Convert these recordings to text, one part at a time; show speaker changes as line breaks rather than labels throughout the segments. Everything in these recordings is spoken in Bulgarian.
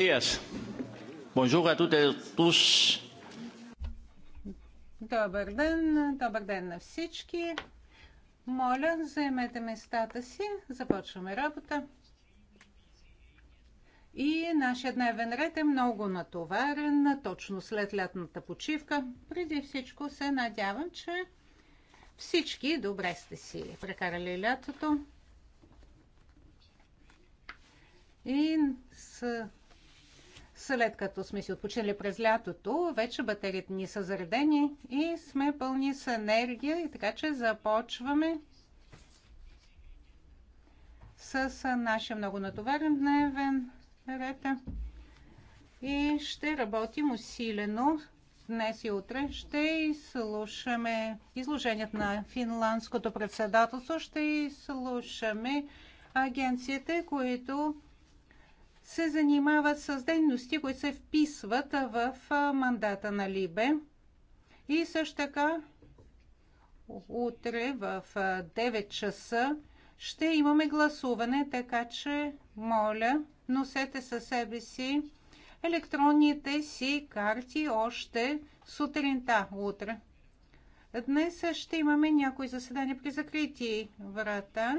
Добър ден, добър ден на всички. Моля, заемете местата си, започваме работа. И нашия дневен ред е много натоварен, точно след лятната почивка. Преди всичко се надявам, че всички добре сте си прекарали лятото. И с след като сме си отпочинали през лятото, вече батериите ни са заредени и сме пълни с енергия, и така че започваме с нашия много натоварен дневен ред. И ще работим усилено днес и утре. Ще изслушаме изложението на финландското председателство, ще изслушаме агенциите, които се занимават с дейности, които се вписват в мандата на Либе. И също така, утре в 9 часа ще имаме гласуване, така че, моля, носете със себе си електронните си карти още сутринта, утре. Днес ще имаме някои заседания при закрити врата.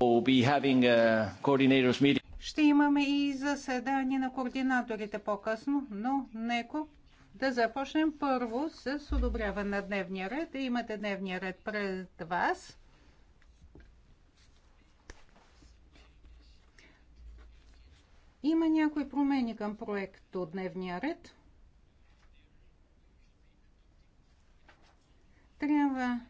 Uh,
Ще имаме и заседание на координаторите по-късно, но неко да започнем първо с одобряване на дневния ред. Имате дневния ред пред вас. Има някои промени към проект от дневния ред. Трябва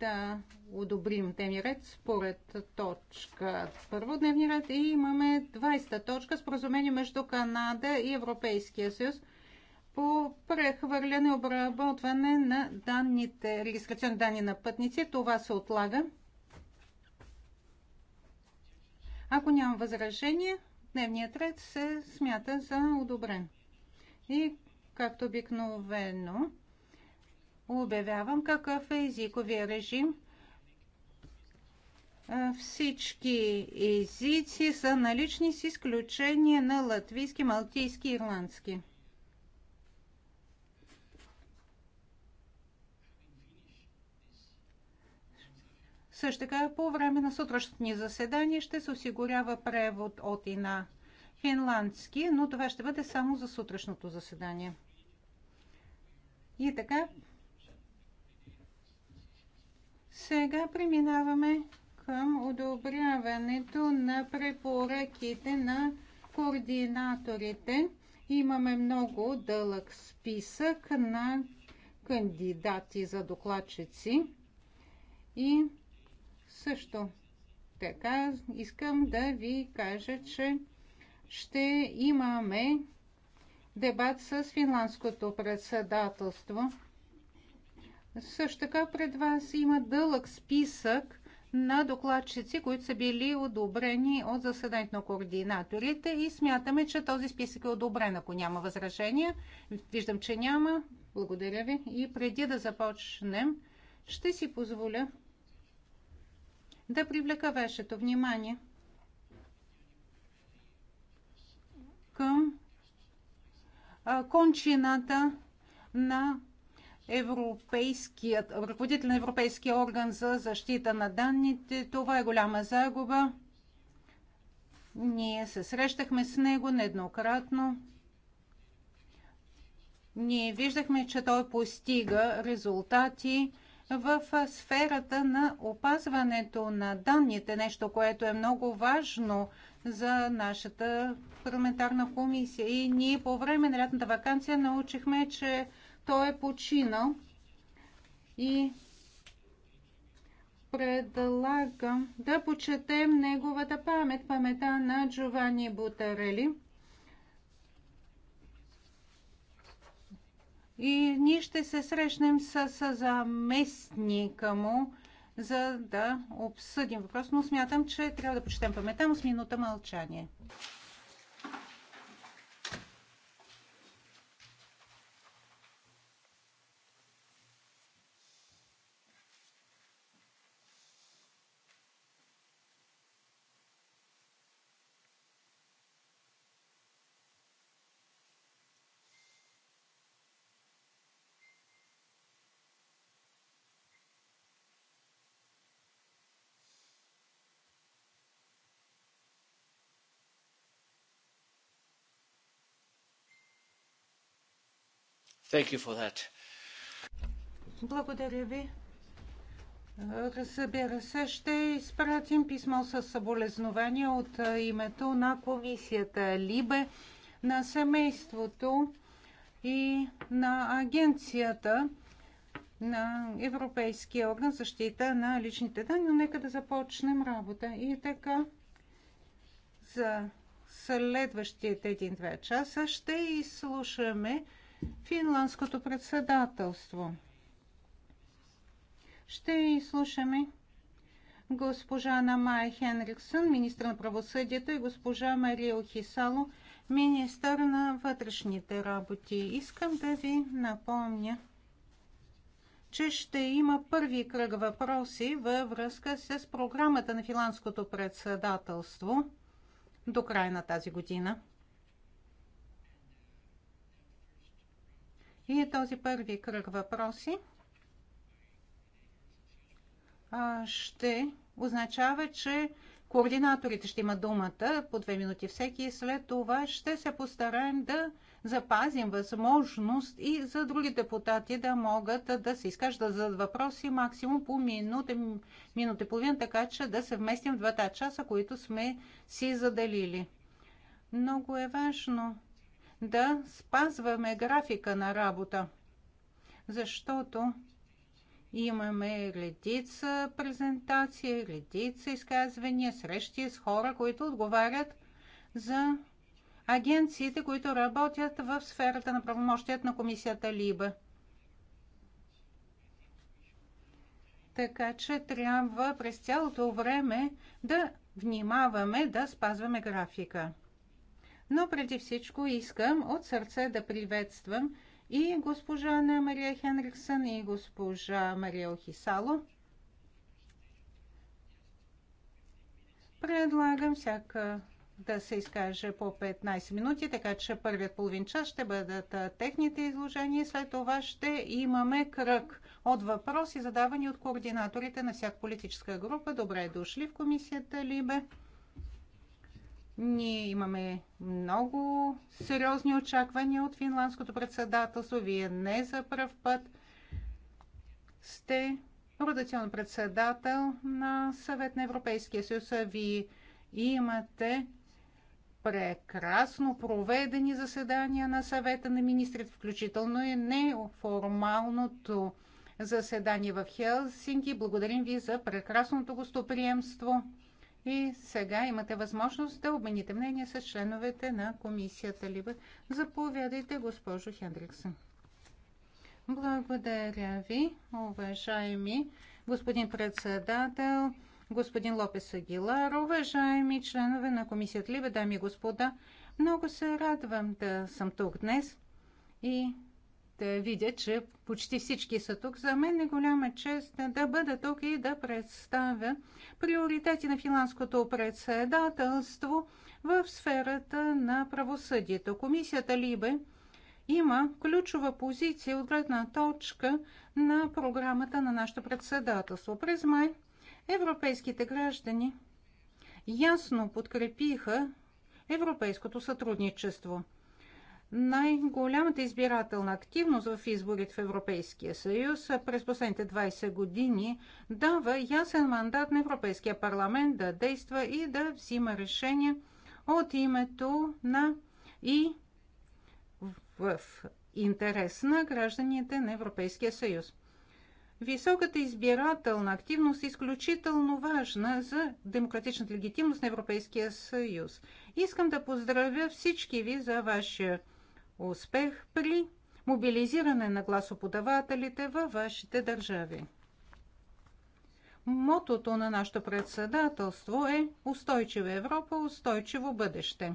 да одобрим дневния ред според точка първо дневния ред и имаме 20-та точка споразумение между Канада и Европейския съюз по прехвърляне и обработване на данните, регистрационни данни на пътници. Това се отлага. Ако нямам възражение, дневният ред се смята за одобрен. И както обикновено, обявявам какъв е езиковия режим. Всички езици са налични с изключение на латвийски, малтийски и ирландски. Също така по време на сутрешното ни заседание ще се осигурява превод от и на финландски, но това ще бъде само за сутрешното заседание. И така, сега преминаваме към одобряването на препоръките на координаторите. Имаме много дълъг списък на кандидати за докладчици и също така искам да ви кажа, че ще имаме дебат с финландското председателство. Също така пред вас има дълъг списък на докладчици, които са били одобрени от заседанието на координаторите и смятаме, че този списък е одобрен, ако няма възражения. Виждам, че няма. Благодаря ви. И преди да започнем, ще си позволя да привлека вашето внимание към кончината на европейският, ръководител на Европейския орган за защита на данните. Това е голяма загуба. Ние се срещахме с него нееднократно. Ние виждахме, че той постига резултати в сферата на опазването на данните, нещо, което е много важно за нашата парламентарна комисия. И ние по време на лятната вакансия научихме, че той е починал и предлагам да почетем неговата памет, памета на Джовани Бутарели. И ние ще се срещнем с, заместника му, за да обсъдим въпрос, но смятам, че трябва да почетем памета му с минута мълчание. Thank you for that. Благодаря ви. Разбира се, ще изпратим писмо с съболезнования от името на комисията Либе, на семейството и на агенцията на Европейския орган защита на личните данни, но нека да започнем работа. И така, за следващите един-два часа ще изслушаме финландското председателство. Ще изслушаме госпожа Ана Майя Хенриксън, министр на правосъдието, и госпожа Мария Хисало, министър на вътрешните работи. Искам да ви напомня, че ще има първи кръг въпроси във връзка с програмата на финландското председателство до края на тази година. И е този първи кръг въпроси ще означава, че координаторите ще имат думата по две минути всеки и след това ще се постараем да запазим възможност и за други депутати да могат да се изкажат да зададат въпроси максимум по минута, минута и половина, така че да се вместим в двата часа, които сме си заделили. Много е важно да спазваме графика на работа, защото имаме редица презентации, редица изказвания, срещи с хора, които отговарят за агенциите, които работят в сферата на правомощият на комисията Либа. Така че трябва през цялото време да внимаваме да спазваме графика но преди всичко искам от сърце да приветствам и госпожа Анна Мария Хенриксън и госпожа Мария Охисало. Предлагам всяка да се изкаже по 15 минути, така че първият половин час ще бъдат техните изложения. След това ще имаме кръг от въпроси, задавани от координаторите на всяка политическа група. Добре дошли в комисията Либе. Ние имаме много сериозни очаквания от финландското председателство. Вие не за първ път сте родационен председател на Съвет на Европейския съюз. Вие имате прекрасно проведени заседания на съвета на министрите, включително и неформалното заседание в Хелсинки. Благодарим ви за прекрасното гостоприемство. И сега имате възможност да обмените мнение с членовете на комисията Либе. Заповядайте, госпожо Хендриксен. Благодаря ви, уважаеми господин председател, господин Лопес Агилар, уважаеми членове на комисията Либе, дами и господа. Много се радвам да съм тук днес и да видя, че почти всички са тук. За мен е голяма чест да бъда тук и да представя приоритети на финландското председателство в сферата на правосъдието. Комисията Либе има ключова позиция от гледна точка на програмата на нашето председателство. През май европейските граждани ясно подкрепиха европейското сътрудничество – най-голямата избирателна активност в изборите в Европейския съюз през последните 20 години дава ясен мандат на Европейския парламент да действа и да взима решения от името на и в интерес на гражданите на Европейския съюз. Високата избирателна активност е изключително важна за демократичната легитимност на Европейския съюз. Искам да поздравя всички ви за вашия успех при мобилизиране на гласоподавателите във вашите държави. Мотото на нашето председателство е Устойчива Европа, устойчиво бъдеще.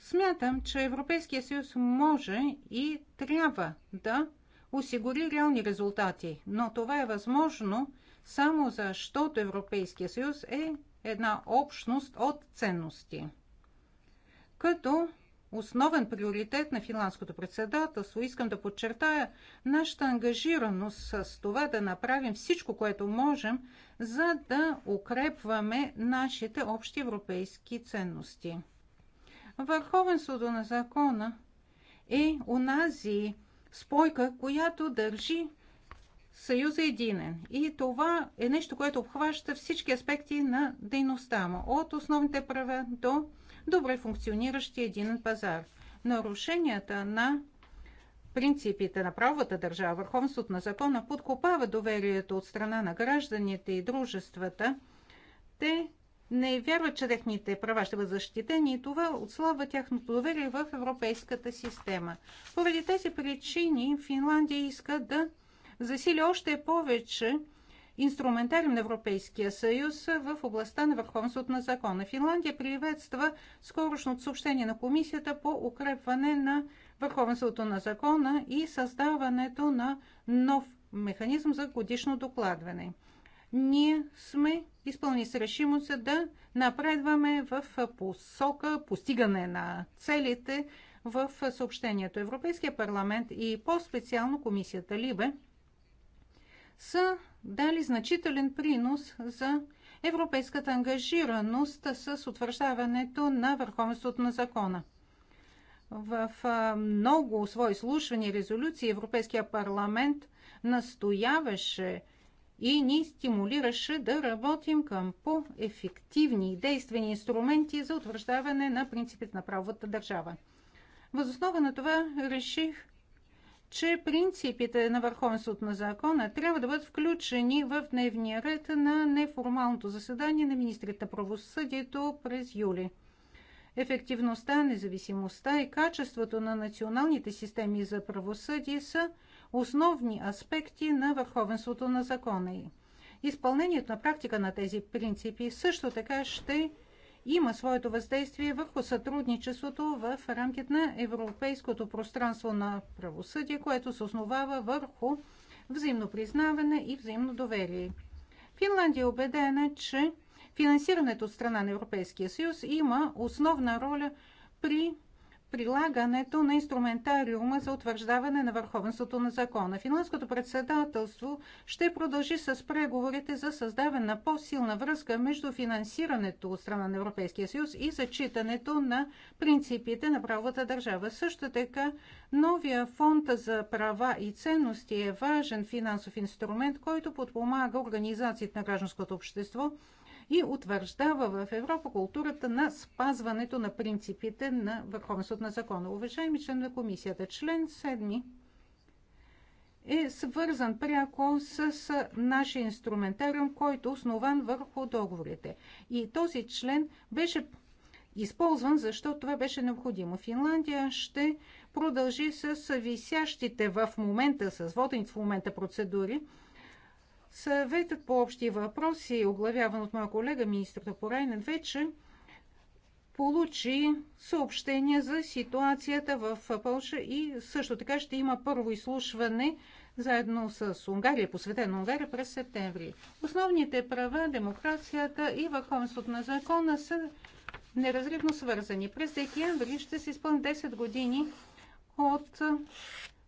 Смятам, че Европейския съюз може и трябва да осигури реални резултати, но това е възможно само защото Европейския съюз е една общност от ценности. Като основен приоритет на финландското председателство, искам да подчертая нашата ангажираност с това да направим всичко, което можем, за да укрепваме нашите общи европейски ценности. Върховенството на закона е унази спойка, която държи Съюз е единен. И това е нещо, което обхваща всички аспекти на дейността му. От основните права до добре функциониращи един пазар. Нарушенията на принципите на правовата държава, върховенството на закона подкопава доверието от страна на гражданите и дружествата. Те не вярват, че техните права ще бъдат защитени и това отслабва тяхното доверие в европейската система. Поради тези причини Финландия иска да засили още повече инструментариум на Европейския съюз в областта на върховенството на закона. Финландия приветства скорошното съобщение на комисията по укрепване на върховенството на закона и създаването на нов механизъм за годишно докладване. Ние сме изпълни с решимост да напредваме в посока постигане на целите в съобщението. Европейския парламент и по-специално комисията Либе са дали значителен принос за европейската ангажираност с утвърждаването на върховенството на закона. В много свои слушвания и резолюции Европейския парламент настояваше и ни стимулираше да работим към по-ефективни и действени инструменти за утвърждаване на принципите на правовата държава. Възоснова на това реших че принципите на върховенството на закона трябва да бъдат включени в дневния ред на неформалното заседание на министрите на правосъдието през юли. Ефективността, независимостта и качеството на националните системи за правосъдие са основни аспекти на върховенството на закона. Изпълнението на практика на тези принципи също така ще има своето въздействие върху сътрудничеството в рамките на Европейското пространство на правосъдие, което се основава върху взаимно признаване и взаимно доверие. Финландия е убедена, че финансирането от страна на Европейския съюз има основна роля при прилагането на инструментариума за утвърждаване на върховенството на закона. Финландското председателство ще продължи с преговорите за създаване на по-силна връзка между финансирането от страна на Европейския съюз и зачитането на принципите на правовата държава. Също така, новия фонд за права и ценности е важен финансов инструмент, който подпомага организациите на гражданското общество и утвърждава в Европа културата на спазването на принципите на върховенството на закона. Уважаеми член на комисията, член 7 е свързан пряко с нашия инструментариум, който е основан върху договорите. И този член беше използван, защото това беше необходимо. Финландия ще продължи с висящите в момента, с водените в момента процедури Съветът по общи въпроси, оглавяван от моя колега министр Топорайнен, вече получи съобщение за ситуацията в Пълша и също така ще има първо изслушване заедно с Унгария, посветено Унгария през септември. Основните права, демокрацията и върховенството на закона са неразривно свързани. През декември ще се изпълни 10 години от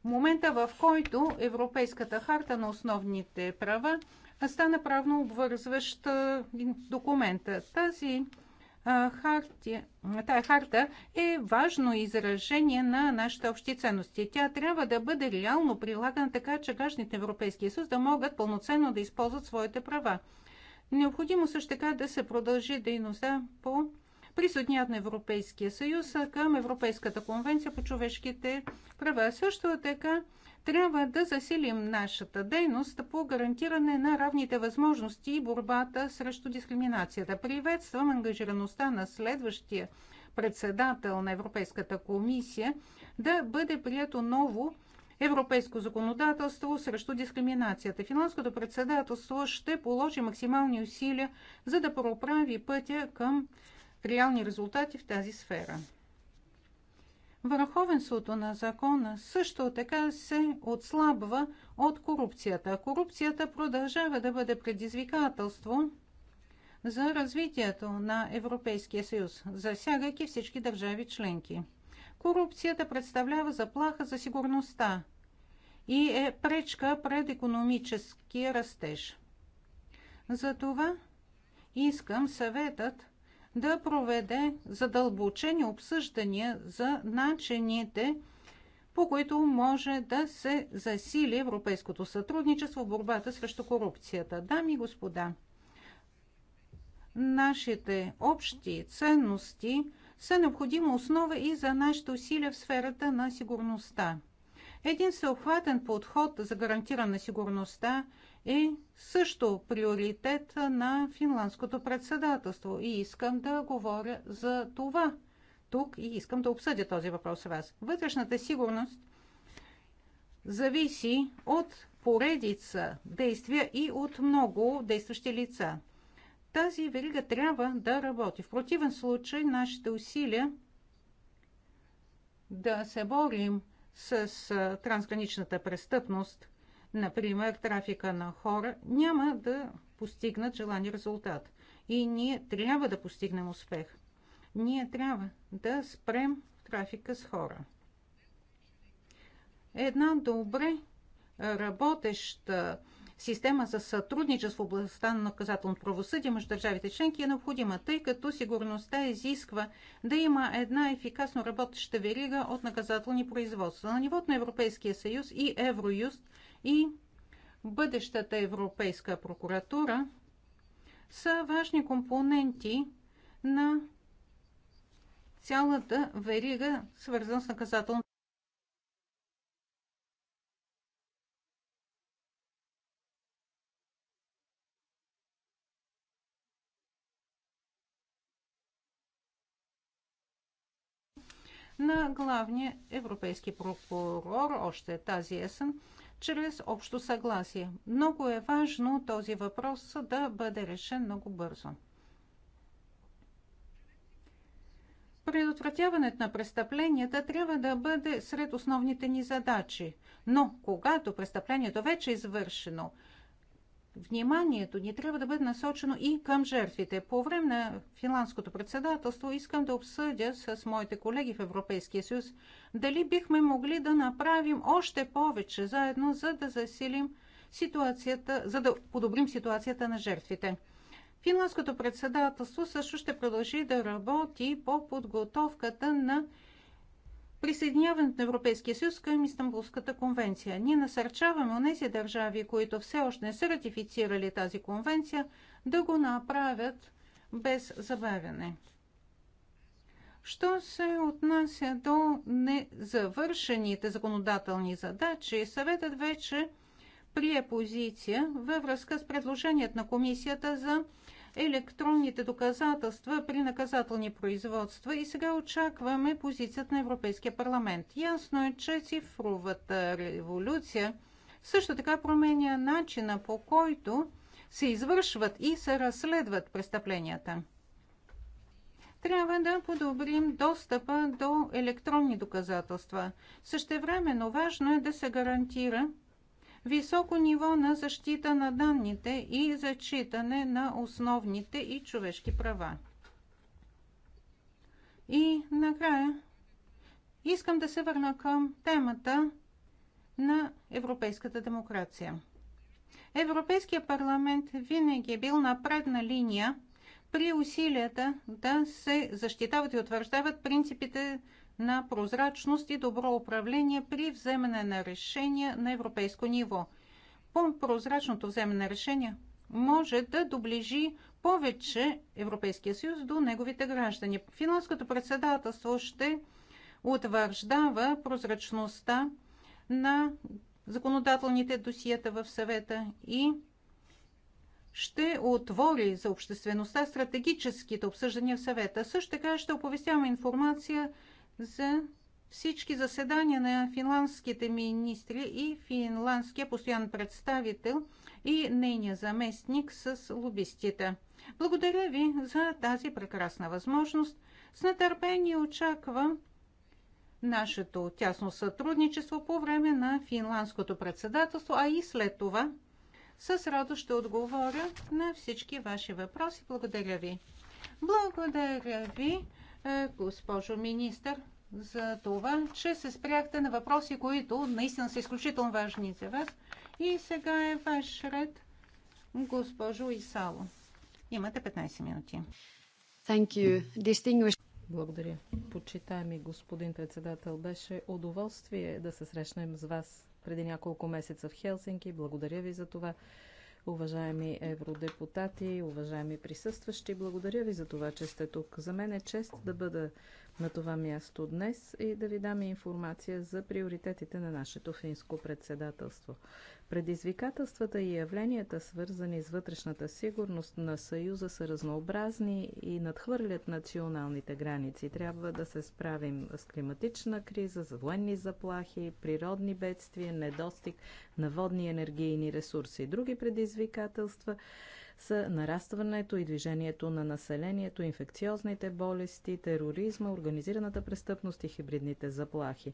момента, в който Европейската харта на основните права стана правно обвързващ документ. Тази харти, тая харта е важно изражение на нашите общи ценности. Тя трябва да бъде реално прилагана така, че гражданите Европейския съюз да могат пълноценно да използват своите права. Необходимо също така да се продължи дейността по присъединят на Европейския съюз към Европейската конвенция по човешките права. Също така трябва да засилим нашата дейност по гарантиране на равните възможности и борбата срещу дискриминацията. Приветствам ангажираността на следващия председател на Европейската комисия да бъде прието ново европейско законодателство срещу дискриминацията. Финландското председателство ще положи максимални усилия, за да проправи пътя към реални резултати в тази сфера. Върховенството на закона също така се отслабва от корупцията. Корупцията продължава да бъде предизвикателство за развитието на Европейския съюз, засягайки всички държави членки. Корупцията представлява заплаха за сигурността и е пречка пред економическия растеж. Затова искам съветът да проведе задълбочени обсъждания за начините, по които може да се засили европейското сътрудничество в борбата срещу корупцията. Дами и господа, нашите общи ценности са необходима основа и за нашите усилия в сферата на сигурността. Един съобхватен подход за гарантиране на сигурността е също приоритет на финландското председателство. И искам да говоря за това тук и искам да обсъдя този въпрос с вас. Вътрешната сигурност зависи от поредица действия и от много действащи лица. Тази верига трябва да работи. В противен случай нашите усилия да се борим с трансграничната престъпност например, трафика на хора, няма да постигнат желани резултат. И ние трябва да постигнем успех. Ние трябва да спрем трафика с хора. Една добре работеща система за сътрудничество в областта на наказателно правосъдие между държавите членки е необходима, тъй като сигурността изисква да има една ефикасно работеща верига от наказателни производства. На нивото на Европейския съюз и Евроюст и бъдещата Европейска прокуратура са важни компоненти на цялата верига, свързана с наказателната. на главния европейски прокурор още тази есен чрез общо съгласие. Много е важно този въпрос да бъде решен много бързо. Предотвратяването на престъпленията трябва да бъде сред основните ни задачи. Но когато престъплението вече е извършено – вниманието ни трябва да бъде насочено и към жертвите. По време на финландското председателство искам да обсъдя с моите колеги в Европейския съюз дали бихме могли да направим още повече заедно, за да засилим ситуацията, за да подобрим ситуацията на жертвите. Финландското председателство също ще продължи да работи по подготовката на присъединяването на Европейския съюз към Истанбулската конвенция. Ние насърчаваме онези държави, които все още не са ратифицирали тази конвенция, да го направят без забавяне. Що се отнася до незавършените законодателни задачи, съветът вече прие позиция във връзка с предложението на комисията за електронните доказателства при наказателни производства и сега очакваме позицията на Европейския парламент. Ясно е, че цифровата революция също така променя начина по който се извършват и се разследват престъпленията. Трябва да подобрим достъпа до електронни доказателства. Същевременно важно е да се гарантира, високо ниво на защита на данните и зачитане на основните и човешки права. И накрая искам да се върна към темата на европейската демокрация. Европейския парламент винаги е бил на предна линия при усилията да се защитават и утвърждават принципите на прозрачност и добро управление при вземане на решения на европейско ниво. По-прозрачното вземане на решения може да доближи повече Европейския съюз до неговите граждани. Финландското председателство ще утвърждава прозрачността на законодателните досиета в съвета и ще отвори за обществеността стратегическите обсъждания в съвета. Също така ще оповестяваме информация за всички заседания на финландските министри и финландския постоянен представител и нейния заместник с лобистите. Благодаря ви за тази прекрасна възможност. С нетърпение очаквам нашето тясно сътрудничество по време на финландското председателство, а и след това. С радост ще отговоря на всички ваши въпроси. Благодаря ви. Благодаря ви, е, госпожо министър за това, че се спряхте на въпроси, които наистина са изключително важни за вас. И сега е ваш ред, госпожо Исало. Имате 15 минути. Thank you. Distinguished... Благодаря.
Почитаеми господин председател, беше удоволствие да се срещнем с вас преди няколко месеца в Хелсинки. Благодаря ви за това уважаеми евродепутати, уважаеми присъстващи. Благодаря ви за това, че сте тук. За мен е чест да бъда на това място днес и да ви дам информация за приоритетите на нашето финско председателство. Предизвикателствата и явленията, свързани с вътрешната сигурност на Съюза, са разнообразни и надхвърлят националните граници. Трябва да се справим с климатична криза, с военни заплахи, природни бедствия, недостиг на водни енергийни ресурси. Други предизвикателства са нарастването и движението на населението, инфекциозните болести, тероризма, организираната престъпност и хибридните заплахи.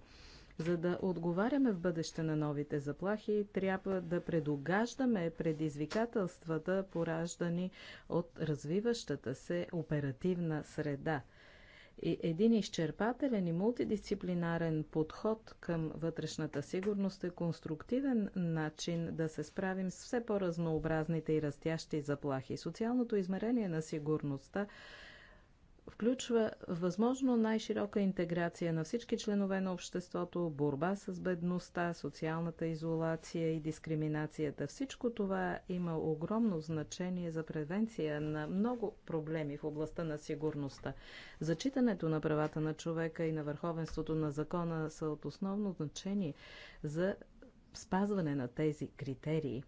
За да отговаряме в бъдеще на новите заплахи, трябва да предогаждаме предизвикателствата, пораждани от развиващата се оперативна среда. И един изчерпателен и мултидисциплинарен подход към вътрешната сигурност е конструктивен начин да се справим с все по-разнообразните и растящи заплахи. Социалното измерение на сигурността включва възможно най-широка интеграция на всички членове на обществото, борба с бедността, социалната изолация и дискриминацията. Всичко това има огромно значение за превенция на много проблеми в областта на сигурността. Зачитането на правата на човека и на върховенството на закона са от основно значение за спазване на тези критерии.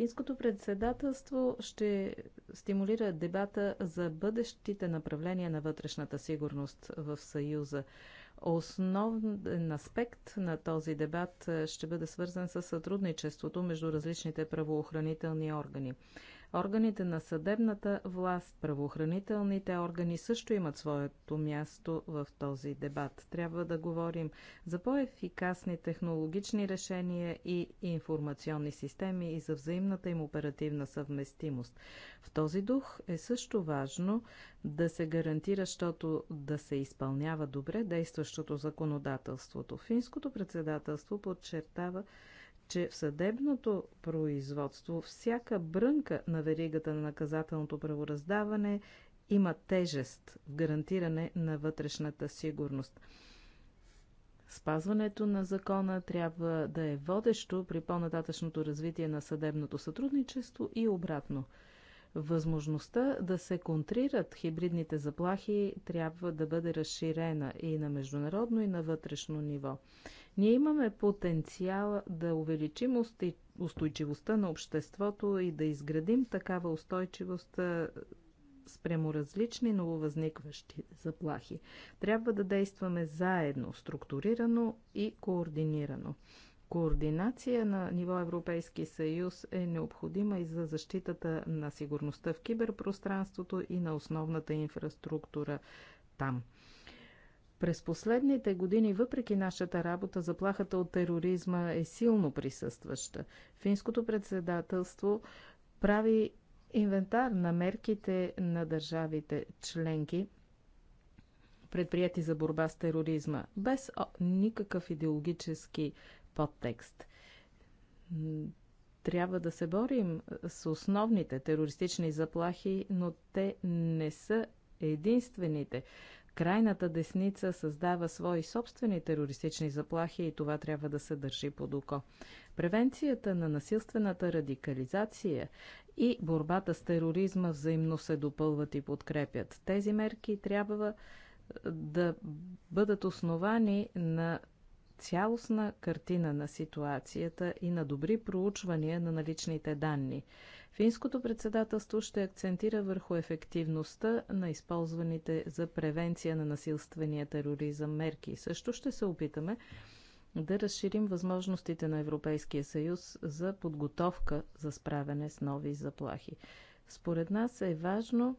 Финското председателство ще стимулира дебата за бъдещите направления на вътрешната сигурност в Съюза. Основен аспект на този дебат е, ще бъде свързан с сътрудничеството между различните правоохранителни органи. Органите на съдебната власт, правоохранителните органи също имат своето място в този дебат. Трябва да говорим за по-ефикасни технологични решения и информационни системи и за взаимната им оперативна съвместимост. В този дух е също важно да се гарантира, защото да се изпълнява добре действащото законодателството. Финското председателство подчертава че в съдебното производство всяка брънка на веригата на наказателното правораздаване има тежест в гарантиране на вътрешната сигурност. Спазването на закона трябва да е водещо при по-нататъчното развитие на съдебното сътрудничество и обратно. Възможността да се контрират хибридните заплахи трябва да бъде разширена и на международно, и на вътрешно ниво. Ние имаме потенциал да увеличим устойчивостта на обществото и да изградим такава устойчивост спрямо различни нововъзникващи заплахи. Трябва да действаме заедно, структурирано и координирано. Координация на ниво Европейски съюз е необходима и за защитата на сигурността в киберпространството и на основната инфраструктура там – през последните години, въпреки нашата работа, заплахата от тероризма е силно присъстваща. Финското председателство прави инвентар на мерките на държавите членки, предприяти за борба с тероризма, без никакъв идеологически подтекст. Трябва да се борим с основните терористични заплахи, но те не са единствените. Крайната десница създава свои собствени терористични заплахи и това трябва да се държи под око. Превенцията на насилствената радикализация и борбата с тероризма взаимно се допълват и подкрепят. Тези мерки трябва да бъдат основани на цялостна картина на ситуацията и на добри проучвания на наличните данни. Финското председателство ще акцентира върху ефективността на използваните за превенция на насилствения тероризъм мерки. Също ще се опитаме да разширим възможностите на Европейския съюз за подготовка за справяне с нови заплахи. Според нас е важно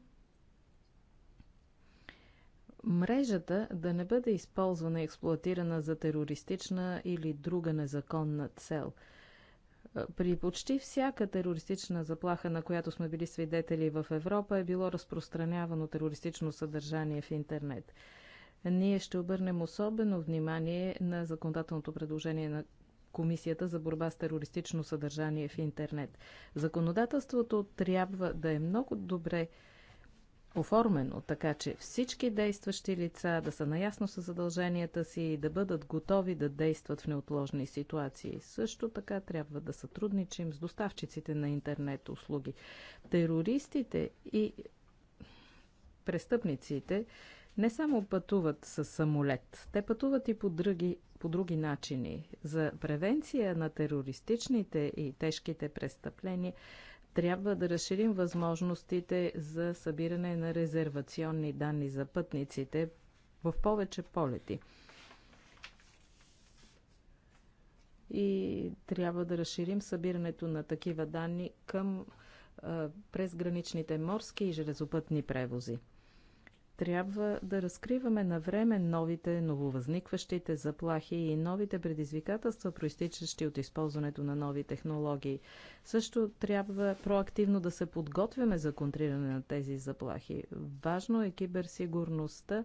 мрежата да не бъде използвана и експлуатирана за терористична или друга незаконна цел. При почти всяка терористична заплаха, на която сме били свидетели в Европа, е било разпространявано терористично съдържание в интернет. Ние ще обърнем особено внимание на законодателното предложение на Комисията за борба с терористично съдържание в интернет. Законодателството трябва да е много добре оформено, така че всички действащи лица да са наясно с задълженията си и да бъдат готови да действат в неотложни ситуации. Също така трябва да сътрудничим с доставчиците на интернет услуги. Терористите и престъпниците не само пътуват с самолет, те пътуват и по други, по други начини. За превенция на терористичните и тежките престъпления трябва да разширим възможностите за събиране на резервационни данни за пътниците в повече полети. И трябва да разширим събирането на такива данни към през граничните морски и железопътни превози. Трябва да разкриваме на време новите, нововъзникващите заплахи и новите предизвикателства, проистичащи от използването на нови технологии. Също трябва проактивно да се подготвяме за контриране на тези заплахи. Важно е киберсигурността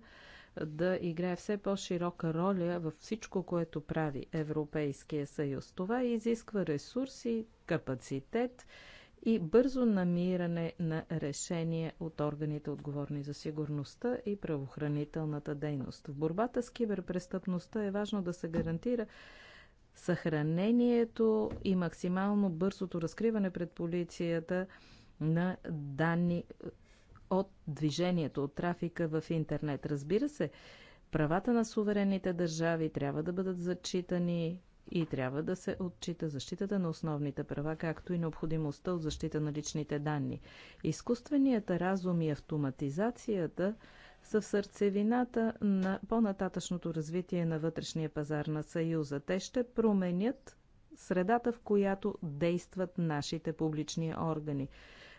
да играе все по-широка роля във всичко, което прави Европейския съюз. Това изисква ресурси, капацитет, и бързо намиране на решение от органите отговорни за сигурността и правоохранителната дейност. В борбата с киберпрестъпността е важно да се гарантира съхранението и максимално бързото разкриване пред полицията на данни от движението, от трафика в интернет. Разбира се, правата на суверенните държави трябва да бъдат зачитани, и трябва да се отчита защитата на основните права, както и необходимостта от защита на личните данни. Изкуственият разум и автоматизацията са в сърцевината на по-нататъчното развитие на вътрешния пазар на Съюза. Те ще променят средата, в която действат нашите публични органи.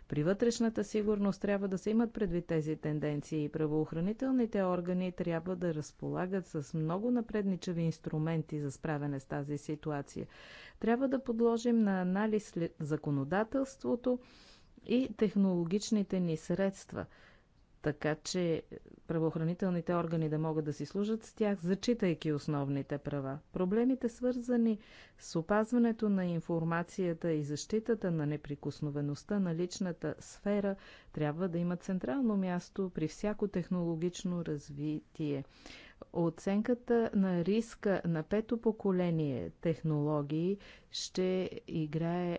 При вътрешната сигурност трябва да се имат предвид тези тенденции и правоохранителните органи трябва да разполагат с много напредничави инструменти за справяне с тази ситуация. Трябва да подложим на анализ законодателството и технологичните ни средства – така че правоохранителните органи да могат да си служат с тях, зачитайки основните права. Проблемите свързани с опазването на информацията и защитата на неприкосновеността на личната сфера трябва да имат централно място при всяко технологично развитие. Оценката на риска на пето поколение технологии ще играе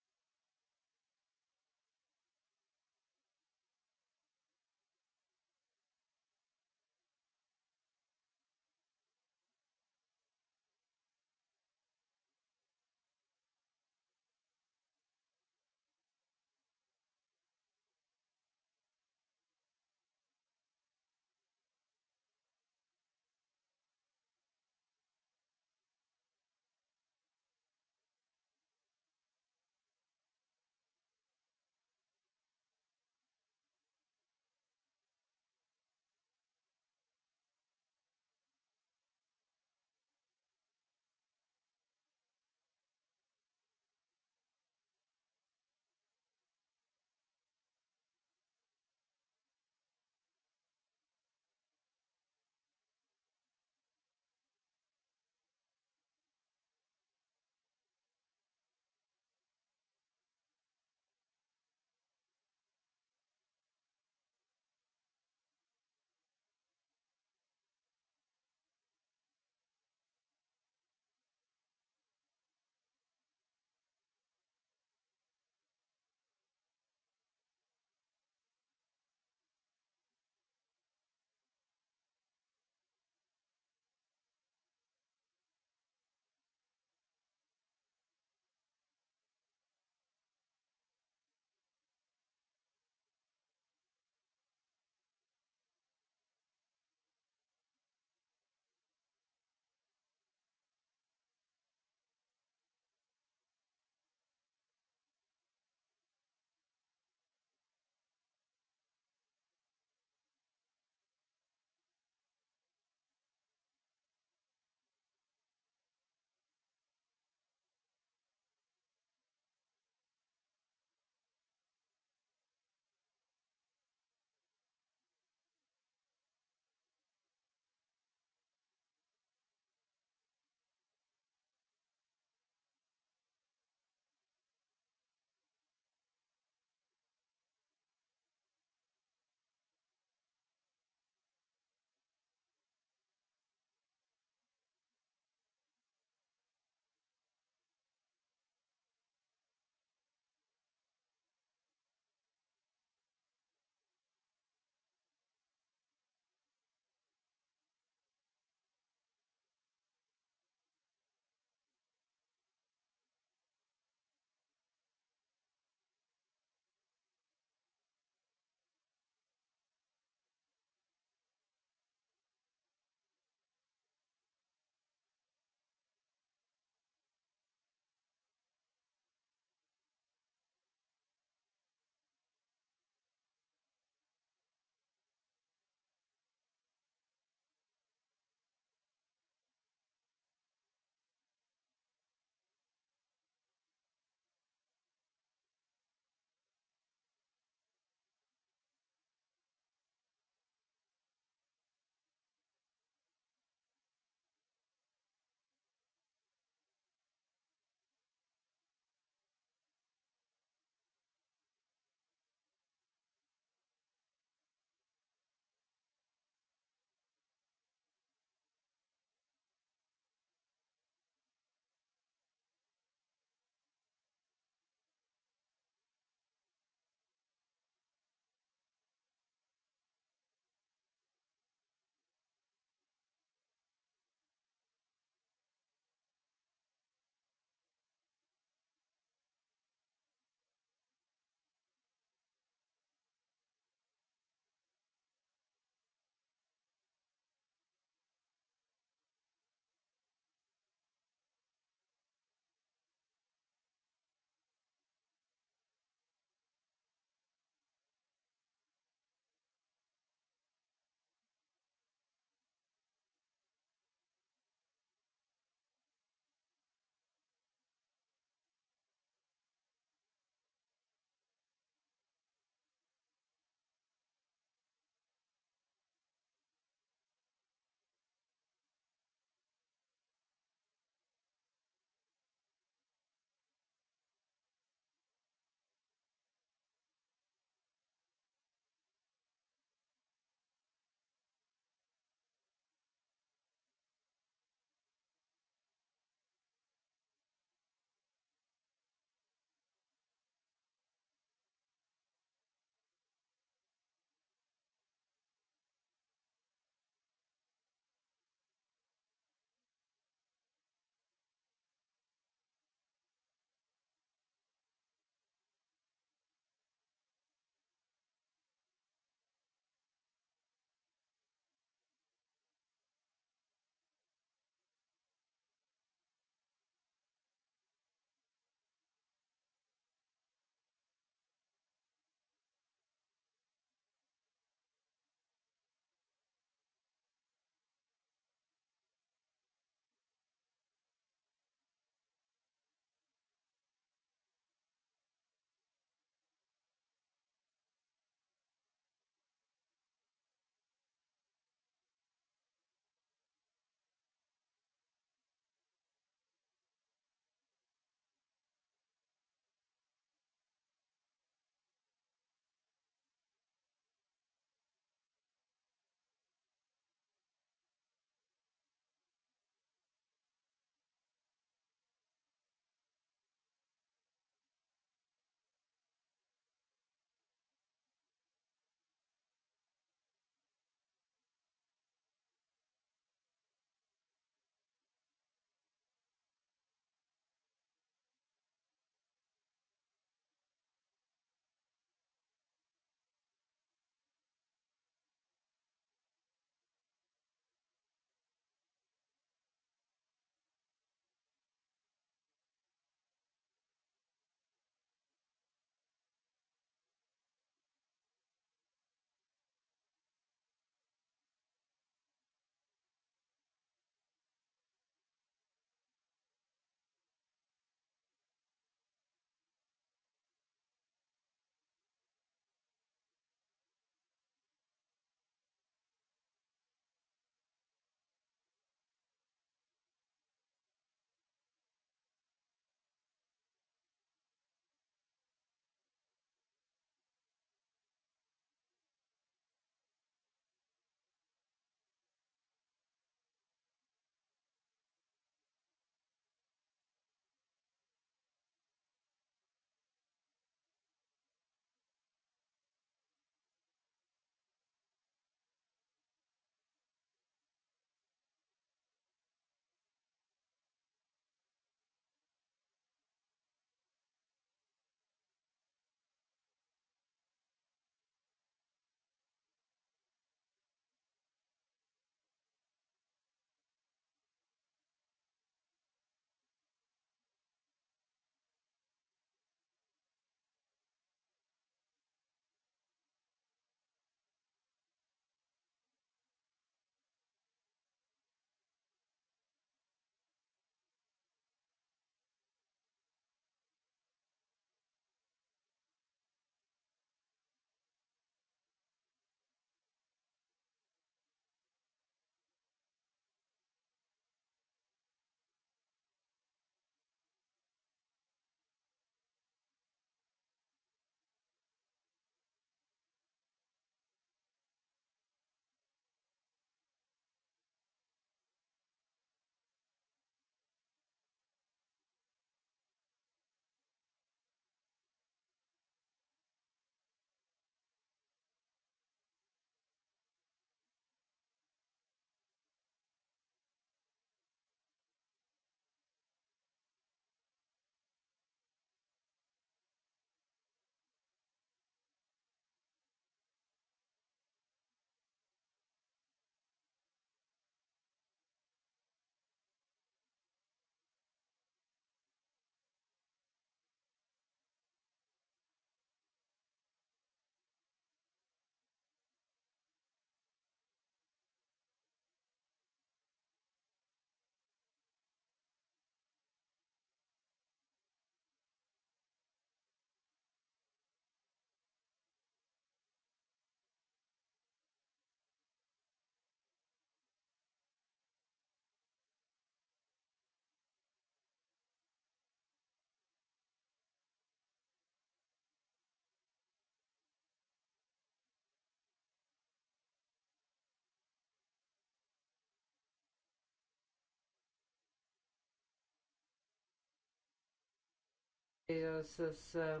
Е, с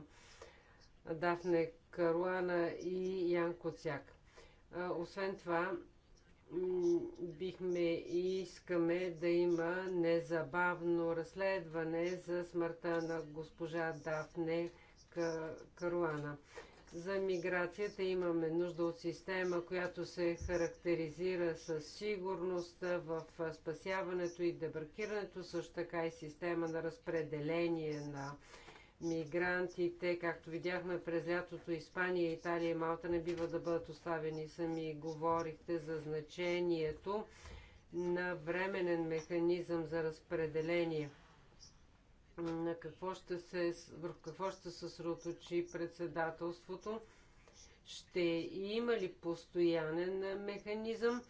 Дафне Каруана и Ян Коцяк. Освен това, бихме и искаме да има незабавно разследване за смъртта на госпожа Дафне Каруана. За миграцията имаме нужда от система, която се характеризира с сигурност в спасяването и дебаркирането, също така и система на разпределение на мигрантите, както видяхме през лятото, Испания, Италия и Малта не бива да бъдат оставени сами. Говорихте за значението на временен механизъм за разпределение. На какво ще се, върху какво ще се сроточи председателството? Ще има ли постоянен механизъм,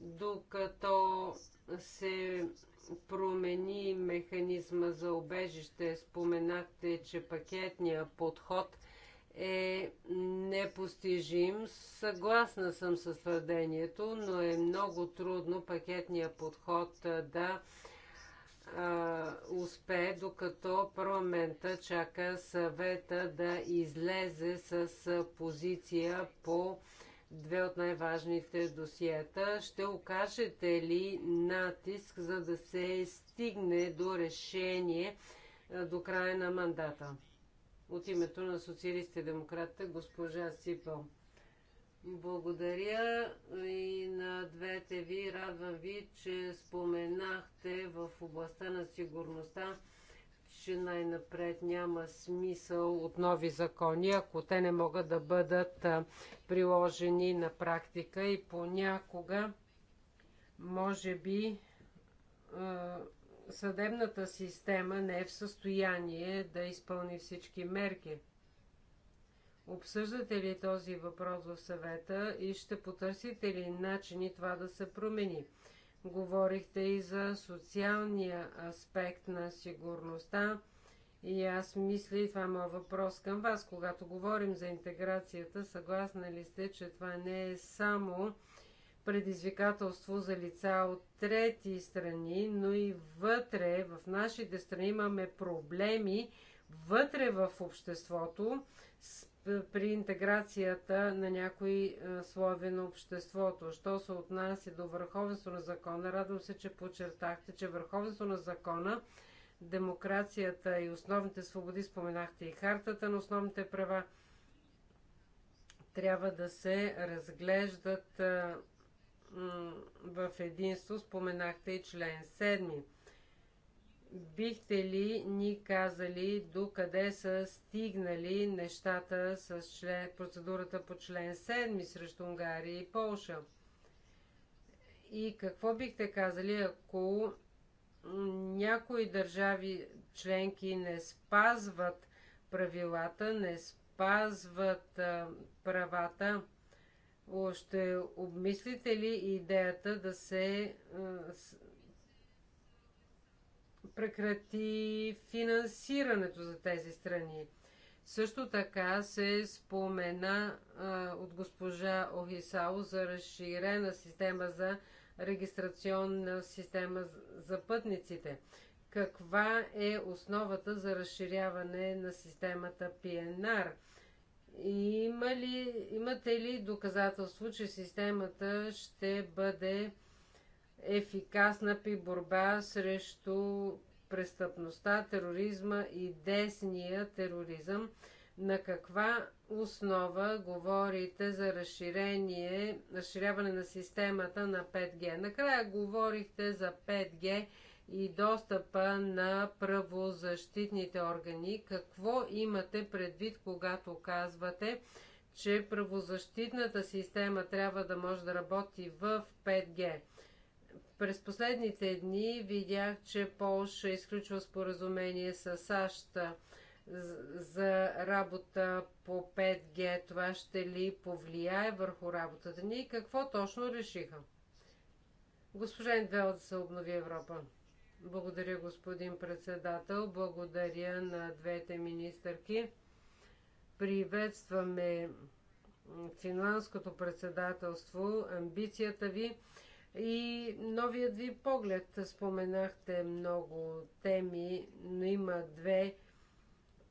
докато се промени механизма за обежище. Споменахте, че пакетният подход е непостижим. Съгласна съм с твърдението, но е много трудно пакетния подход да а, успее, докато парламента чака съвета да излезе с позиция по а, две от най-важните досиета. Ще окажете ли натиск, за да се стигне до решение е, до края на мандата? От името на социалистите демократите, госпожа Сипъл. Благодаря и на двете ви. Радвам ви, че споменахте в областта на сигурността че най-напред няма смисъл от нови закони, ако те не могат да бъдат приложени на практика и понякога, може би, съдебната система не е в състояние да изпълни всички мерки. Обсъждате ли този въпрос в съвета и ще потърсите ли начини това да се промени? Говорихте и за социалния аспект на сигурността. И аз мисля, и това е моят въпрос към вас, когато говорим за интеграцията, съгласна ли сте, че това не е само предизвикателство за лица от трети страни, но и вътре в нашите страни имаме проблеми вътре в обществото с при интеграцията на някои слове на обществото. Що се отнася до върховенство на закона, радвам се, че подчертахте, че върховенство на закона, демокрацията и основните свободи, споменахте и хартата на основните права, трябва да се разглеждат в единство. Споменахте и член 7 Бихте ли ни казали до къде са стигнали нещата с член, процедурата по член 7 срещу Унгария и Полша? И какво бихте казали, ако някои държави членки не спазват правилата, не спазват а, правата? Ще обмислите ли идеята да се а, прекрати финансирането за тези страни. Също така се спомена а, от госпожа Охисао за разширена система за регистрационна система за пътниците. Каква е основата за разширяване на системата PNR? Има ли, имате ли доказателство, че системата ще бъде ефикасна при борба срещу престъпността, тероризма и десния тероризъм. На каква основа говорите за разширение, разширяване на системата на 5G? Накрая говорихте за 5G и достъпа на правозащитните органи. Какво имате предвид, когато казвате, че правозащитната система трябва да може да работи в 5G? През последните дни видях, че Полша изключва споразумение с САЩ за работа по 5G. Това ще ли повлияе върху работата ни? Какво точно решиха? Госпожа Индвел да се обнови Европа. Благодаря, господин председател. Благодаря на двете министърки. Приветстваме финландското председателство, амбицията ви и новият ви поглед. Споменахте много теми, но има две,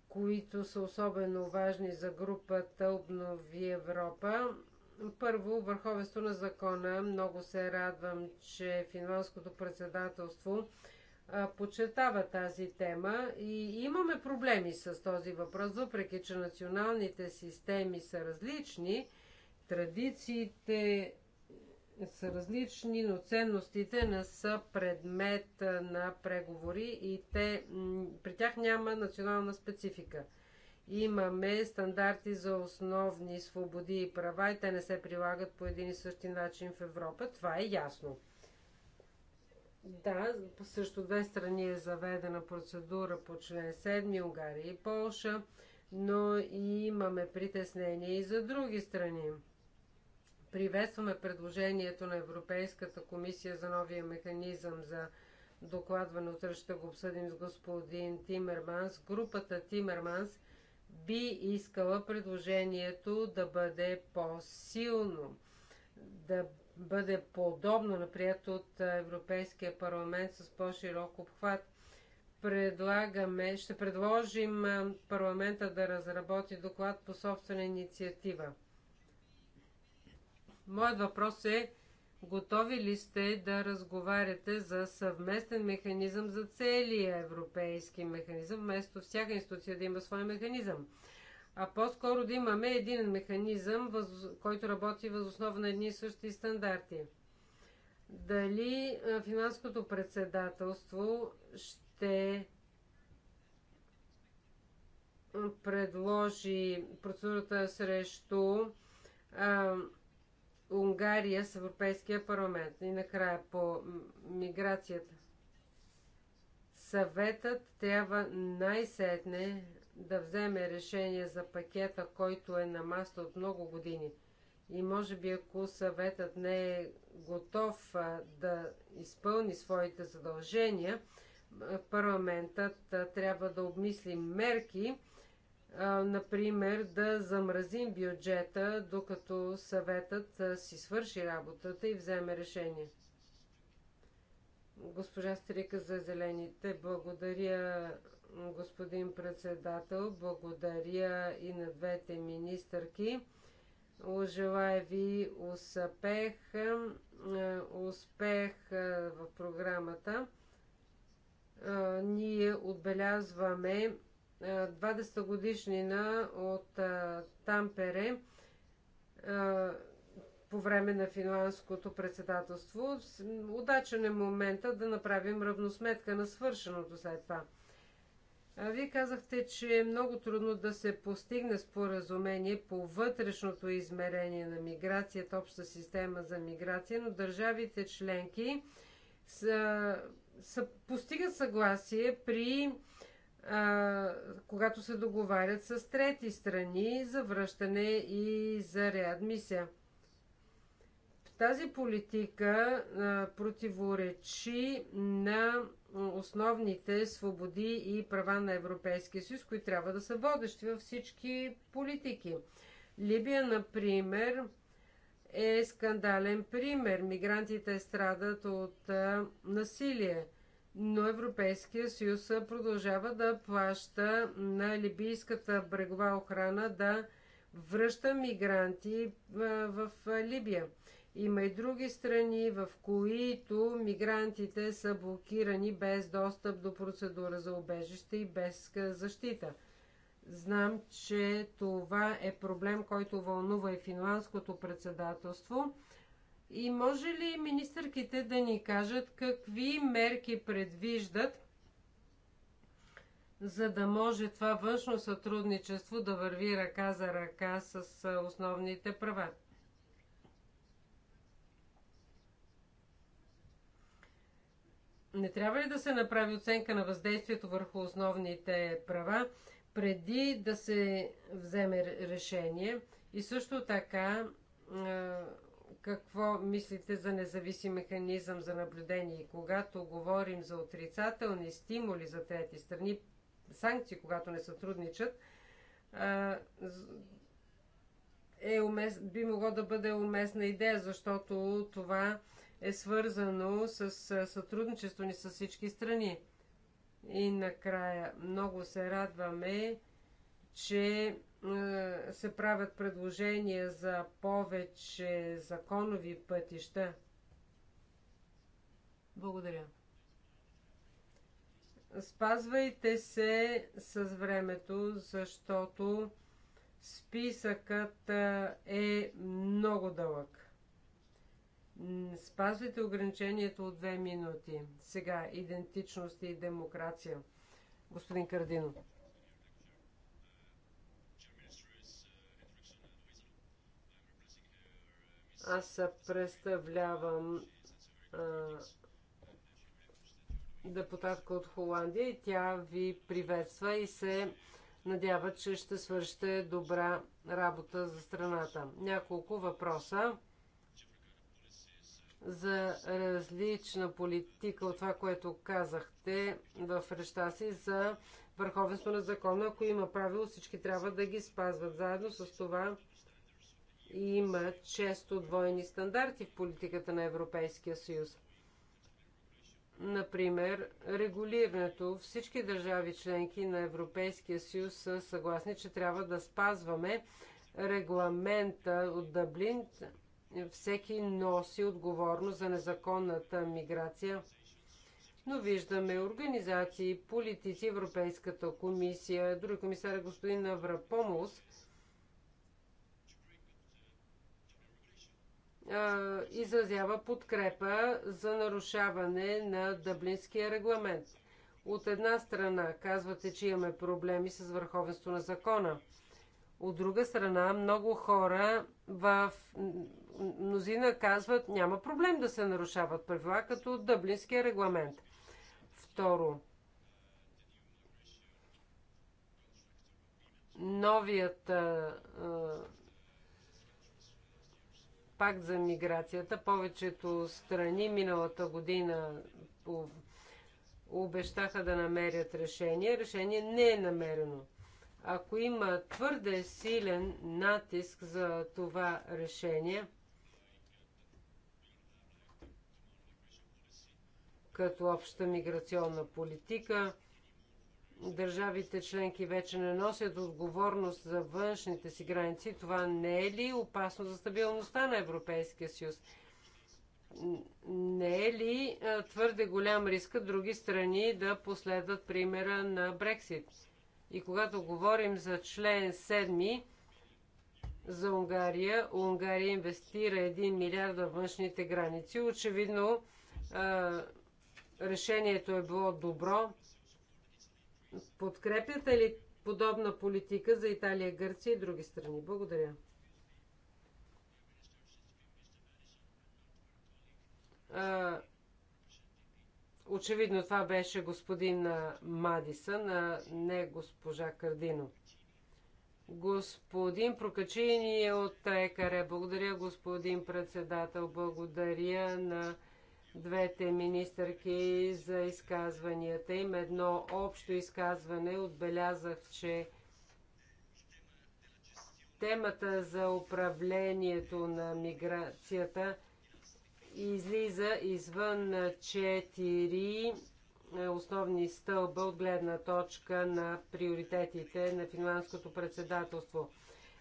които са особено важни за групата Обнови Европа. Първо, върховенство на закона. Много се радвам, че финландското председателство подчертава тази тема и имаме проблеми с този въпрос, въпреки че националните системи са различни, традициите, са различни, но ценностите не са предмет на преговори и те, при тях няма национална специфика. Имаме стандарти за основни свободи и права и те не се прилагат по един и същи начин в Европа. Това е ясно. Да, също две страни е заведена процедура по член 7, Унгария и Полша, но и имаме притеснения и за други страни. Приветстваме предложението на Европейската комисия за новия механизъм за докладване. Утре ще го обсъдим с господин Тимерманс. Групата Тимерманс би искала предложението да бъде по-силно, да бъде подобно на прието от Европейския парламент с по-широк обхват. Предлагаме, ще предложим парламента да разработи доклад по собствена инициатива. Моят въпрос е, готови ли сте да разговаряте за съвместен механизъм за целия европейски механизъм, вместо всяка институция да има свой механизъм? а по-скоро да имаме един механизъм, който работи възоснова на едни и същи стандарти. Дали финанското председателство ще предложи процедурата срещу Унгария с Европейския парламент. И накрая по миграцията. Съветът трябва най-сетне да вземе решение за пакета, който е на маста от много години. И може би ако съветът не е готов да изпълни своите задължения, парламентът трябва да обмисли мерки, например, да замразим бюджета, докато съветът си свърши работата и вземе решение. Госпожа Стрика за зелените, благодаря господин председател, благодаря и на двете министърки. Желая ви успех, успех в програмата. Ние отбелязваме 20-та е, годишнина от е, Тампере е, по време на финландското председателство. Удачен е момента да направим равносметка на свършеното след това. Вие казахте, че е много трудно да се постигне споразумение по вътрешното измерение на миграцията, обща система за миграция, но държавите членки са, са, постигат съгласие при когато се договарят с трети страни за връщане и за реадмисия. Тази политика противоречи на основните свободи и права на Европейския съюз, които трябва да са водещи във всички политики. Либия, например, е скандален пример. Мигрантите страдат от насилие но Европейския съюз продължава да плаща на либийската брегова охрана да връща мигранти в Либия. Има и други страни, в които мигрантите са блокирани без достъп до процедура за убежище и без защита. Знам, че това е проблем, който вълнува и финландското председателство и може ли министърките да ни кажат какви мерки предвиждат, за да може това външно сътрудничество да върви ръка за ръка с основните права? Не трябва ли да се направи оценка на въздействието върху основните права преди да се вземе решение? И също така какво мислите за независим механизъм за наблюдение? И когато говорим за отрицателни стимули за трети страни, санкции, когато не сътрудничат, е умес, би могло да бъде уместна идея, защото това е свързано с сътрудничество ни с всички страни. И накрая много се радваме, че е, се правят предложения за повече законови пътища. Благодаря. Спазвайте се с времето, защото списъкът е, е много дълъг. Спазвайте ограничението от две минути. Сега идентичност и демокрация. Господин Кардинов. Аз представлявам а, депутатка от Холандия и тя ви приветства и се надява, че ще свършите добра работа за страната. Няколко въпроса за различна политика от това, което казахте в речта си за върховенство на закона. Ако има правило, всички трябва да ги спазват. Заедно с това има често двойни стандарти в политиката на Европейския съюз. Например, регулирането. Всички държави членки на Европейския съюз са съгласни, че трябва да спазваме регламента от Дъблин. Всеки носи отговорност за незаконната миграция. Но виждаме организации, политици, Европейската комисия, други комисар господин Аврапомус изразява подкрепа за нарушаване на Дъблинския регламент. От една страна казвате, че имаме проблеми с върховенство на закона. От друга страна, много хора в мнозина казват, няма проблем да се нарушават правила, като Дъблинския регламент. Второ, новият а, пакт за миграцията. Повечето страни миналата година обещаха да намерят решение. Решение не е намерено. Ако има твърде силен натиск за това решение, като обща миграционна политика, държавите членки вече не носят отговорност за външните си граници, това не е ли опасно за стабилността на Европейския съюз? Не е ли твърде голям риск други страни да последват примера на Брексит? И когато говорим за член 7 за Унгария, Унгария инвестира 1 милиард във външните граници. Очевидно решението е било добро, Подкрепяте ли подобна политика за Италия, Гърция и други страни? Благодаря. А, очевидно това беше господин Мадисън, а не госпожа Кардино. Господин Прокачини е от Трекаре. Благодаря, господин председател. Благодаря на двете министърки за изказванията им. Едно общо изказване отбелязах, че темата за управлението на миграцията излиза извън четири е, основни стълба от гледна точка на приоритетите на финландското председателство.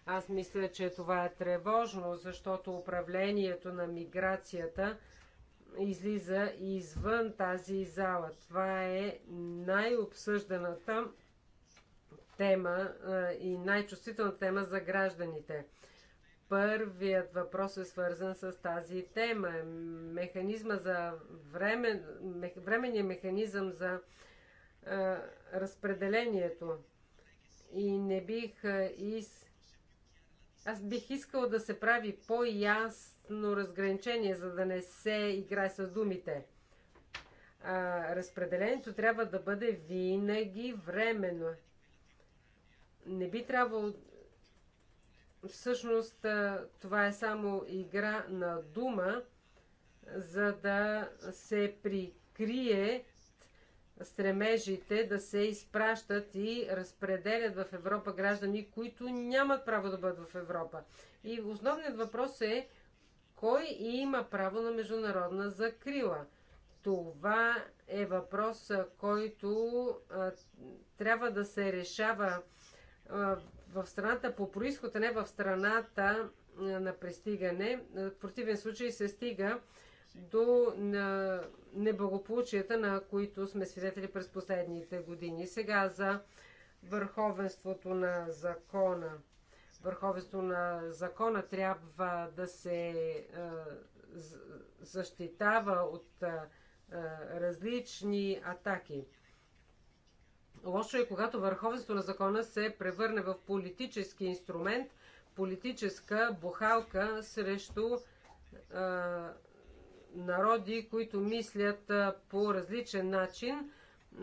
Аз мисля, че това е тревожно, защото управлението на миграцията – излиза извън тази зала. Това е най-обсъжданата тема и най-чувствителна тема за гражданите. Първият въпрос е свързан с тази тема. Механизма за време, временния механизъм за а, разпределението. И не бих из... Аз бих искал да се прави по-яс ясно разграничение, за да не се играе с думите. А, разпределението трябва да бъде винаги временно. Не би трябвало. Всъщност, това е само игра на дума, за да се прикрие стремежите да се изпращат и разпределят в Европа граждани, които нямат право да бъдат в Европа. И основният въпрос е кой има право на международна закрила? Това е въпрос, който а, трябва да се решава а, в страната по происход, а не в страната а, на пристигане. В противен случай се стига до на неблагополучията, на които сме свидетели през последните години. Сега за върховенството на закона върховенство на закона трябва да се защитава от различни атаки. Лошо е, когато върховенство на закона се превърне в политически инструмент, политическа бухалка срещу а, народи, които мислят а, по различен начин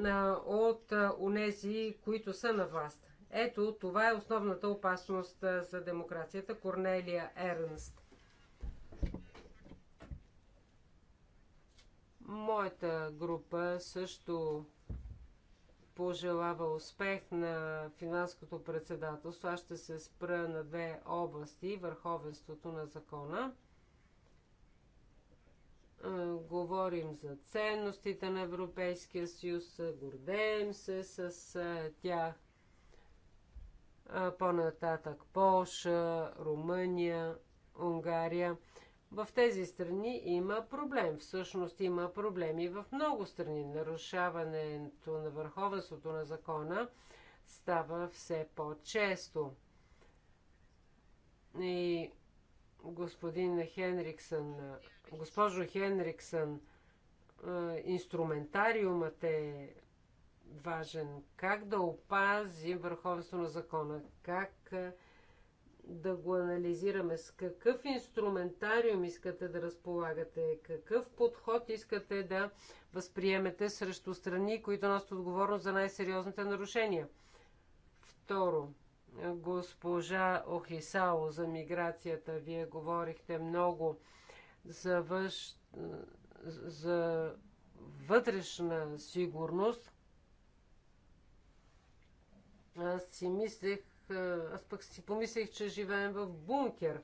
а, от а, унези, които са на власт. Ето, това е основната опасност за демокрацията. Корнелия Ернст. Моята група също пожелава успех на финанското председателство. Аз ще се спра на две области. Върховенството на закона. Говорим за ценностите на Европейския съюз, гордеем се с тях по-нататък Полша, Румъния, Унгария. В тези страни има проблем. Всъщност има проблеми в много страни. Нарушаването на върховенството на закона става все по-често. И господин Хенриксън, госпожо Хенриксън, инструментариумът е важен. Как да опазим върховенство на закона? Как да го анализираме? С какъв инструментариум искате да разполагате? Какъв подход искате да възприемете срещу страни, които носят отговорност за най-сериозните нарушения? Второ, госпожа Охисао за миграцията. Вие говорихте много за, въж... за вътрешна сигурност аз си мислех, аз пък си помислех, че живеем в бункер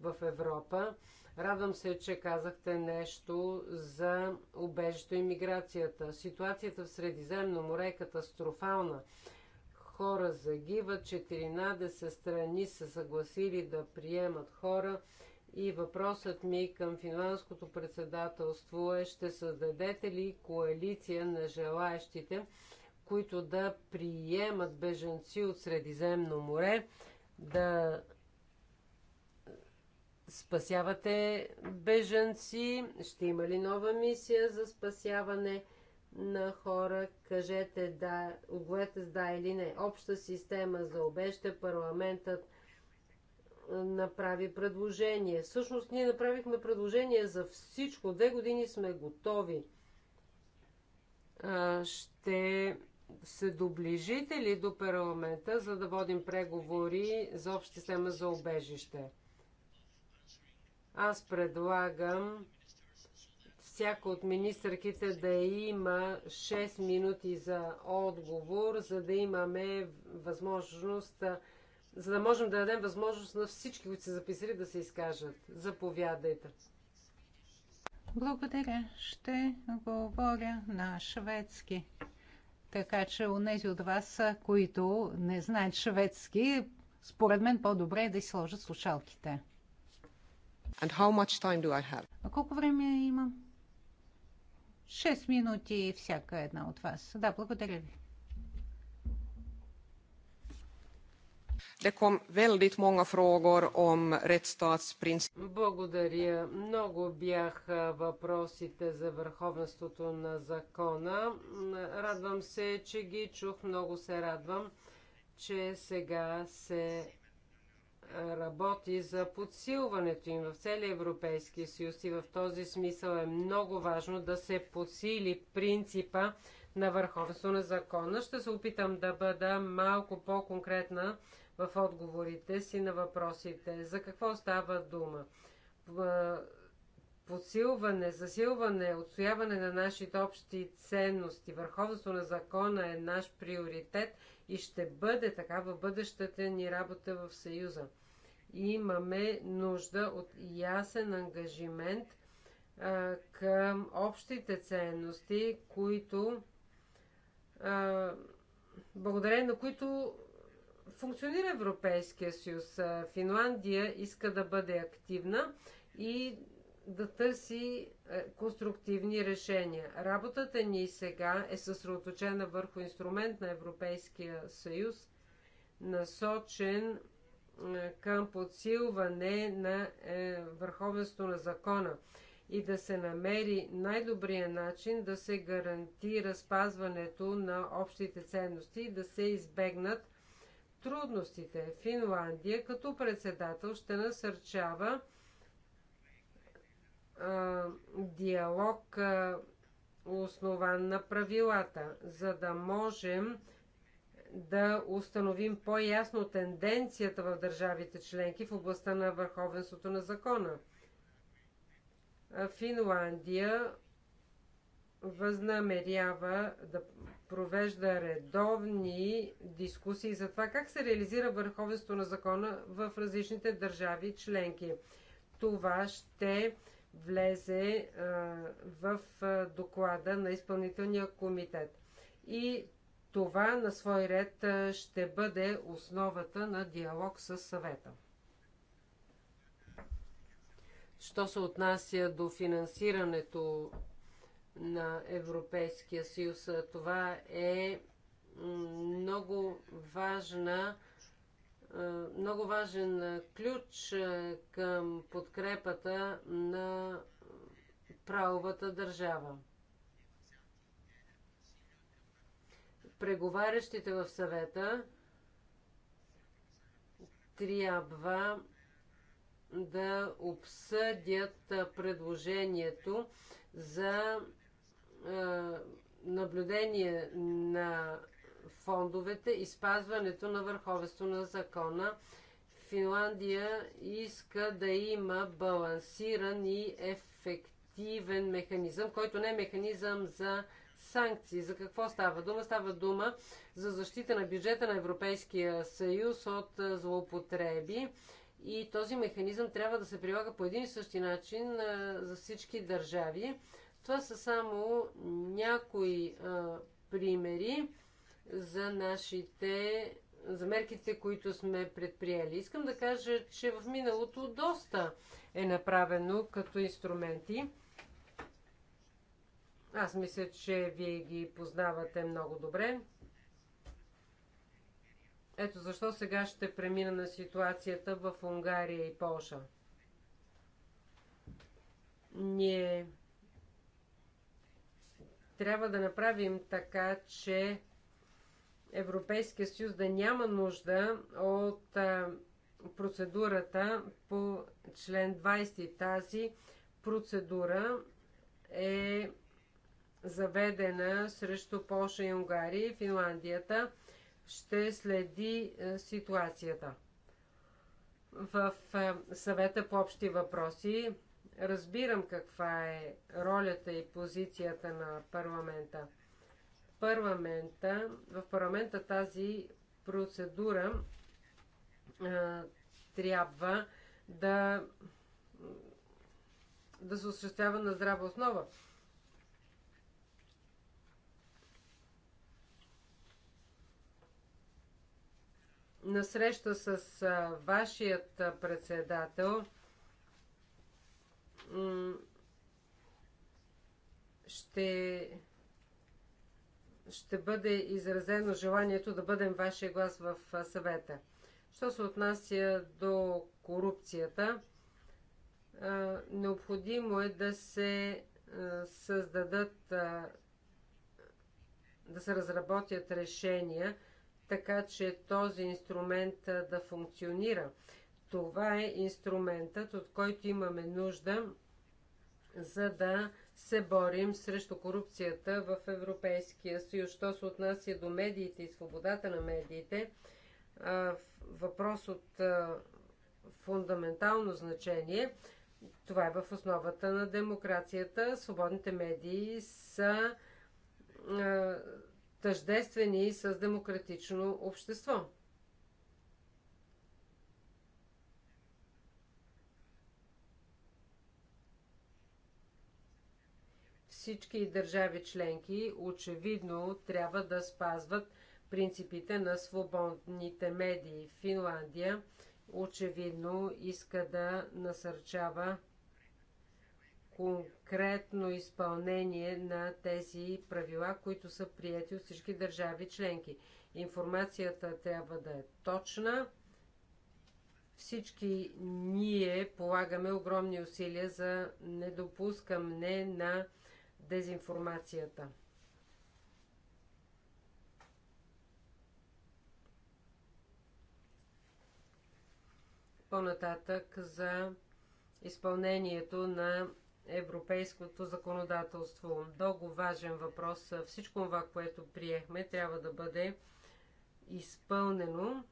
в Европа. Радвам се, че казахте нещо за убежището и миграцията. Ситуацията в Средиземно море е катастрофална. Хора загиват, 14 страни са съгласили да приемат хора и въпросът ми към финландското председателство е ще създадете ли коалиция на желаящите които да приемат беженци от Средиземно море, да спасявате беженци, ще има ли нова мисия за спасяване на хора, кажете да, отговорете с да или не. Обща система за обеща парламентът направи предложение. Всъщност ние направихме предложение за всичко. Две години сме готови. Ще се доближите ли до парламента, за да водим преговори за обща система за обежище? Аз предлагам всяка от министърките да има 6 минути за отговор, за да имаме възможност, за да можем да дадем възможност на всички, които се записали, да се изкажат. Заповядайте.
Благодаря. Ще говоря на шведски. Така че у нези от вас, които не знаят шведски, според мен по-добре е да си сложат слушалките. And how much time do I have? А колко време имам? 6 минути всяка една от вас. Да, благодаря ви.
Det kom väldigt många frågor om rättsstatsprincipen. Благодаря. Много бяха въпросите за върховенството на закона. Радвам се, че ги чух. Много се радвам, че сега се работи за подсилването им в целия Европейски съюз и в този смисъл е много важно да се подсили принципа на върховенство на закона. Ще се опитам да бъда малко по-конкретна в отговорите си на въпросите. За какво става дума? Подсилване, засилване, отстояване на нашите общи ценности, върховенство на закона е наш приоритет и ще бъде така в бъдещата ни работа в Съюза. Имаме нужда от ясен ангажимент а, към общите ценности, които а, благодарение на които функционира Европейския съюз. Финландия иска да бъде активна и да търси конструктивни решения. Работата ни сега е съсредоточена върху инструмент на Европейския съюз, насочен към подсилване на е, върховенство на закона и да се намери най-добрия начин да се гарантира спазването на общите ценности и да се избегнат трудностите. Финландия като председател ще насърчава а, диалог а, основан на правилата, за да можем да установим по-ясно тенденцията в държавите членки в областта на върховенството на закона. Финландия възнамерява да провежда редовни дискусии за това как се реализира върховенство на закона в различните държави членки. Това ще влезе а, в доклада на изпълнителния комитет. И това на свой ред ще бъде основата на диалог с съвета. Що се отнася до финансирането на Европейския съюз. Това е много важна е, много важен ключ е, към подкрепата на правовата държава. Преговарящите в съвета трябва да обсъдят предложението за е, наблюдение на фондовете и спазването на върховенство на закона. Финландия иска да има балансиран и ефективен механизъм, който не е механизъм за санкции. За какво става дума? Става дума за защита на бюджета на Европейския съюз от е, злоупотреби. И този механизъм трябва да се прилага по един и същи начин е, за всички държави. Това са само някои а, примери за нашите за мерките, които сме предприели. Искам да кажа, че в миналото доста е направено като инструменти. Аз мисля, че вие ги познавате много добре. Ето защо сега ще премина на ситуацията в Унгария и Полша. Ние трябва да направим така, че Европейския съюз да няма нужда от процедурата по член 20. Тази процедура е заведена срещу Польша и Унгария и Финландията ще следи ситуацията. В съвета по общи въпроси Разбирам каква е ролята и позицията на парламента. парламента в парламента тази процедура а, трябва да, да се осъществява на здрава основа. на среща с а, вашият председател ще, ще бъде изразено желанието да бъдем вашия глас в съвета. Що се отнася до корупцията, необходимо е да се създадат, да се разработят решения, така че този инструмент да функционира това е инструментът, от който имаме нужда, за да се борим срещу корупцията в Европейския съюз. Що се отнася до медиите и свободата на медиите, въпрос от фундаментално значение. Това е в основата на демокрацията. Свободните медии са тъждествени с демократично общество. всички държави членки очевидно трябва да спазват принципите на свободните медии. Финландия очевидно иска да насърчава конкретно изпълнение на тези правила, които са прияти от всички държави членки. Информацията трябва да е точна. Всички ние полагаме огромни усилия за недопускане на дезинформацията. По-нататък за изпълнението на европейското законодателство. Много важен въпрос. Всичко това, което приехме, трябва да бъде изпълнено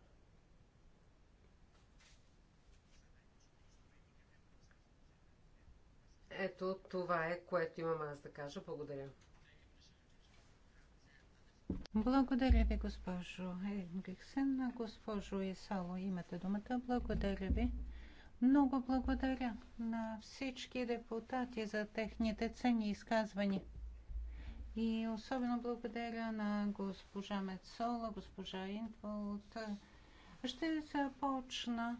Ето това е, което имам аз да кажа. Благодаря.
Благодаря ви, госпожо Енгриксен. Госпожо Исало, имате думата. Благодаря ви. Много благодаря на всички депутати за техните ценни изказвания. И особено благодаря на госпожа Мецола, госпожа Инфолт. Ще започна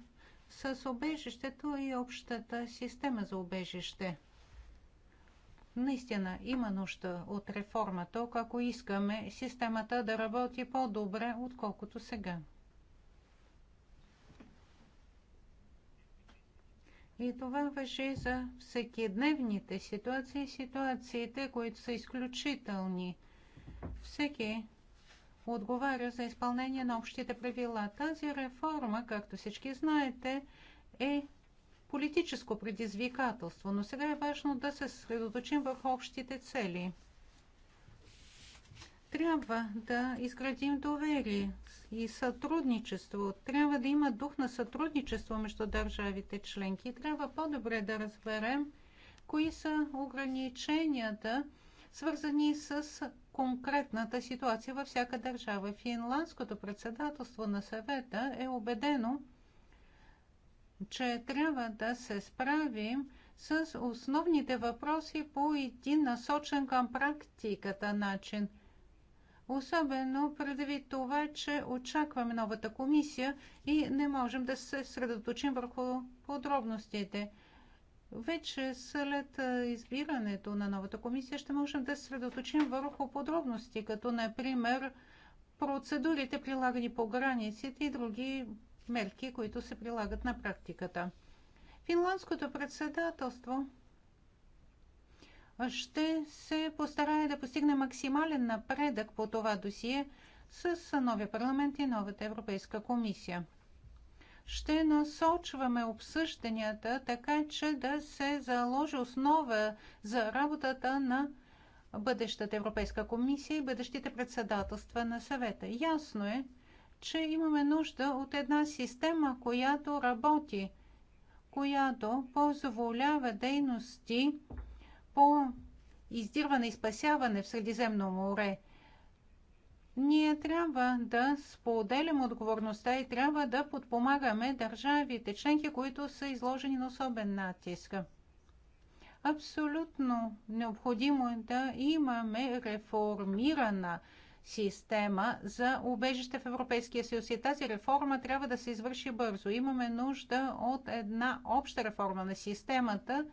с обежището и общата система за обежище. Наистина има нужда от реформа, толкова ако искаме системата да работи по-добре, отколкото сега. И това въжи за всеки дневните ситуации, ситуациите, които са изключителни. Всеки отговаря за изпълнение на общите правила. Тази реформа, както всички знаете, е политическо предизвикателство, но сега е важно да се съсредоточим върху общите цели. Трябва да изградим доверие и сътрудничество. Трябва да има дух на сътрудничество между държавите членки. Трябва по-добре да разберем кои са ограниченията, свързани с конкретната ситуация във всяка държава. Финландското председателство на съвета е убедено, че трябва да се справим с основните въпроси по един насочен към практиката начин. Особено предвид това, че очакваме новата комисия и не можем да се средоточим върху подробностите. Вече след избирането на новата комисия ще можем да се средоточим върху подробности, като например процедурите, прилагани по границите и други мерки, които се прилагат на практиката. Финландското председателство ще се постарае да постигне максимален напредък по това досие с новия парламент и новата Европейска комисия. Ще насочваме обсъжданията така, че да се заложи основа за работата на бъдещата Европейска комисия и бъдещите председателства на съвета. Ясно е, че имаме нужда от една система, която работи, която позволява дейности по издирване и спасяване в Средиземно море. Ние трябва да споделим отговорността и трябва да подпомагаме държавите членки, които са изложени на особен натиск. Абсолютно необходимо е да имаме реформирана система за убежище в Европейския съюз. И тази реформа трябва да се извърши бързо. Имаме нужда от една обща реформа на системата,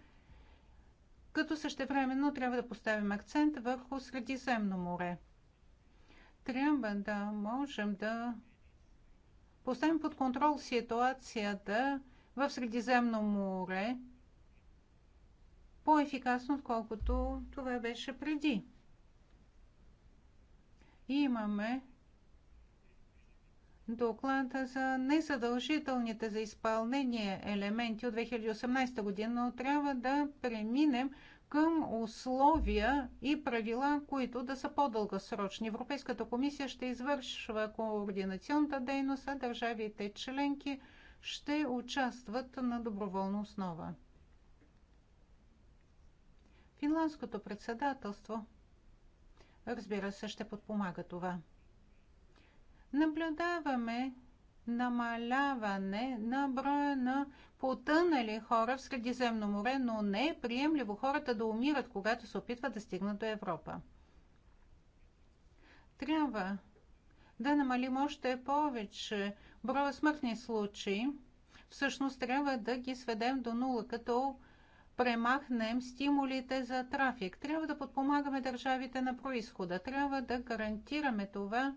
като същевременно трябва да поставим акцент върху Средиземно море. Трябва да можем да поставим под контрол ситуацията в Средиземно море по-ефикасно, отколкото това беше преди. И имаме доклада за незадължителните за изпълнение елементи от 2018 година, но трябва да преминем към условия и правила, които да са по-дългосрочни. Европейската комисия ще извършва координационната дейност, а държавите членки ще участват на доброволна основа. Финландското председателство разбира се, ще подпомага това. Наблюдаваме намаляване на броя на потънали хора в Средиземно море, но не е приемливо хората да умират, когато се опитват да стигнат до Европа. Трябва да намалим още повече броя смъртни случаи. Всъщност трябва да ги сведем до нула, като премахнем стимулите за трафик. Трябва да подпомагаме държавите на происхода. Трябва да гарантираме това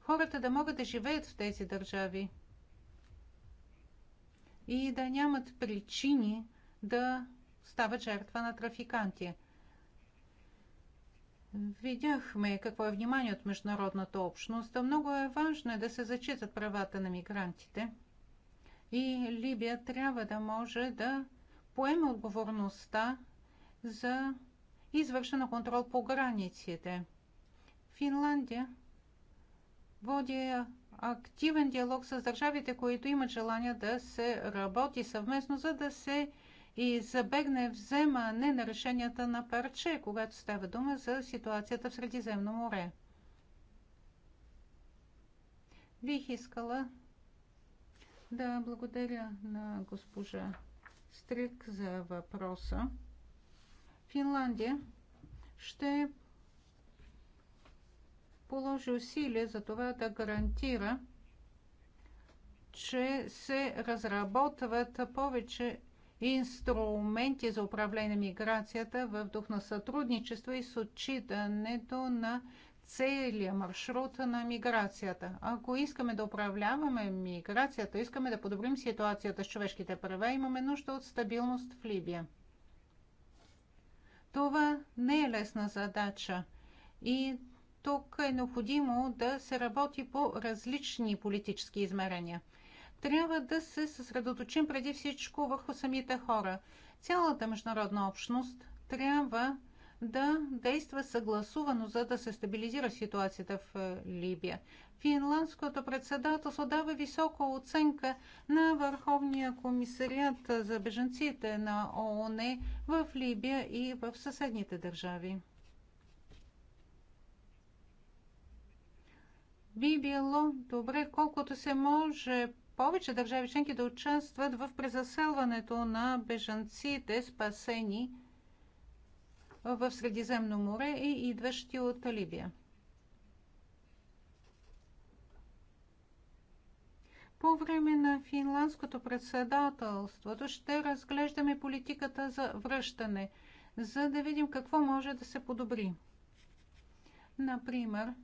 хората да могат да живеят в тези държави и да нямат причини да стават жертва на трафиканти. Видяхме какво е внимание от международната общност. Много е важно да се зачитат правата на мигрантите. И Либия трябва да може да поеме отговорността за извършена контрол по границите. Финландия води активен диалог с държавите, които имат желание да се работи съвместно, за да се и забегне вземане на решенията на парче, когато става дума за ситуацията в Средиземно море. Бих искала да благодаря на госпожа Стрик за въпроса. Финландия ще положи усилия за това да гарантира, че се разработват повече инструменти за управление на миграцията в дух на сътрудничество и с отчитането на Целия маршрут на миграцията. Ако искаме да управляваме миграцията, искаме да подобрим ситуацията с човешките права, имаме нужда от стабилност в Либия. Това не е лесна задача и тук е необходимо да се работи по различни политически измерения. Трябва да се съсредоточим преди всичко върху самите хора. Цялата международна общност трябва да действа съгласувано, за да се стабилизира ситуацията в е, Либия. Финландското председателство дава висока оценка на Върховния комисарият за беженците на ООН в Либия и в съседните държави. би било добре, колкото се може повече държави членки да участват в презаселването на бежанците, спасени в Средиземно море и идващи от Либия. По време на финландското председателството ще разглеждаме политиката за връщане, за да видим какво може да се подобри. Например,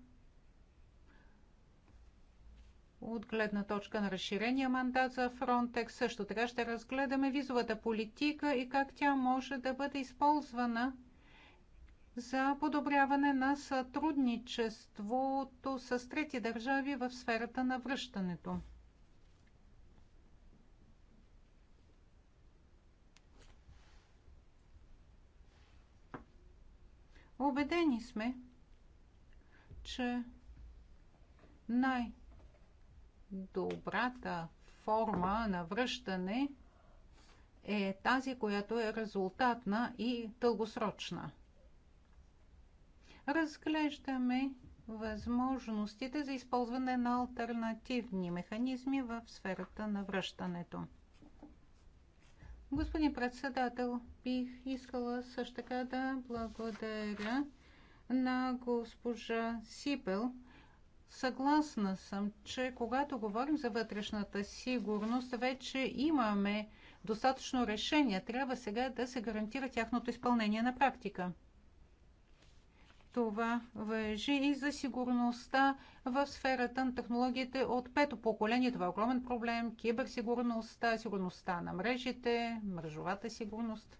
от гледна точка на разширения мандат за Frontex. Също така ще разгледаме визовата политика и как тя може да бъде използвана за подобряване на сътрудничеството с трети държави в сферата на връщането. Обедени сме, че най-добрата форма на връщане е тази, която е резултатна и дългосрочна разглеждаме възможностите за използване на альтернативни механизми в сферата на връщането. Господин председател, бих искала също така да благодаря на госпожа Сипел. Съгласна съм, че когато говорим за вътрешната сигурност, вече имаме достатъчно решение. Трябва сега да се гарантира тяхното изпълнение на практика. Това въжи и за сигурността в сферата на технологиите от пето поколение. Това е огромен проблем. Киберсигурността, сигурността на мрежите, мрежовата сигурност,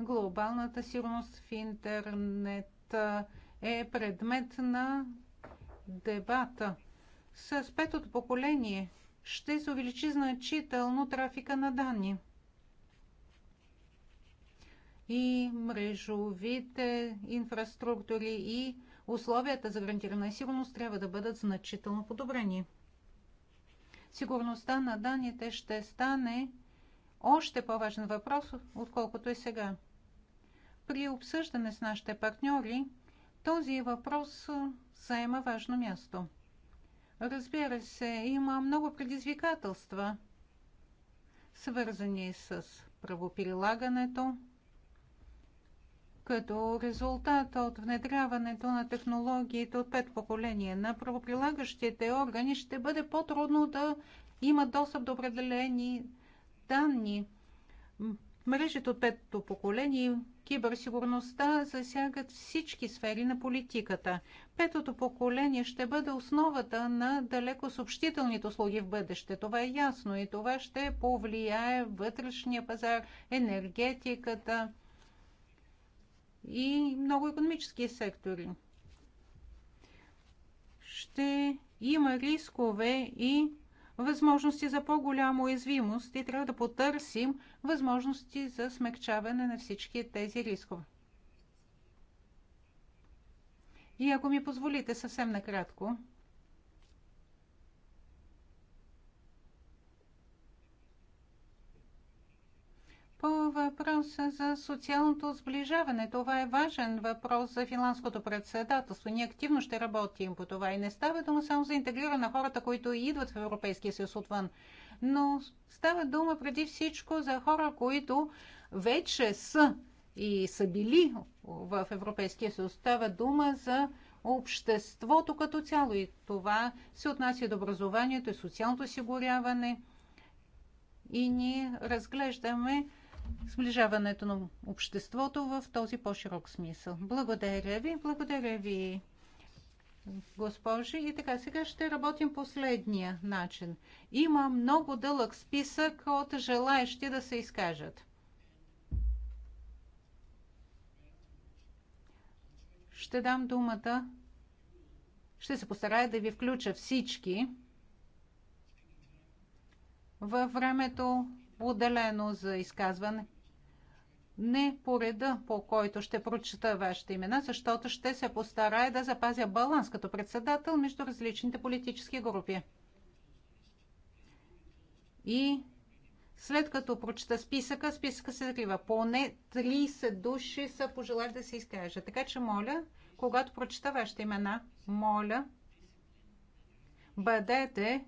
глобалната сигурност в интернет е предмет на дебата. С петото поколение ще се увеличи значително трафика на данни – и мрежовите инфраструктури и условията за гарантирана сигурност трябва да бъдат значително подобрени. Сигурността на данните ще стане още по-важен въпрос, отколкото е сега. При обсъждане с нашите партньори този въпрос заема важно място. Разбира се, има много предизвикателства, свързани с правоприлагането, като резултат от внедряването на технологиите от пет поколения на правоприлагащите органи ще бъде по-трудно да имат достъп до определени данни. Мрежите от петото поколение и киберсигурността засягат всички сфери на политиката. Петото поколение ще бъде основата на далеко съобщителните услуги в бъдеще. Това е ясно и това ще повлияе вътрешния пазар, енергетиката, и много економически сектори. Ще има рискове и възможности за по-голяма уязвимост и трябва да потърсим възможности за смягчаване на всички тези рискове. И ако ми позволите съвсем накратко, По въпроса за социалното сближаване, това е важен въпрос за финландското председателство. Ние активно ще работим по това и не става дума само за интегриране на хората, които идват в Европейския съюз отвън, но става дума преди всичко за хора, които вече са и са били в Европейския съюз. Става дума за обществото като цяло и това се отнася до образованието и социалното осигуряване. И ние разглеждаме сближаването на обществото в този по-широк смисъл. Благодаря ви, благодаря ви, госпожи. И така, сега ще работим последния начин. Има много дълъг списък от желаящи да се изкажат. Ще дам думата. Ще се постарая да ви включа всички във времето, отделено за изказване. Не по реда, по който ще прочета вашите имена, защото ще се постарая да запазя баланс като председател между различните политически групи. И след като прочета списъка, списъка се закрива. Поне 30 души са пожелали да се изкажат. Така че моля, когато прочета вашите имена, моля, бъдете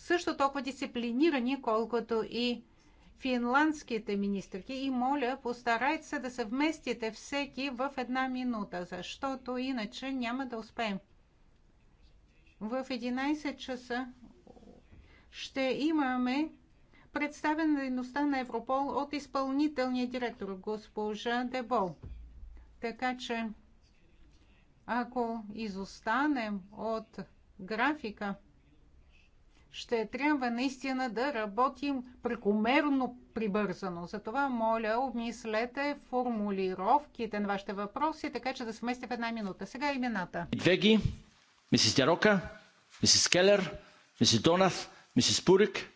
също толкова дисциплинирани, колкото и финландските министрки и моля, постарайте се да се вместите всеки в една минута, защото иначе няма да успеем. В 11 часа ще имаме представен дейността на Европол от изпълнителния директор госпожа Дебол. Така че, ако изостанем от графика, ще трябва наистина да работим прекомерно прибързано. Затова, моля, обмислете формулировките на вашите въпроси, така че да сместе в една минута. Сега имената.
Веги, мисис Ярока, мисис Келер, мисис Донат, мисис Пурик,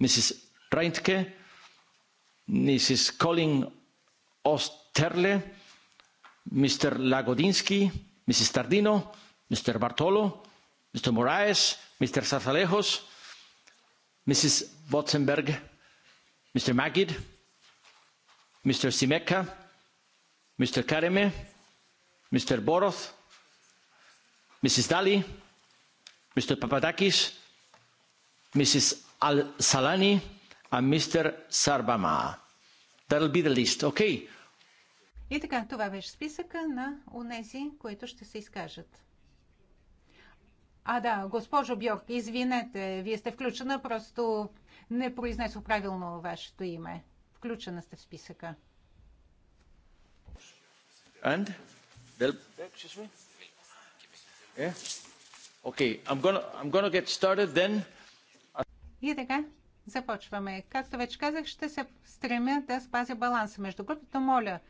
мисис Райнтке, мисис Колин Остерле, мистер Лагодински, мисис Тардино, мистер Бартоло, мистер Мораес, мистер Сарсалехос, Mrs. Votzenberg, Mr. Magid, Mr. Simeka, Mr. Kareme, Mr. Borov, Mrs. Dali, Mr. Papadakis, Mrs. Al Salani, and Mr. Sarbama. That'll be the list, okay?
И така, това беше списъка на онези, които ще се изкажат. А, да, госпожо Бьорк, извинете, вие сте включена, просто не произнесо правилно вашето име. Включена сте в списъка.
And? Del... Yeah? Okay, I'm gonna, I'm gonna get started
then. И така, започваме. Както вече казах, ще се стремя да спазя баланса между групите. Моля,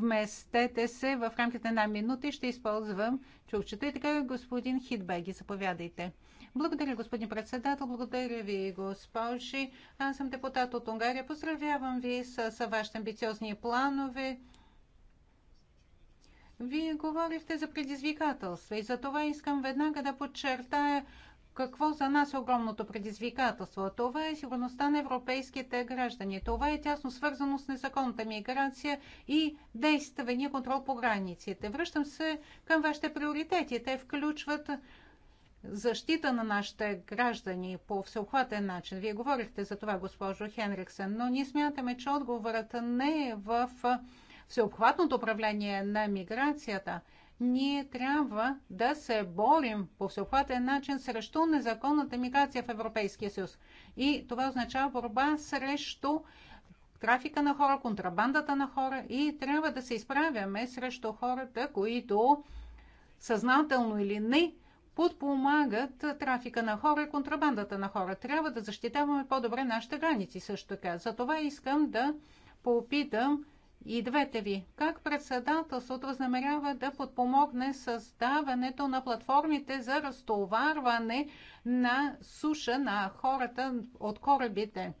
Вместете се в рамките на минута и ще използвам чукчета. И така, господин Хитбеги, заповядайте. Благодаря, господин председател. Благодаря ви, госпожи. Аз съм депутат от Унгария. Поздравявам ви с, с вашите амбициозни планове. Вие говорихте за предизвикателства и за това искам веднага да подчертая какво за нас е огромното предизвикателство? Това е сигурността на европейските граждани. Това е тясно свързано с незаконната миграция и действения контрол по границите. Връщам се към вашите приоритети. Те включват защита на нашите граждани по всеохватен начин. Вие говорихте за това, госпожо Хенриксен, но ние смятаме, че отговорът не е в всеобхватното управление на миграцията – ние трябва да се борим по всеобхватен начин срещу незаконната миграция в Европейския съюз. И това означава борба срещу трафика на хора, контрабандата на хора и трябва да се изправяме срещу хората, които съзнателно или не подпомагат трафика на хора и контрабандата на хора. Трябва да защитаваме по-добре нашите граници също така. Затова искам да попитам и двете ви. Как председателството възнамерява да подпомогне създаването на платформите за разтоварване на суша на хората от корабите?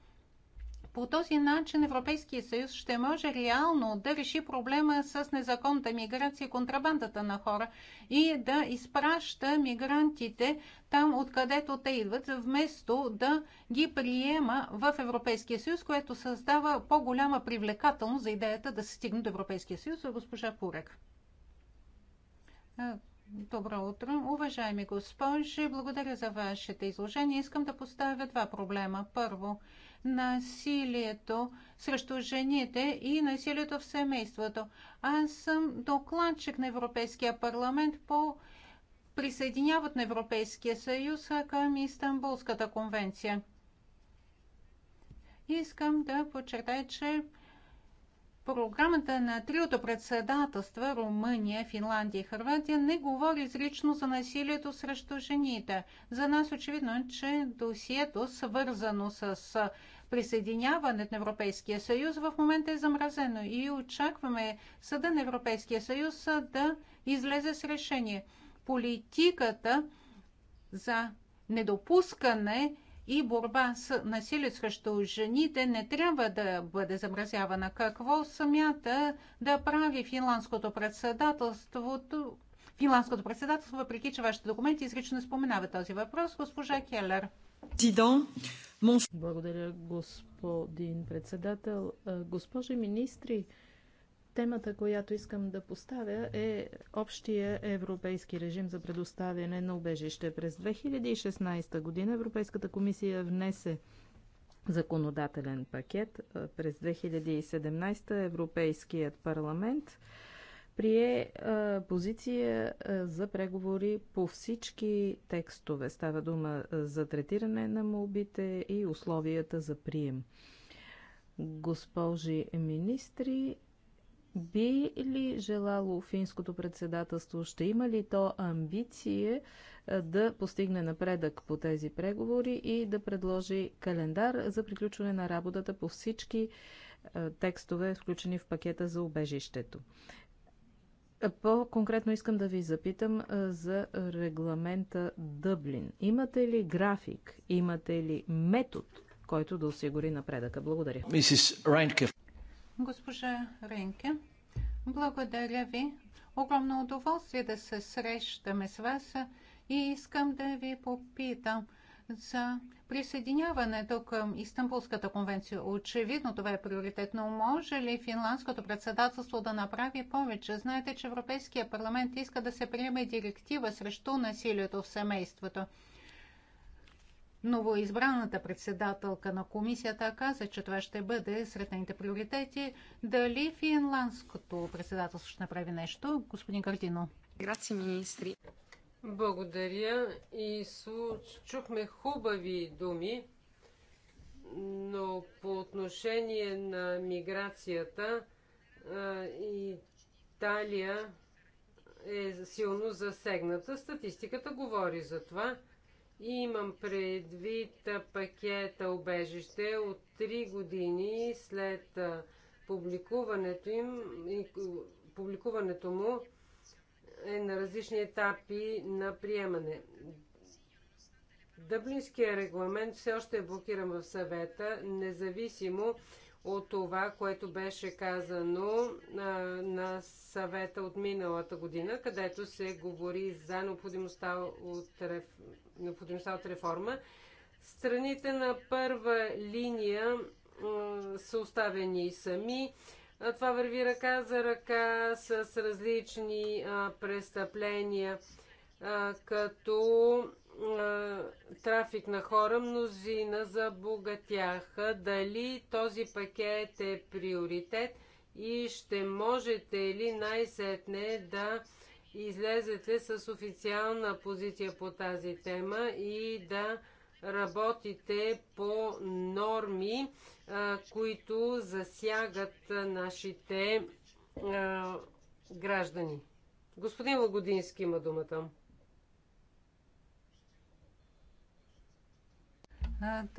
По този начин Европейския съюз ще може реално да реши проблема с незаконната миграция и контрабандата на хора и да изпраща мигрантите там, откъдето те идват, вместо да ги приема в Европейския съюз, което създава по-голяма привлекателност за идеята да се стигне до Европейския съюз. Госпожа Пурек. Добро утро, уважаеми госпожи. Благодаря за вашето изложение. Искам да поставя два проблема. Първо, насилието срещу жените и насилието в семейството. Аз съм докладчик на Европейския парламент по присъединяват на Европейския съюз към Истанбулската конвенция. Искам да подчертая, че Програмата на триото председателства Румъния, Финландия и Хърватия не говори изрично за насилието срещу жените. За нас очевидно е, че досието, свързано с присъединяването на Европейския съюз в момента е замразено и очакваме Съда на Европейския съюз да излезе с решение. Политиката за недопускане и борба с насилие срещу жените не трябва да бъде замразявана. Какво смята да прави финландското председателството? Финландското председателство, въпреки че вашите документи изрично споменава този въпрос, госпожа Келер.
Дидон, благодаря, господин председател. Госпожи министри, темата, която искам да поставя е общия европейски режим за предоставяне на убежище. През 2016 година Европейската комисия внесе законодателен пакет. През 2017 Европейският парламент прие а, позиция а, за преговори по всички текстове. Става дума за третиране на молбите и условията за прием. Госпожи министри, би ли желало финското председателство, ще има ли то амбиция да постигне напредък по тези преговори и да предложи календар за приключване на работата по всички текстове, включени в пакета за убежището? По-конкретно искам да ви запитам за регламента Дъблин. Имате ли график, имате ли метод, който да осигури напредъка? Благодаря. Мисис Рейнке.
Госпожа Ренке, благодаря ви. Огромно удоволствие да се срещаме с вас и искам да ви попитам – за присъединяването към Истанбулската конвенция. Очевидно това е приоритет, но може ли финландското председателство да направи повече? Знаете, че Европейския парламент иска да се приеме директива срещу насилието в семейството. Новоизбраната председателка на комисията каза, че това ще бъде сред нейните приоритети. Дали финландското председателство ще направи нещо? Господин Картино.
Грация, министри. Благодаря и чухме хубави думи, но по отношение на миграцията Италия е силно засегната. Статистиката говори за това. И имам предвид пакета обежище от 3 години след публикуването, им, публикуването му е на различни етапи на приемане. Дъблинския регламент все още е блокиран в съвета, независимо от това, което беше казано на, на съвета от миналата година, където се говори за необходимостта от, реф... необходимостта от реформа. Страните на първа линия са оставени сами това върви ръка за ръка с различни престъпления, като трафик на хора, мнозина забогатяха. Дали този пакет е приоритет и ще можете ли най-сетне да излезете с официална позиция по тази тема и да работите по норми, които засягат нашите граждани. Господин Лагодински има думата.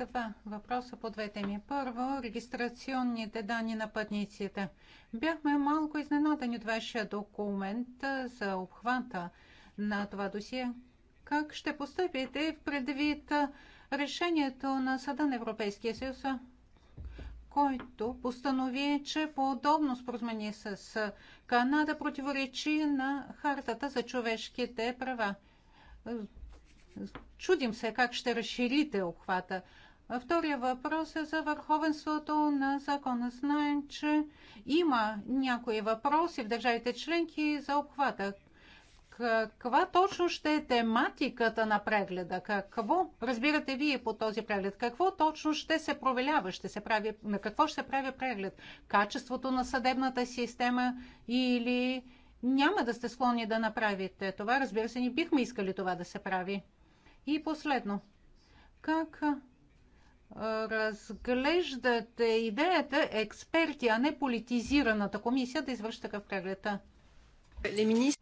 Два въпроса по две теми. Първо, регистрационните данни на пътниците. Бяхме малко изненадани от вашия документ за обхвата на това досие. Как ще поступите в предвид решението на Съда на Европейския съюз, който постанови, че подобно споразумение с Канада противоречи на Хартата за човешките права. Чудим се как ще разширите обхвата. Втория въпрос е за върховенството на закона. Знаем, че има някои въпроси в държавите членки за обхвата каква точно ще е тематиката на прегледа? Какво разбирате вие по този преглед? Какво точно ще се провелява? Ще се прави, на какво ще се прави преглед? Качеството на съдебната система или няма да сте склонни да направите това? Разбира се, ни бихме искали това да се прави. И последно, как разглеждате идеята експерти, а не политизираната комисия да извърши такъв преглед?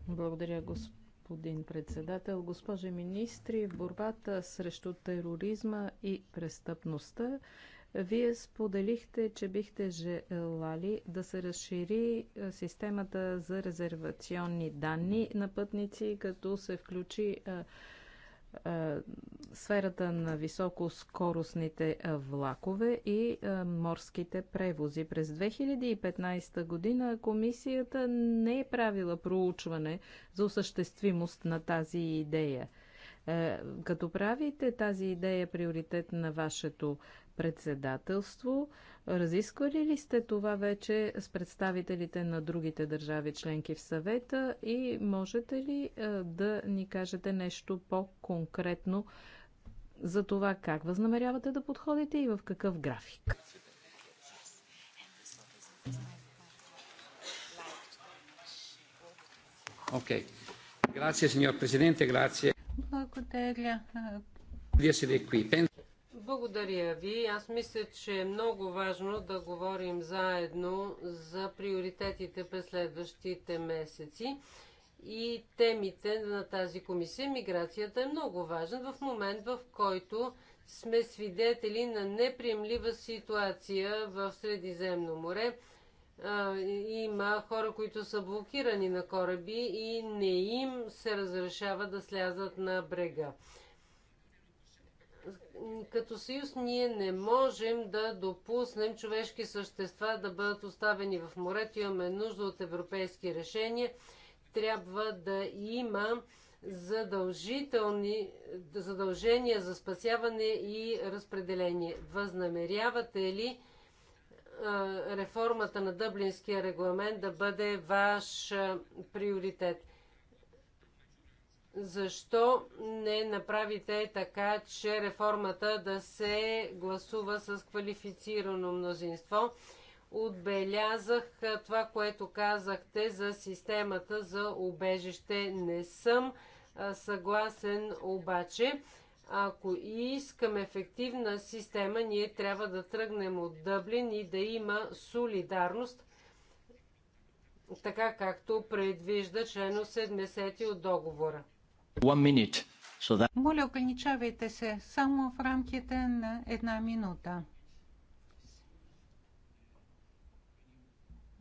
Благодаря, господин председател. Госпожи министри, борбата срещу
тероризма и престъпността вие споделихте, че бихте желали да се разшири е, системата за резервационни данни на пътници, като се включи е, е, сферата на високоскоростните е, влакове и е, морските превози. През 2015 година комисията не е правила проучване за осъществимост на тази идея. Като правите тази идея приоритет на вашето председателство, Разисквали ли сте това вече с представителите на другите държави членки в съвета и можете ли е, да ни кажете нещо по-конкретно за това как възнамерявате да подходите и в какъв график? Okay.
Grazie, signor Presidente,
Благодаря. Благодаря ви. Аз мисля, че е много важно да говорим заедно за приоритетите през следващите месеци и темите на тази комисия. Миграцията е много важна в момент, в който сме свидетели на неприемлива ситуация в Средиземно море. има хора, които са блокирани на кораби и не им се разрешава да слязат на брега като съюз ние не можем да допуснем човешки същества да бъдат оставени в морето. Имаме нужда от европейски решения. Трябва да има задължителни задължения за спасяване и разпределение. Възнамерявате ли реформата на Дъблинския регламент да бъде ваш приоритет? Защо не направите така, че реформата да се гласува с квалифицирано мнозинство? Отбелязах това, което казахте за системата за убежище. Не съм съгласен обаче. Ако искам ефективна система, ние трябва да тръгнем от Дъблин и да има солидарност, така както предвижда член 70 от договора.
Моля, ограничавайте се само в рамките на една минута.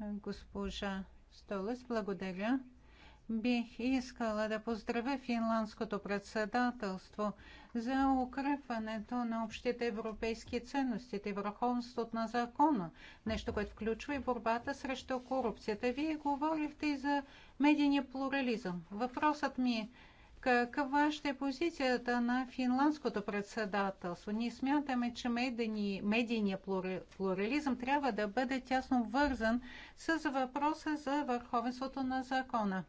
Госпожа Столес, благодаря. Бих искала да поздравя финландското председателство за укрепването на общите европейски ценности и върховенството на закона, нещо, което включва и борбата срещу корупцията. Вие говорихте и за медийния плурализъм. Въпросът ми е каква ще е позицията на финландското председателство? Ние смятаме, че медийният плурализъм трябва да бъде тясно вързан с въпроса за върховенството на закона.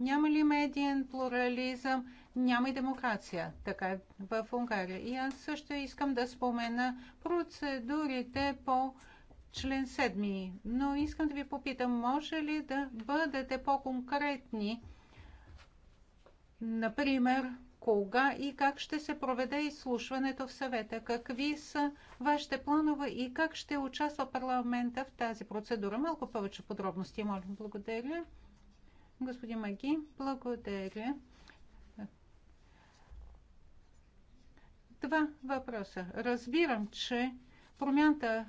Няма ли медиен плурализъм, няма и демокрация, така е в Унгария. И аз също искам да спомена процедурите по член 7. Но искам да ви попитам, може ли да бъдете по-конкретни? Например, кога и как ще се проведе изслушването в съвета? Какви са вашите планове и как ще участва парламента в тази процедура? Малко повече подробности, моля. Благодаря. Господин Маги, благодаря. Два въпроса. Разбирам, че промяната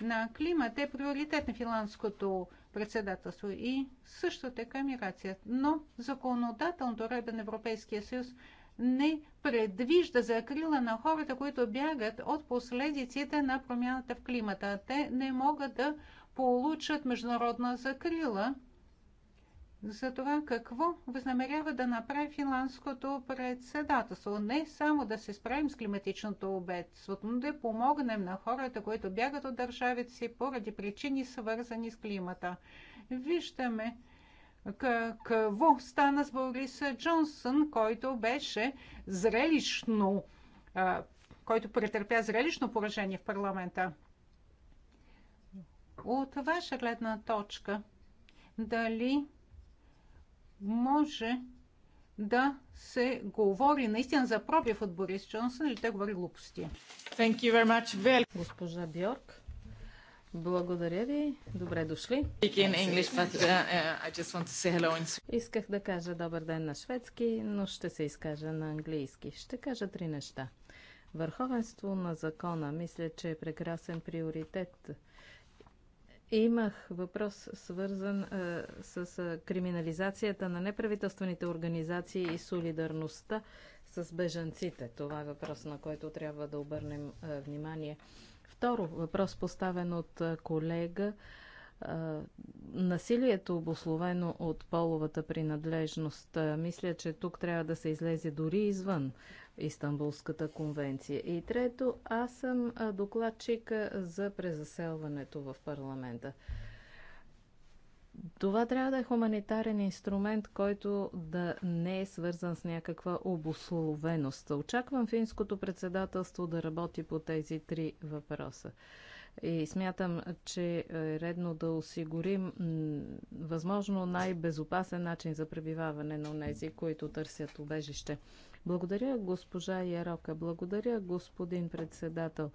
на климат е приоритет на финландското председателство и също така миграция. Но законодателното ред на Европейския съюз не предвижда закрила на хората, които бягат от последиците на промяната в климата. Те не могат да получат международна закрила – за това какво възнамерява да направи финландското председателство. Не само да се справим с климатичното обедство, но да помогнем на хората, които бягат от държавите си поради причини свързани с климата. Виждаме какво стана с Борис Джонсън, който беше зрелищно, който претърпя зрелищно поражение в парламента. От ваша гледна точка, дали може да се говори наистина за пробив от Борис Джонсън или те говори глупости. Thank you very much, Bill. Госпожа Бьорк,
благодаря ви. Добре дошли. English, but, uh, uh Исках да кажа добър ден на шведски, но ще се изкажа на английски. Ще кажа три неща. Върховенство на закона мисля, че е прекрасен приоритет Имах въпрос свързан а, с а, криминализацията на неправителствените организации и солидарността с бежанците. Това е въпрос, на който трябва да обърнем а, внимание. Второ, въпрос поставен от колега. А, насилието, обословено от половата принадлежност. Мисля, че тук трябва да се излезе дори извън Истанбулската конвенция. И трето, аз съм докладчик за презаселването в парламента. Това трябва да е хуманитарен инструмент, който да не е свързан с някаква обословеност. Очаквам финското председателство да работи по тези три въпроса. И смятам, че е редно да осигурим възможно най-безопасен начин за пребиваване на тези, които търсят убежище. Благодаря, госпожа Ярока. Благодаря, господин председател.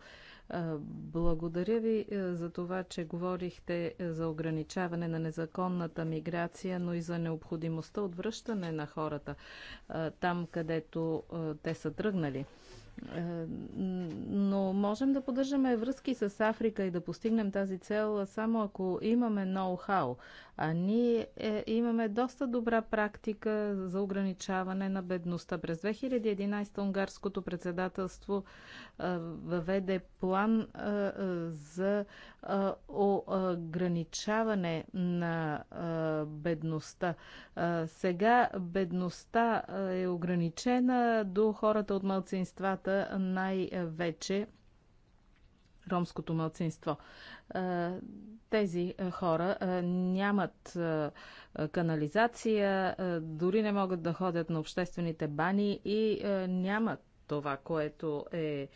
Благодаря ви е, за това, че говорихте е, за ограничаване на незаконната миграция, но и за необходимостта от връщане на хората там, където е, те са тръгнали. Е, но можем да поддържаме връзки с Африка и да постигнем тази цел само ако имаме ноу-хау. А ние е, имаме доста добра практика за ограничаване на бедността. През 2011 унгарското председателство е, въведе план е, за е, ограничаване на е, бедността. Е, сега бедността е ограничена до хората от малцинствата най-вече ромското младсинство. Е, тези е, хора е, нямат канализация, дори не могат да ходят на обществените бани и нямат това, което е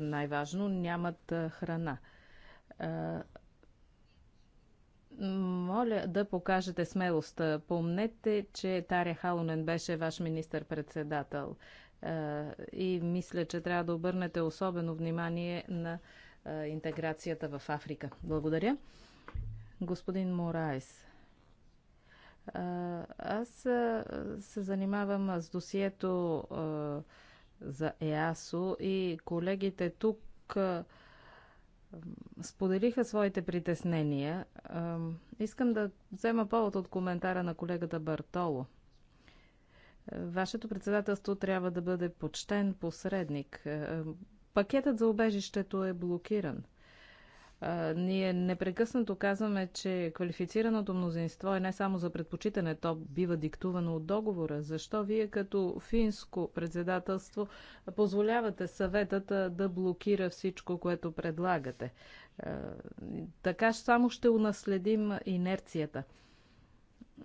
най-важно, нямат храна. Моля да покажете смелост. Помнете, че Таря Халунен беше ваш министър-председател. И мисля, че трябва да обърнете особено внимание на интеграцията в Африка. Благодаря. Господин Мораес. Аз се занимавам с досието за ЕАСО и колегите тук споделиха своите притеснения. Искам да взема повод от коментара на колегата Бартоло. Вашето председателство трябва да бъде почтен посредник. Пакетът за убежището е блокиран. Ние непрекъснато казваме, че квалифицираното мнозинство е не само за предпочитане, то бива диктувано от договора. Защо вие като финско председателство позволявате съветът да блокира всичко, което предлагате? Така само ще унаследим инерцията.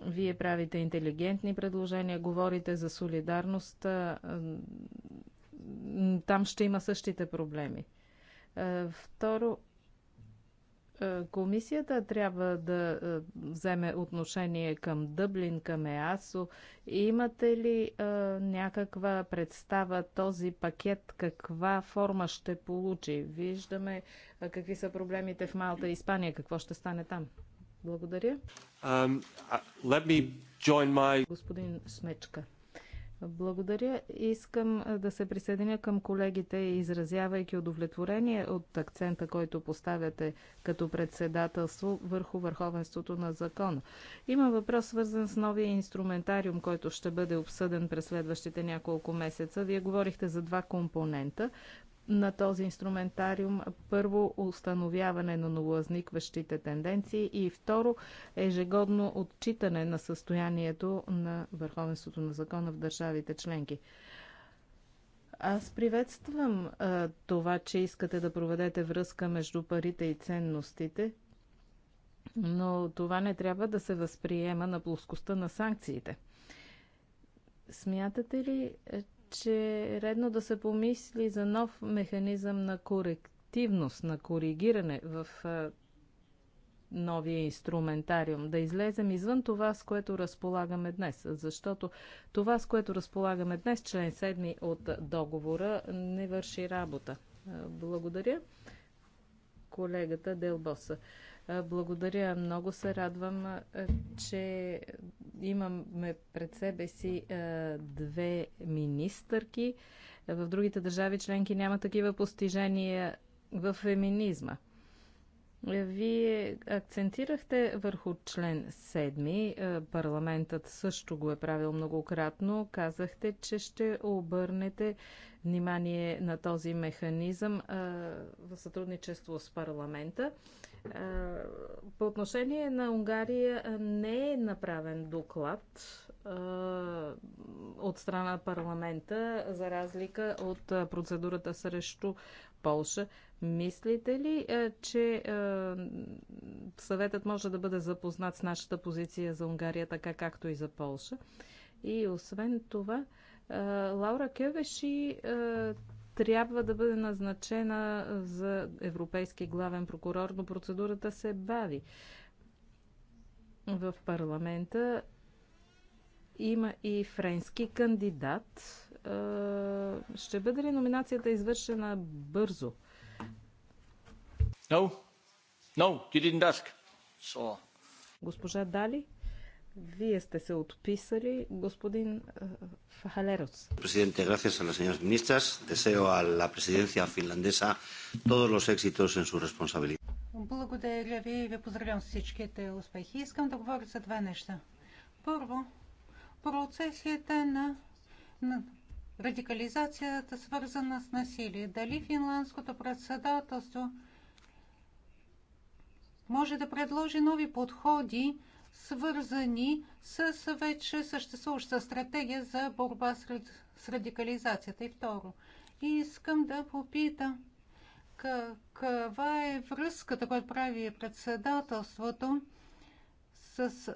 Вие правите интелигентни предложения, говорите за солидарност там ще има същите проблеми. Е, второ, е, Комисията трябва да е, вземе отношение към Дъблин, към ЕАСО. Имате ли някаква представа този пакет, каква форма ще получи? Виждаме какви са проблемите в Малта и Испания. Какво ще стане там? Благодаря.
Um, uh, my...
Господин Смечка. Благодаря. Искам да се присъединя към колегите, изразявайки удовлетворение от акцента, който поставяте като председателство върху върховенството на закона. Има въпрос свързан с новия инструментариум, който ще бъде обсъден през следващите няколко месеца. Вие говорихте за два компонента на този инструментариум първо установяване на нововъзникващите тенденции и второ ежегодно отчитане на състоянието на върховенството на закона в държавите членки. Аз приветствам а, това, че искате да проведете връзка между парите и ценностите, но това не трябва да се възприема на плоскостта на санкциите. Смятате ли, че е редно да се помисли за нов механизъм на корективност, на коригиране в новия инструментариум, да излезем извън това, с което разполагаме днес, защото това, с което разполагаме днес, член 7 от договора, не върши работа. Благодаря колегата Делбоса. Благодаря. Много се радвам, че имаме пред себе си две министърки. В другите държави членки няма такива постижения в феминизма. Вие акцентирахте върху член 7. Парламентът също го е правил многократно. Казахте, че ще обърнете внимание на този механизъм в сътрудничество с парламента. По отношение на Унгария не е направен доклад от страна на парламента, за разлика от процедурата срещу Полша. Мислите ли, че съветът може да бъде запознат с нашата позиция за Унгария, така както и за Полша? И освен това, Лаура Кевеши трябва да бъде назначена за европейски главен прокурор, но процедурата се бави. В парламента има и френски кандидат. Ще бъде ли номинацията извършена бързо?
No. No, you didn't ask. So...
Госпожа Дали? Вие сте се отписали, господин Фахалерос.
Президенте, gracias a las señoras ministras. Deseo a la presidencia finlandesa todos los éxitos en su responsabilidad. Благодаря ви и ви поздравям с всичките успехи. Искам да говоря за две неща. Първо, процесията на, на радикализацията, свързана с насилие. Дали финландското председателство може да предложи нови подходи свързани с вече съществуваща стратегия за борба с радикализацията. И второ, искам да попитам каква е връзката, която прави председателството с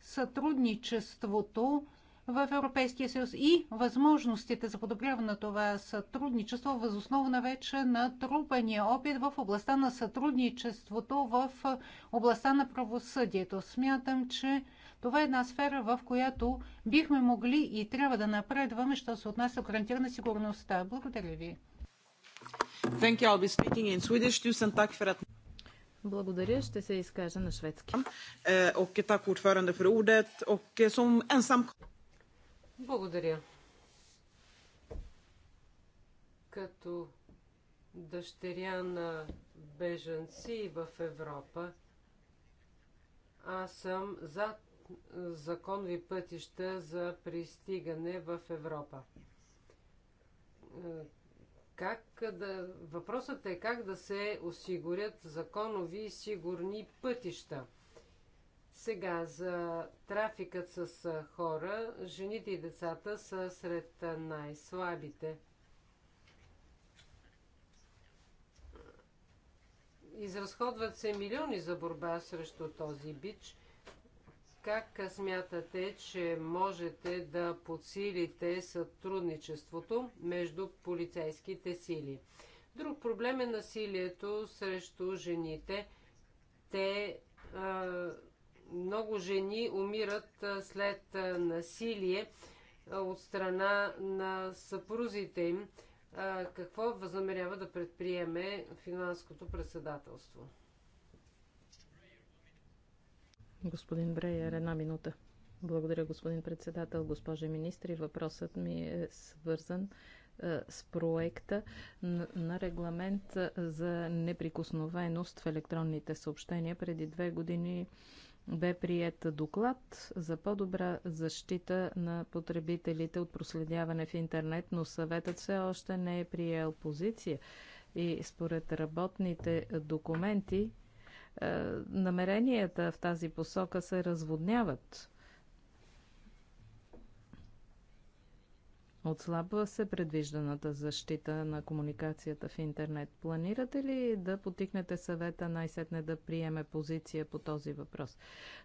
сътрудничеството в Европейския съюз и възможностите за подобряване на това сътрудничество възоснова на вече трупания опит в областта на сътрудничеството в областта на правосъдието. Смятам, че това е една сфера, в която бихме могли и трябва да напредваме, що се отнася до гарантирана сигурността. Благодаря ви.
Благодаря, ще се изкажа на шведски. Eh,
благодаря. Като дъщеря на бежанци в Европа, аз съм зад законови пътища за пристигане в Европа. Как да... Въпросът е как да се осигурят законови и сигурни пътища – сега за трафикът с хора, жените и децата са сред най-слабите. Изразходват се милиони за борба срещу този бич. Как смятате, че можете да подсилите сътрудничеството между полицейските сили? Друг проблем е насилието срещу жените. Те а, много жени умират след насилие от страна на съпрузите им. Какво възнамерява да предприеме финанското председателство?
Господин Бреер, една минута. Благодаря, господин председател, госпожи министри. Въпросът ми е свързан с проекта на регламент за неприкосновеност в електронните съобщения. Преди две години бе прият доклад за по-добра защита на потребителите от проследяване в интернет, но съветът все още не е приел позиция. И според работните документи, е, намеренията в тази посока се разводняват. Отслабва се предвижданата защита на комуникацията в интернет. Планирате ли да потикнете съвета най-сетне да приеме позиция по този въпрос?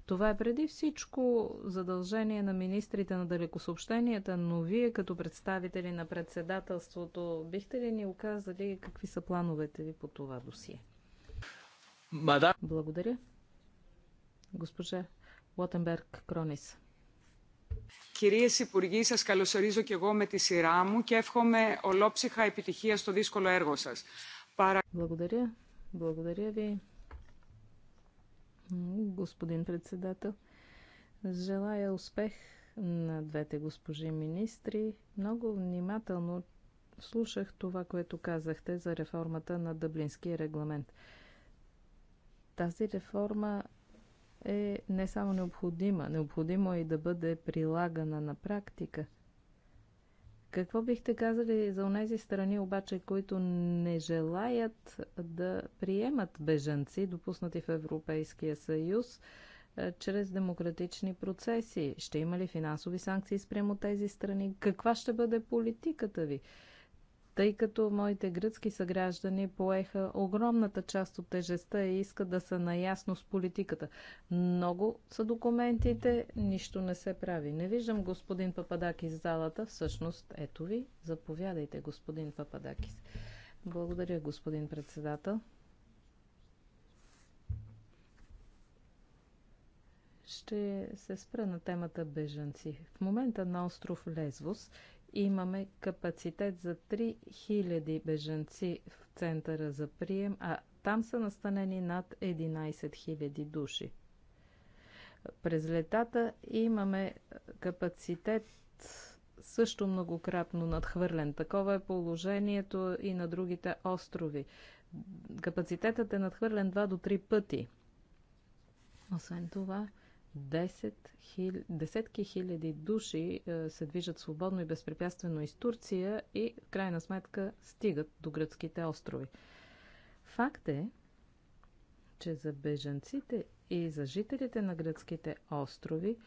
Това е преди всичко задължение на министрите на далекосъобщенията, но вие като представители на председателството бихте ли ни оказали какви са плановете ви по това досие? Благодаря. Госпожа Лотенберг Кронис.
Κυρίες Υπουργοί, σας καλωσορίζω και εγώ με τη σειρά μου και εύχομαι ολόψυχα επιτυχία στο δύσκολο έργο σας. Благодаря. Благодаря ви,
господин председател. Желая успех на двете госпожи министри. Много внимателно слушах това, което казахте за реформата на Дъблинския регламент. Тази реформа е не само необходима, необходимо е и да бъде прилагана на практика. Какво бихте казали за тези страни обаче, които не желаят да приемат бежанци, допуснати в Европейския съюз, е, чрез демократични процеси? Ще има ли финансови санкции спрямо тези страни? Каква ще бъде политиката ви? тъй като моите гръцки съграждани поеха огромната част от тежестта и искат да са наясно с политиката. Много са документите, нищо не се прави. Не виждам господин Пападакис в залата. Всъщност, ето ви, заповядайте, господин Пападакис. Благодаря, господин председател. ще се спра на темата бежанци. В момента на остров Лезвос Имаме капацитет за 3000 бежанци в центъра за прием, а там са настанени над 11 000 души. През летата имаме капацитет също многократно надхвърлен. Такова е положението и на другите острови. Капацитетът е надхвърлен 2 до 3 пъти. Освен това, 10, десетки хиляди души е, се движат свободно и безпрепятствено из Турция и в крайна сметка стигат до гръцките острови. Факт е, че за бежанците и за жителите на гръцките острови –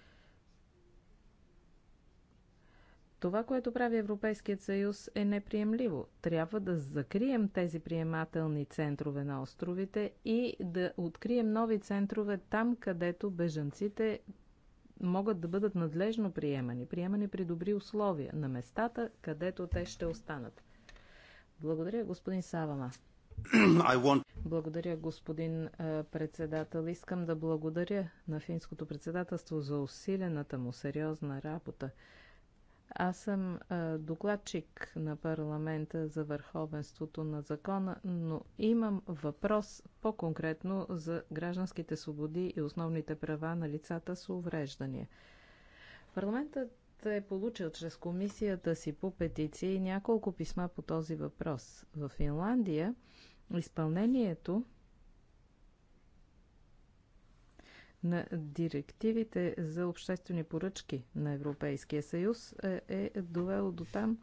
Това, което прави Европейският съюз е неприемливо. Трябва да закрием тези приемателни центрове на островите и да открием нови центрове там, където бежанците могат да бъдат надлежно приемани, приемани при добри условия на местата, където те ще останат. Благодаря, господин Савама.
Want...
Благодаря, господин председател. Искам да благодаря на финското председателство за усилената му сериозна работа. Аз съм докладчик на парламента за върховенството на закона, но имам въпрос по-конкретно за гражданските свободи и основните права на лицата с увреждания. Парламентът е получил чрез комисията си по петиции няколко писма по този въпрос. В Финландия изпълнението на директивите за обществени поръчки на Европейския съюз е, е довело до там,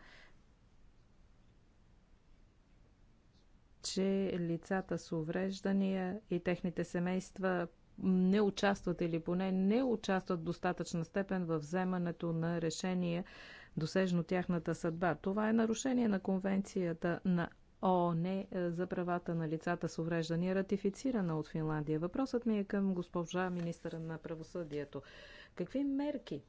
че лицата с увреждания и техните семейства не участват или поне не участват в достатъчна степен в вземането на решения, досежно тяхната съдба. Това е нарушение на конвенцията на ООН е, е, за правата на лицата с увреждания, ратифицирана от Финландия. Въпросът ми е към госпожа министра на правосъдието. Какви мерки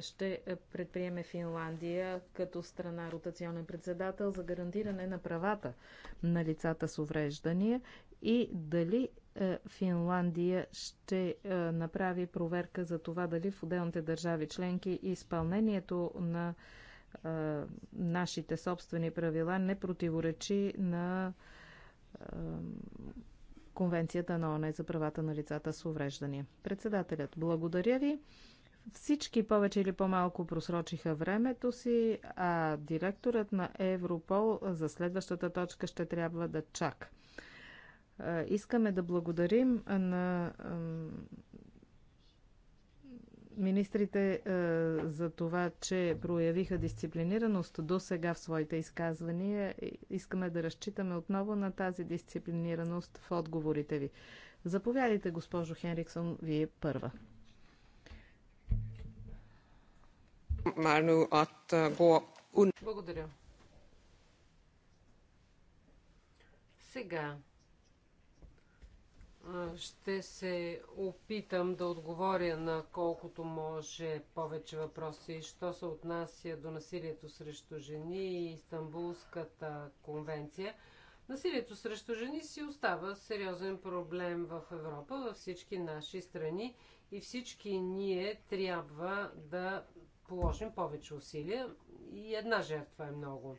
ще е, предприеме Финландия като страна ротационен председател за гарантиране на правата на лицата с увреждания и дали Финландия ще направи проверка за това дали в отделните държави членки изпълнението на нашите собствени правила не противоречи на Конвенцията на ОНЕ за правата на лицата с увреждания. Председателят, благодаря ви. Всички повече или по-малко просрочиха времето си, а директорът на Европол за следващата точка ще трябва да чака. Искаме да благодарим на министрите е, за това, че проявиха дисциплинираност до сега в своите изказвания. Искаме да разчитаме отново на тази дисциплинираност в отговорите ви. Заповядайте, госпожо Хенриксон, вие първа.
Е, Благодаря. Сега ще се опитам да отговоря на колкото може повече въпроси. Що се отнася до насилието срещу жени и Истанбулската конвенция? Насилието срещу жени си остава сериозен проблем в Европа, във всички наши страни и всички ние трябва да положим повече усилия и една жертва е много.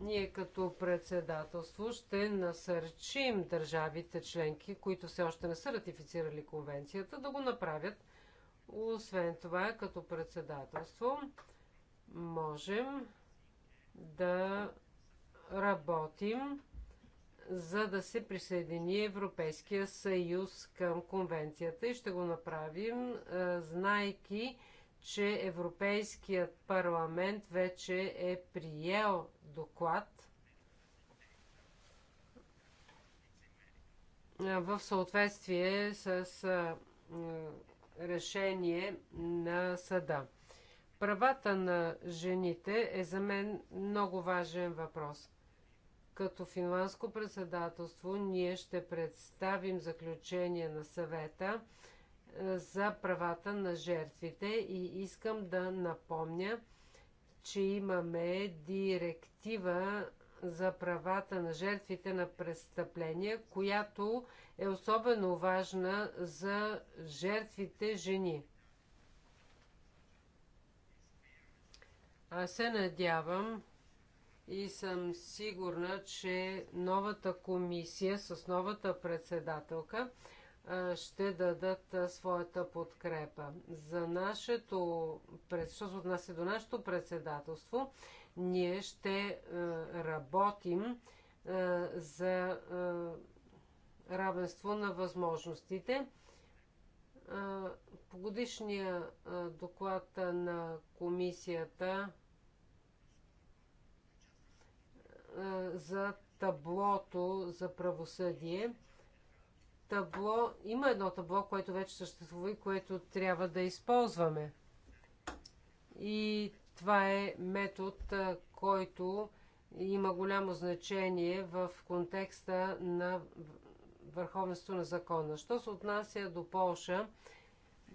Ние като председателство ще насърчим държавите членки, които все още не са ратифицирали конвенцията, да го направят. Освен това, като председателство можем да работим за да се присъедини Европейския съюз към конвенцията и ще го направим, знайки че Европейският парламент вече е приел доклад в съответствие с решение на съда. Правата на жените е за мен много важен въпрос. Като финландско председателство ние ще представим заключение на съвета за правата на жертвите и искам да напомня, че имаме директива за правата на жертвите на престъпления, която е особено важна за жертвите жени. Аз се надявам и съм сигурна, че новата комисия с новата председателка ще дадат своята подкрепа. За нашето, що се отнася до нашето председателство, ние ще работим за равенство на възможностите. По годишния доклад на комисията за таблото за правосъдие – табло, има едно табло, което вече съществува и което трябва да използваме. И това е метод, който има голямо значение в контекста на върховенство на закона. Що се отнася до Полша,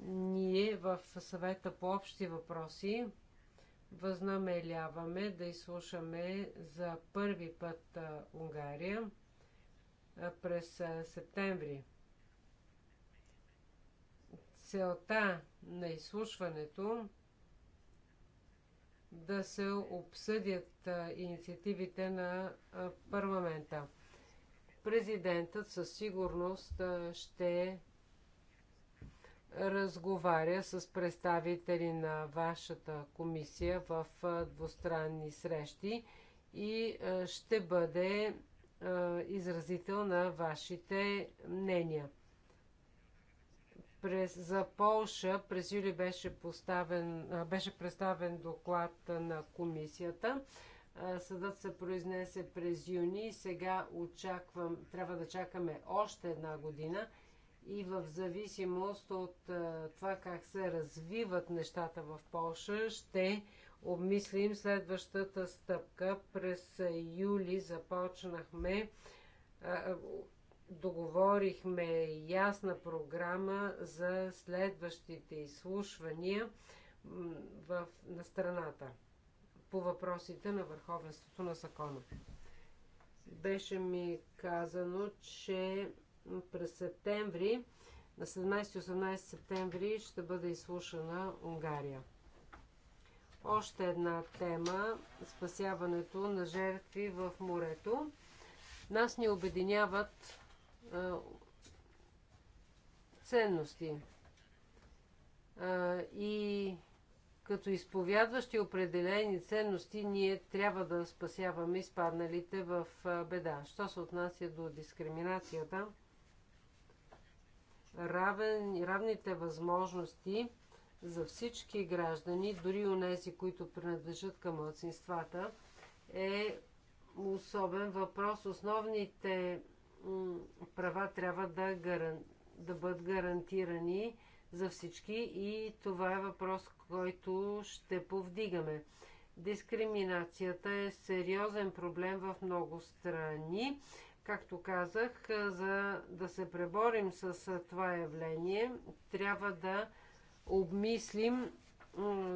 ние в съвета по общи въпроси възнамеляваме да изслушаме за първи път Унгария през септември. Целта на изслушването да се обсъдят инициативите на парламента. Президентът със сигурност ще разговаря с представители на вашата комисия в двустранни срещи и ще бъде изразител на вашите мнения. През, за Полша през юли беше, поставен, беше представен доклад на комисията. Съдът се произнесе през юни и сега очаквам, трябва да чакаме още една година и в зависимост от това как се развиват нещата в Польша, ще обмислим следващата стъпка. През юли започнахме, договорихме ясна програма за следващите изслушвания в, на страната по въпросите на върховенството на закона. Беше ми казано, че през септември, на 17-18 септември, ще бъде изслушана Унгария. Още една тема – спасяването на жертви в морето. Нас ни обединяват а, ценности. А, и като изповядващи определени ценности, ние трябва да спасяваме изпадналите в беда. Що се отнася до дискриминацията, равен, равните възможности – за всички граждани, дори у нези, които принадлежат към младсинствата, е особен въпрос. Основните права трябва да, гаран... да бъдат гарантирани за всички и това е въпрос, който ще повдигаме. Дискриминацията е сериозен проблем в много страни. Както казах, за да се преборим с това явление, трябва да обмислим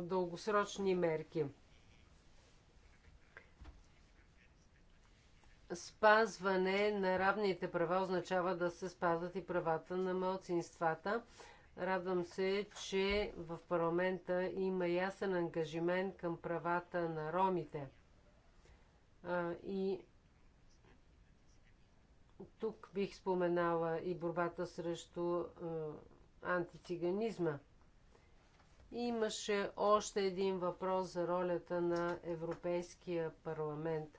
дългосрочни мерки. Спазване на равните права означава да се спазват и правата на малцинствата. Радвам се, че в парламента има ясен ангажимент към правата на ромите. А, и тук бих споменала и борбата срещу а, антициганизма. Имаше още един въпрос за ролята на Европейския парламент.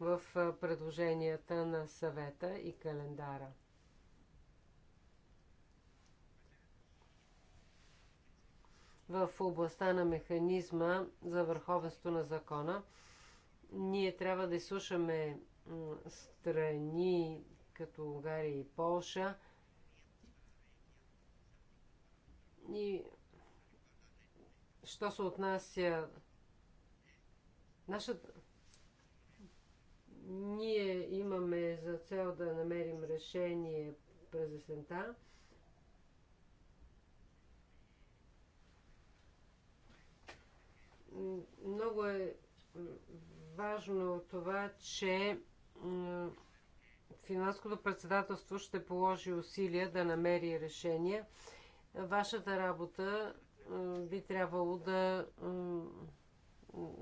в предложенията на съвета и календара. В областта на механизма за върховенство на закона, ние трябва да изслушаме страни, като Унгария и Полша. И що се отнася нашата ние имаме за цел да намерим решение през есента. Много е важно това, че финландското председателство ще положи усилия да намери решение. Вашата работа би трябвало да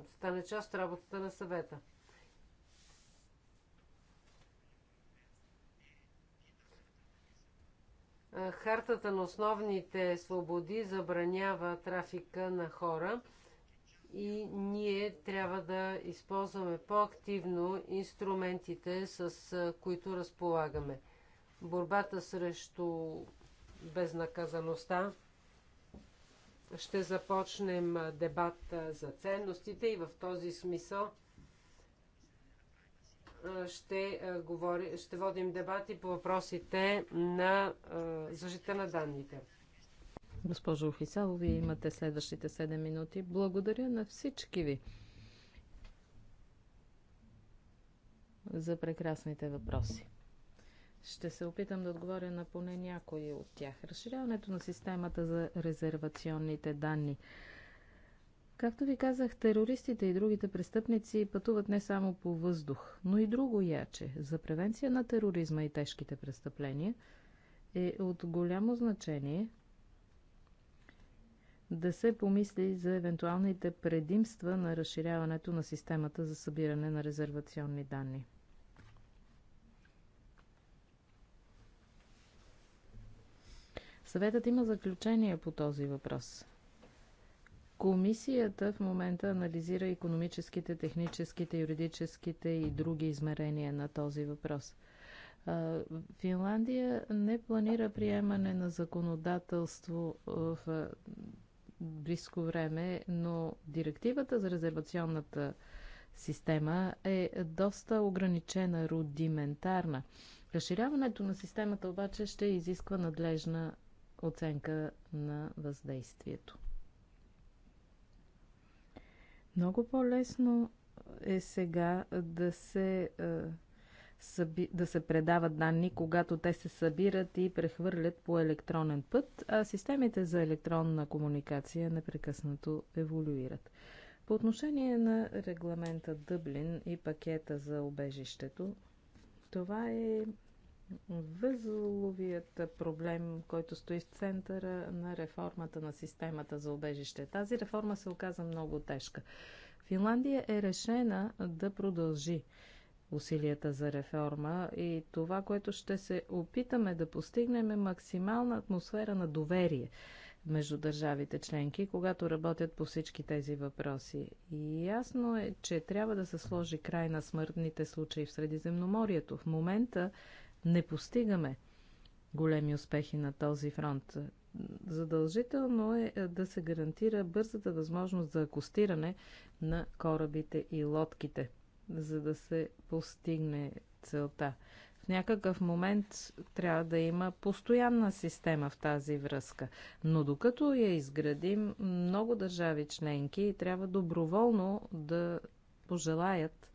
стане част от работата на съвета. Е, хартата на основните свободи забранява трафика на хора – и ние трябва да използваме по-активно инструментите, с които разполагаме. Борбата срещу безнаказаността. Ще започнем дебат за ценностите и в този смисъл ще, говори, ще водим дебати по въпросите на защита на данните.
Госпожо Офисало, вие имате следващите 7 минути. Благодаря на всички ви за прекрасните въпроси. Ще се опитам да отговоря на поне някои от тях. Разширяването на системата за резервационните данни. Както ви казах, терористите и другите престъпници пътуват не само по въздух, но и друго яче. За превенция на тероризма и тежките престъпления е от голямо значение да се помисли за евентуалните предимства на разширяването на системата за събиране на резервационни данни. Съветът има заключение по този въпрос. Комисията в момента анализира економическите, техническите, юридическите и други измерения на този въпрос. Финландия не планира приемане на законодателство в близко време, но директивата за резервационната система е доста ограничена, рудиментарна. Разширяването на системата обаче ще изисква надлежна оценка на въздействието. Много по-лесно е сега да се да се предават данни, когато те се събират и прехвърлят по електронен път, а системите за електронна комуникация непрекъснато еволюират. По отношение на регламента Дъблин и пакета за обежището, това е възловият проблем, който стои в центъра на реформата на системата за обежище. Тази реформа се оказа много тежка. Финландия е решена да продължи усилията за реформа и това, което ще се опитаме да постигнем е максимална атмосфера на доверие между държавите членки, когато работят по всички тези въпроси. И ясно е, че трябва да се сложи край на смъртните случаи в Средиземноморието. В момента не постигаме големи успехи на този фронт. Задължително е, е да се гарантира бързата възможност за акустиране на корабите и лодките – за да се постигне целта. В някакъв момент трябва да има постоянна система в тази връзка. Но докато я изградим, много държави членки трябва доброволно да пожелаят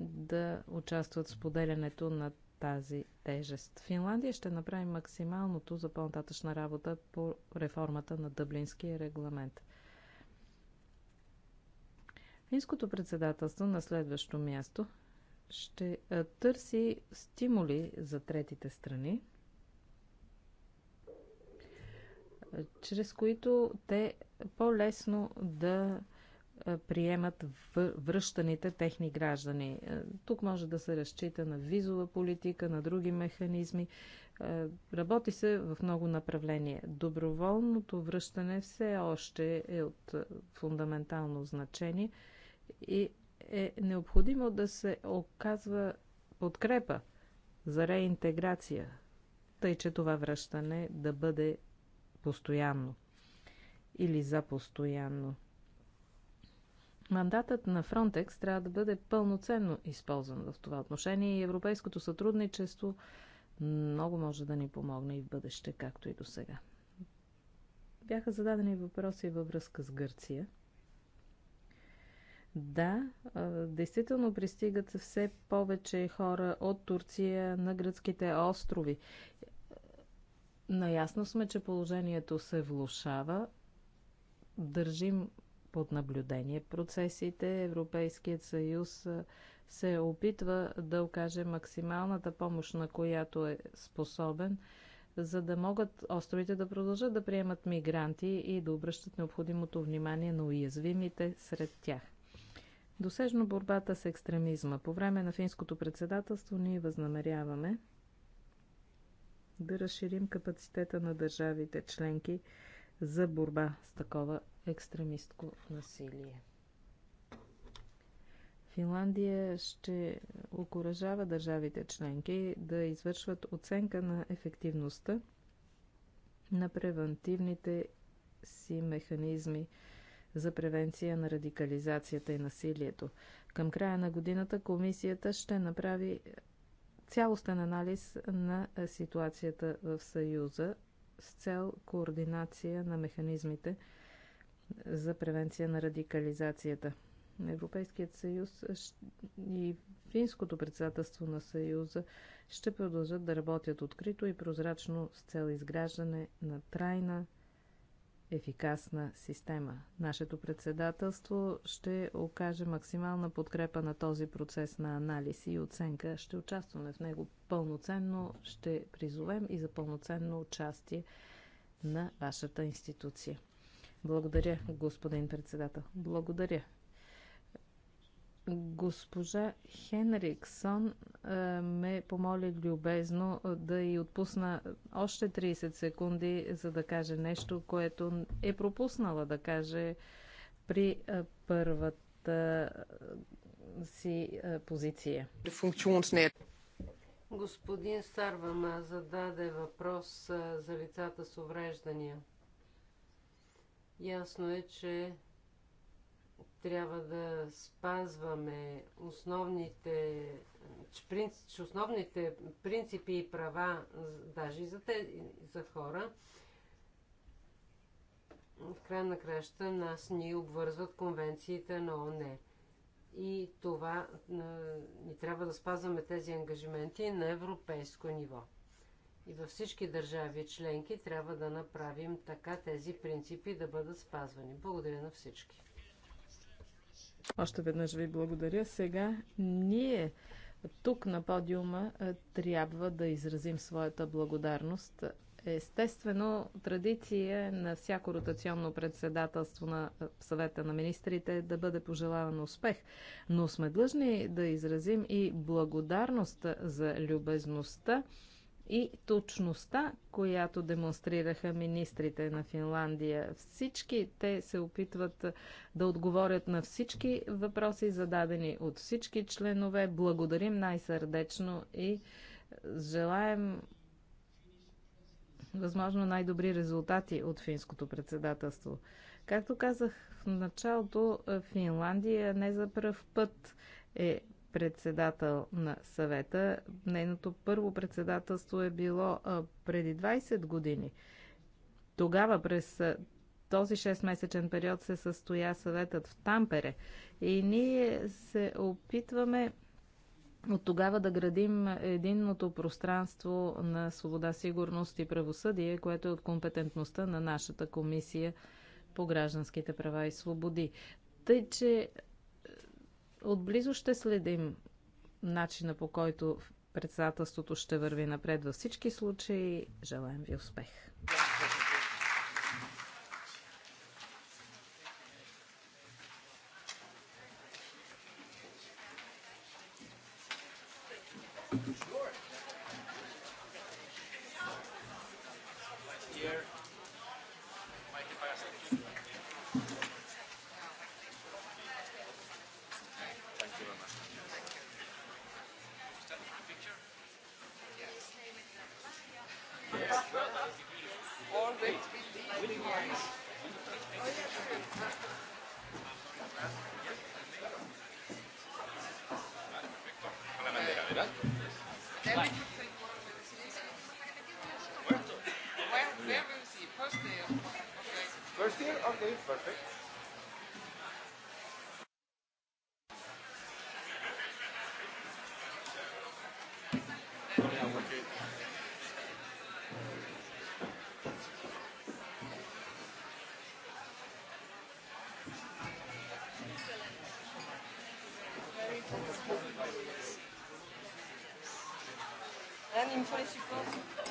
да участват в споделянето на тази тежест. Финландия ще направи максималното за по-нататъчна работа по реформата на Дъблинския регламент. Финското председателство на следващо място ще търси стимули за третите страни, чрез които те по-лесно да приемат връщаните техни граждани. Тук може да се разчита на визова политика, на други механизми. Работи се в много направления. Доброволното връщане все още е от фундаментално значение – и е необходимо да се оказва подкрепа за реинтеграция, тъй че това връщане да бъде постоянно или за постоянно. Мандатът на Frontex трябва да бъде пълноценно използван в това отношение и европейското сътрудничество много може да ни помогне и в бъдеще, както и до сега. Бяха зададени въпроси във връзка с Гърция – да, действително пристигат все повече хора от Турция на гръцките острови. Наясно сме, че положението се влушава. Държим под наблюдение процесите. Европейският съюз се опитва да окаже максималната помощ, на която е способен, за да могат островите да продължат да приемат мигранти и да обръщат необходимото внимание на уязвимите сред тях. Досежно борбата с екстремизма. По време на финското председателство ние възнамеряваме да разширим капацитета на държавите членки за борба с такова екстремистко насилие. Финландия ще окоръжава държавите членки да извършват оценка на ефективността на превентивните си механизми за превенция на радикализацията и насилието. Към края на годината комисията ще направи цялостен анализ на ситуацията в Съюза с цел координация на механизмите за превенция на радикализацията. Европейският съюз и финското председателство на съюза ще продължат да работят открито и прозрачно с цел изграждане на трайна ефикасна система. Нашето председателство ще окаже максимална подкрепа на този процес на анализ и оценка. Ще участваме в него пълноценно, ще призовем и за пълноценно участие на вашата институция. Благодаря, господин председател. Благодаря, Госпожа Хенриксон е, ме помоли любезно е, да й отпусна още 30 секунди, за да каже нещо, което е пропуснала да каже при е, първата си позиция.
Господин Сарвама зададе въпрос за лицата с увреждания. Ясно е, че трябва да спазваме основните, принципи, основните принципи и права, даже и за, те, за хора. В край на краща нас ни обвързват конвенциите на ОНЕ. И това ни трябва да спазваме тези ангажименти на европейско ниво. И във всички държави членки трябва да направим така тези принципи да бъдат спазвани. Благодаря на всички.
Още веднъж ви благодаря. Сега ние тук на подиума трябва да изразим своята благодарност. Естествено, традиция на всяко ротационно председателство на съвета на министрите е да бъде пожелаван успех, но сме длъжни да изразим и благодарност за любезността, и точността, която демонстрираха министрите на Финландия. Всички те се опитват да отговорят на всички въпроси, зададени от всички членове. Благодарим най-сърдечно и желаем възможно най-добри резултати от финското председателство. Както казах в началото, Финландия не за пръв път е председател на съвета. Нейното първо председателство е било преди 20 години. Тогава през този 6-месечен период се състоя съветът в Тампере и ние се опитваме от тогава да градим единното пространство на свобода, сигурност и правосъдие, което е от компетентността на нашата комисия по гражданските права и свободи. Тъй, че Отблизо ще следим начина по който председателството ще върви напред. Във всички случаи желаем ви успех! Anne, il me faut les supports.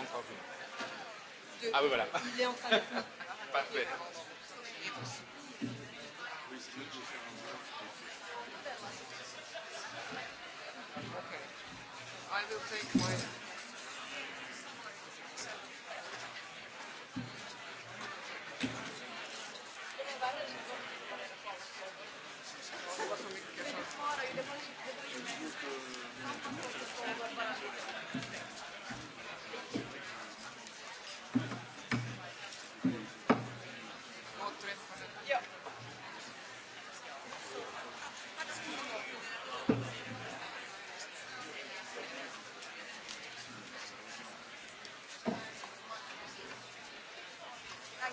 encore une.
Ah oui, voilà. Il est en train de Parfait.
Okay. I will take my.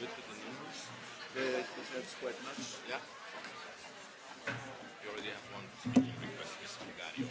Look at the numbers. Uh, that's quite much. Yeah. You already have one speaking request, Mr. Gario.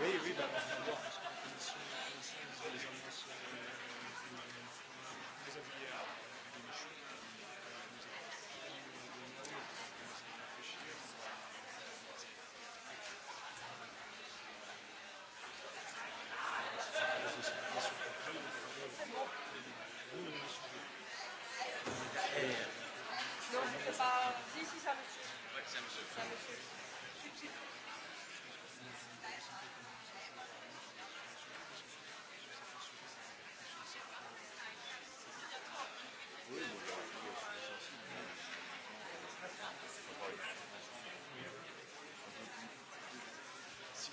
Oui, oui, bah,
Non, je ne peux pas. Si, si, ça me suit. Ça me suit.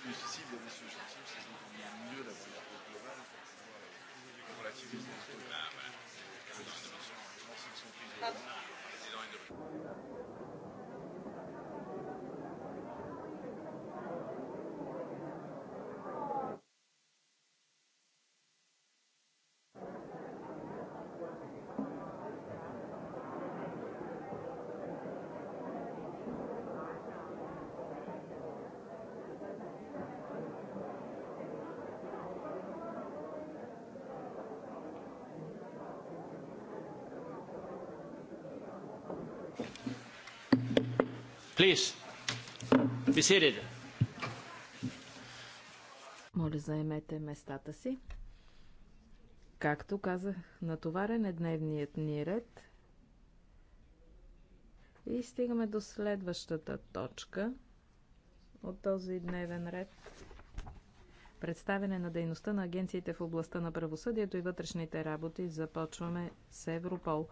Mais si, il y a des suggestions, c'est encore mieux la politique
globale pour pouvoir relativiser les trucs.
Pardon. Please, be seated.
Моля, заемете местата си. Както казах, натоварен е дневният ни ред. И стигаме до следващата точка от този дневен ред. Представяне на дейността на агенциите в областта на правосъдието и вътрешните работи започваме с Европол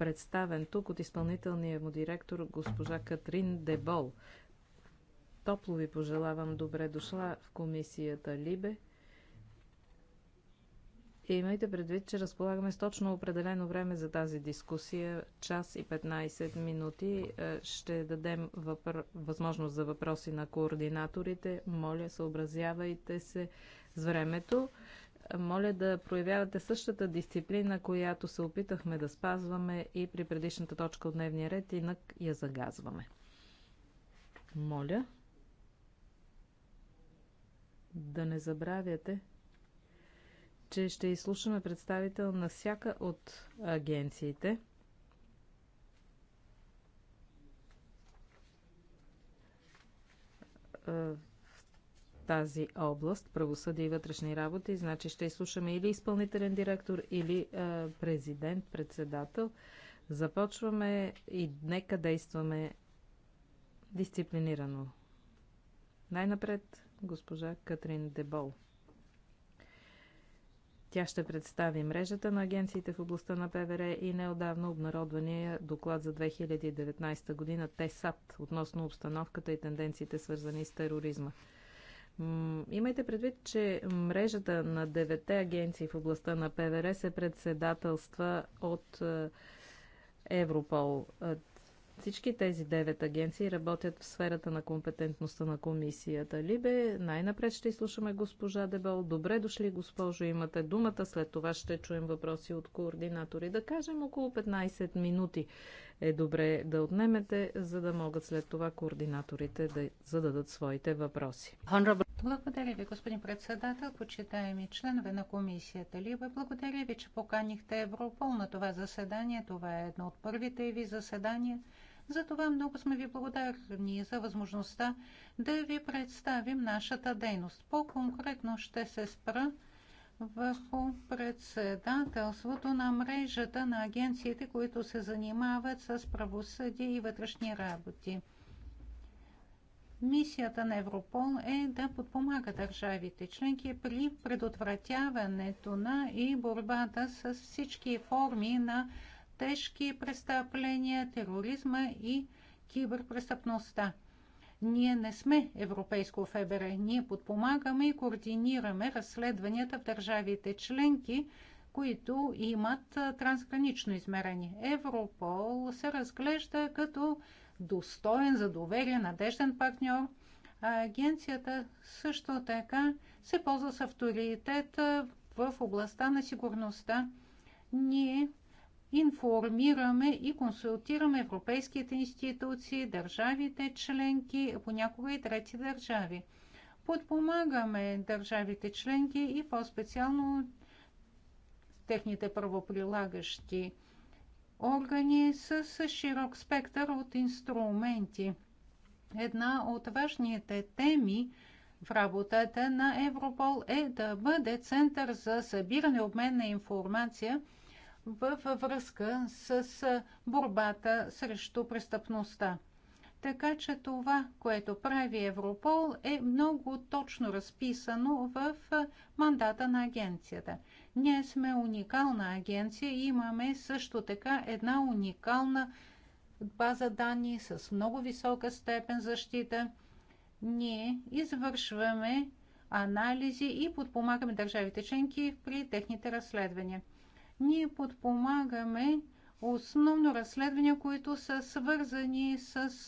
представен тук от изпълнителния му директор госпожа Катрин Дебол. Топло ви пожелавам добре дошла в комисията Либе. И имайте предвид, че разполагаме с точно определено време за тази дискусия. Час и 15 минути е, ще дадем въпр... възможност за въпроси на координаторите. Моля, съобразявайте се с времето моля да проявявате същата дисциплина, която се опитахме да спазваме и при предишната точка от дневния ред, инак я загазваме. Моля да не забравяте, че ще изслушаме представител на всяка от агенциите. Uh тази област, правосъдие и вътрешни работи, значи ще изслушаме или изпълнителен директор, или а, е, президент, председател. Започваме и нека действаме дисциплинирано. Най-напред госпожа Катрин Дебол. Тя ще представи мрежата на агенциите в областта на ПВР и неодавно обнародвания доклад за 2019 година ТЕСАТ относно обстановката и тенденциите свързани с тероризма. Имайте предвид, че мрежата на девете агенции в областта на ПВР се председателства от е, Европол. Е, всички тези девет агенции работят в сферата на компетентността на комисията. Либе, най-напред ще изслушаме госпожа Дебол. Добре дошли, госпожо, имате думата. След това ще чуем въпроси от координатори. Да кажем около 15 минути е добре да отнемете, за да могат след това координаторите да зададат своите въпроси.
Благодаря ви, господин председател, почитаеми членове на комисията Либе. Благодаря ви, че поканихте Европол на това заседание. Това е едно от първите ви заседания – затова много сме ви благодарни за възможността да ви представим нашата дейност. По-конкретно ще се спра върху председателството на мрежата на агенциите, които се занимават с правосъдие и вътрешни работи. Мисията на Европол е да подпомага държавите членки при предотвратяването на и борбата с всички форми на тежки престъпления, тероризма и киберпрестъпността. Ние не сме европейско ФБР. Ние подпомагаме и координираме разследванията в държавите членки, които имат трансгранично измерение. Европол се разглежда като достоен за доверие, надежден партньор. А агенцията също така се ползва с авторитет в областта на сигурността. Ние информираме и консултираме европейските институции, държавите членки, понякога и трети държави. Подпомагаме държавите членки и по-специално техните правоприлагащи органи с широк спектър от инструменти. Една от важните теми в работата на Европол е да бъде център за събиране обмен на информация – във връзка с борбата срещу престъпността. Така че това, което прави Европол, е много точно разписано в мандата на агенцията. Ние сме уникална агенция и имаме също така една уникална база данни с много висока степен защита. Ние извършваме анализи и подпомагаме държавите членки при техните разследвания ние подпомагаме основно разследвания, които са свързани с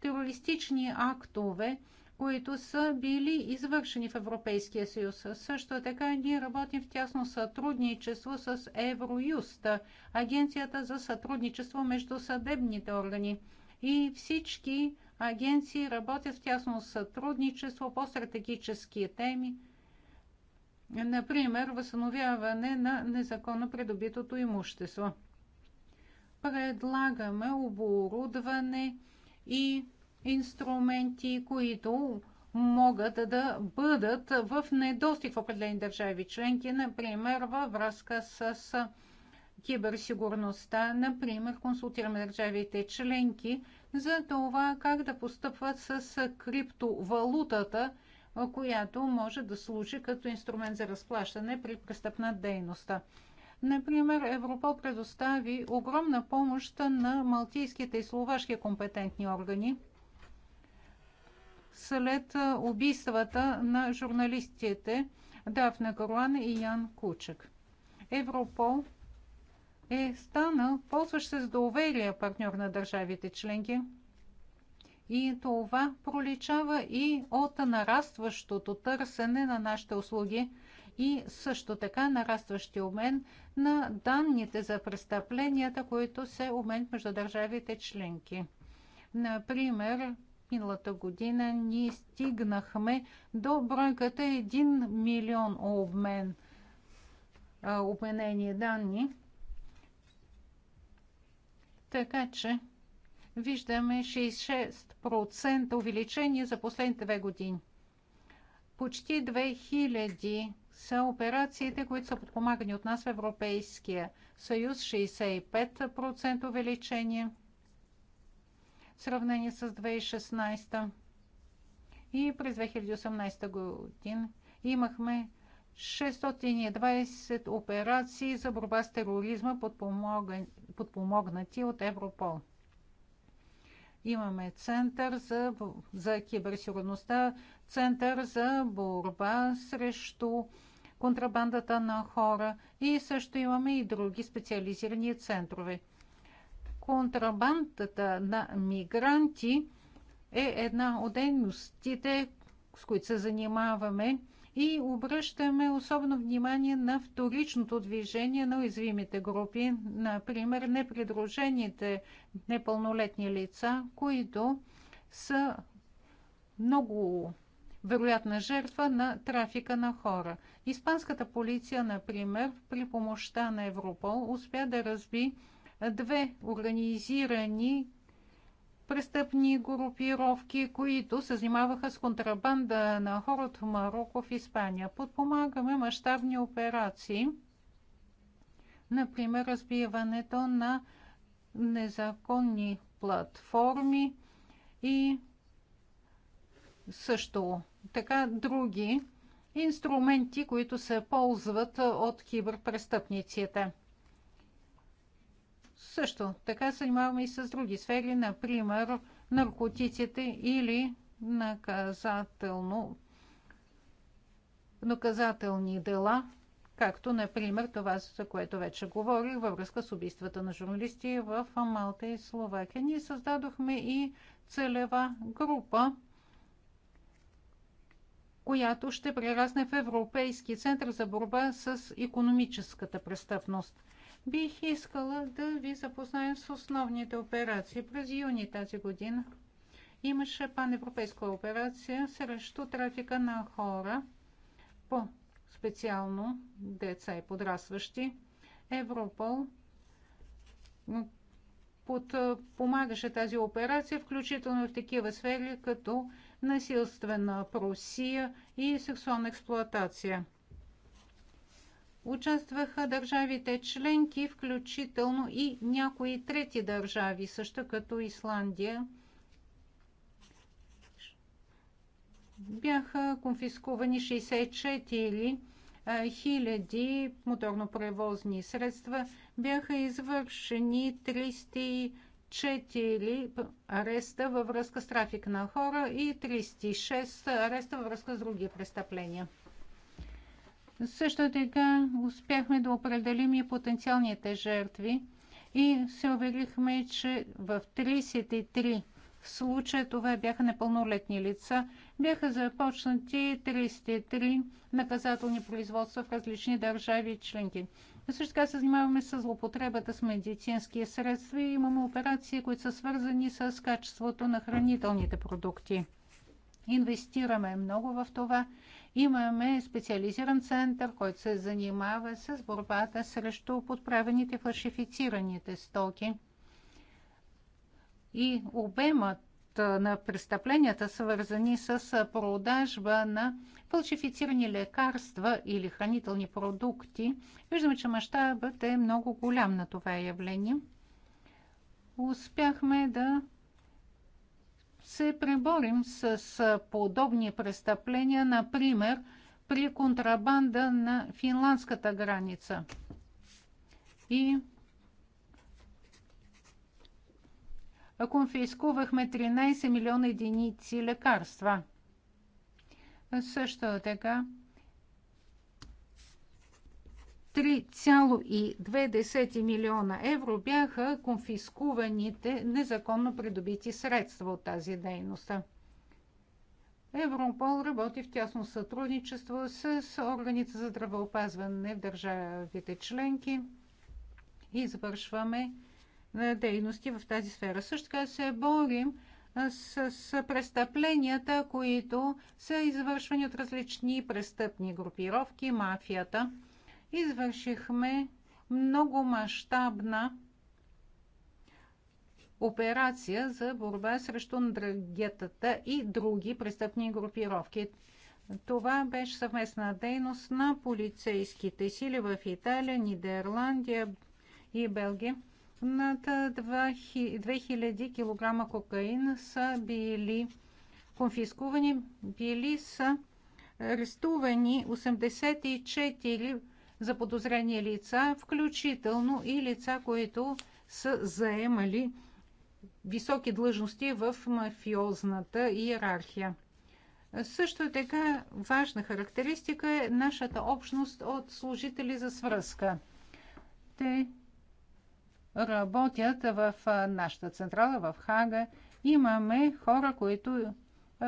терористични актове, които са били извършени в Европейския съюз. Също така ние работим в тясно сътрудничество с Евроюст, агенцията за сътрудничество между съдебните органи. И всички агенции работят в тясно сътрудничество по стратегически теми – Например, възстановяване на незаконно придобитото имущество. Предлагаме оборудване и инструменти, които могат да бъдат в недостиг в определени държави членки, например във връзка с киберсигурността. Например, консултираме държавите членки за това как да постъпват с криптовалутата – която може да служи като инструмент за разплащане при престъпна дейност. Например, Европол предостави огромна помощ на малтийските и словашки компетентни органи след убийствата на журналистите Дафна Каруан и Ян Кучек. Европол е станал ползващ се с доверие партньор на държавите членки – и това проличава и от нарастващото търсене на нашите услуги и също така нарастващи обмен на данните за престъпленията, които се обменят между държавите членки. Например, миналата година ние стигнахме до бройката 1 милион обмен, обменени данни. Така че виждаме 66% увеличение за последните две години. Почти 2000 са операциите, които са подпомагани от нас в Европейския съюз, 65% увеличение в сравнение с 2016 и през 2018 година имахме 620 операции за борба с тероризма, подпомогнати от Европол. Имаме център за, за киберсигурността, център за борба срещу контрабандата на хора и също имаме и други специализирани центрове. Контрабандата на мигранти е една от дейностите, с които се занимаваме и обръщаме особено внимание на вторичното движение на уязвимите групи, например непридружените непълнолетни лица, които са много вероятна жертва на трафика на хора. Испанската полиция, например, при помощта на Европол успя да разби две организирани престъпни групировки, които се занимаваха с контрабанда на хора от Марокко в Испания. Подпомагаме мащабни операции, например разбиването на незаконни платформи и също така други инструменти, които се ползват от киберпрестъпниците. Също така се занимаваме и с други сфери, например наркотиците или наказателно, наказателни дела, както, например, това, за което вече говорих във връзка с убийствата на журналисти в Малта и Словакия. Ние създадохме и целева група, която ще прерасне в Европейски център за борба с економическата престъпност. Бих искала да ви запознаем с основните операции. През юни тази година имаше паневропейска операция срещу трафика на хора, по-специално деца и подрастващи. Европол подпомагаше тази операция, включително в такива сфери като насилствена просия и сексуална експлоатация участваха държавите членки, включително и някои трети държави, също като Исландия. Бяха конфискувани 64 хиляди моторно-превозни средства, бяха извършени 304 ареста във връзка с трафик на хора и 36 ареста във връзка с други престъпления. Също така успяхме да определим и потенциалните жертви и се уверихме, че в 33 случая това бяха непълнолетни лица. Бяха започнати 33 наказателни производства в различни държави и членки. Също така се занимаваме с злопотребата с медицински средства и имаме операции, които са свързани с качеството на хранителните продукти. Инвестираме много в това. Имаме специализиран център, който се занимава с борбата срещу подправените фалшифицираните стоки. И обемът на престъпленията, свързани с продажба на фалшифицирани лекарства или хранителни продукти. Виждаме, че мащабът е много голям на това явление. Успяхме да се преборим с подобни престъпления, например при контрабанда на финландската граница. И конфискувахме 13 милиона единици лекарства. Също така 3,2 милиона евро бяха конфискуваните незаконно придобити средства от тази дейност. Европол работи в тясно сътрудничество с органите за здравеопазване в държавите членки и извършваме дейности в тази сфера. Също така се борим с, с престъпленията, които са извършвани от различни престъпни групировки, мафията – извършихме много мащабна операция за борба срещу драгетата и други престъпни групировки. Това беше съвместна дейност на полицейските сили в Италия, Нидерландия и Белгия. Над 2000 кг кокаин са били конфискувани, били са арестувани 84 за подозрени лица, включително и лица, които са заемали високи длъжности в мафиозната иерархия. Също така важна характеристика е нашата общност от служители за свръзка. Те работят в нашата централа в Хага. Имаме хора, които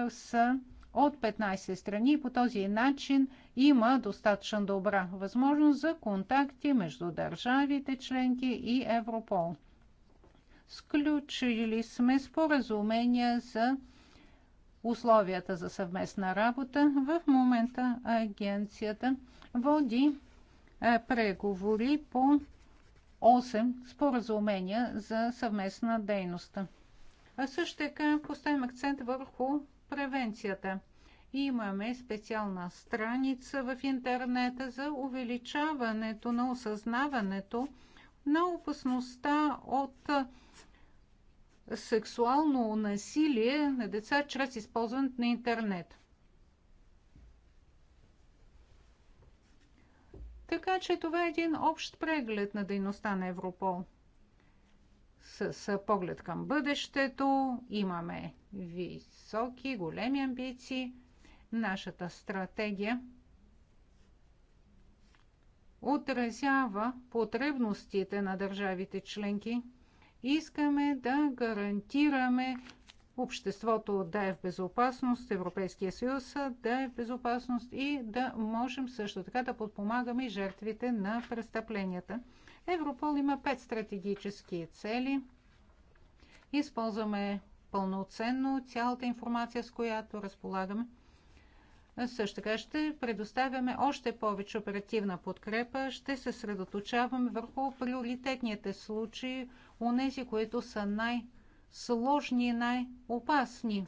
са от 15 страни. По този начин има достатъчно добра възможност за контакти между държавите членки и Европол. Сключили сме споразумения за условията за съвместна работа. В момента агенцията води е, преговори по 8 споразумения за съвместна дейност. А също така поставим акцент върху превенцията – Имаме специална страница в интернета за увеличаването на осъзнаването на опасността от сексуално насилие на деца чрез използването на интернет. Така че това е един общ преглед на дейността на Европол. С, с поглед към бъдещето имаме високи, големи амбиции – нашата стратегия отразява потребностите на държавите членки. Искаме да гарантираме обществото да е в безопасност, Европейския съюз да е в безопасност и да можем също така да подпомагаме и жертвите на престъпленията. Европол има пет стратегически цели. Използваме пълноценно цялата информация, с която разполагаме – също така ще предоставяме още повече оперативна подкрепа, ще се средоточаваме върху приоритетните случаи, у нези, които са най-сложни и най-опасни,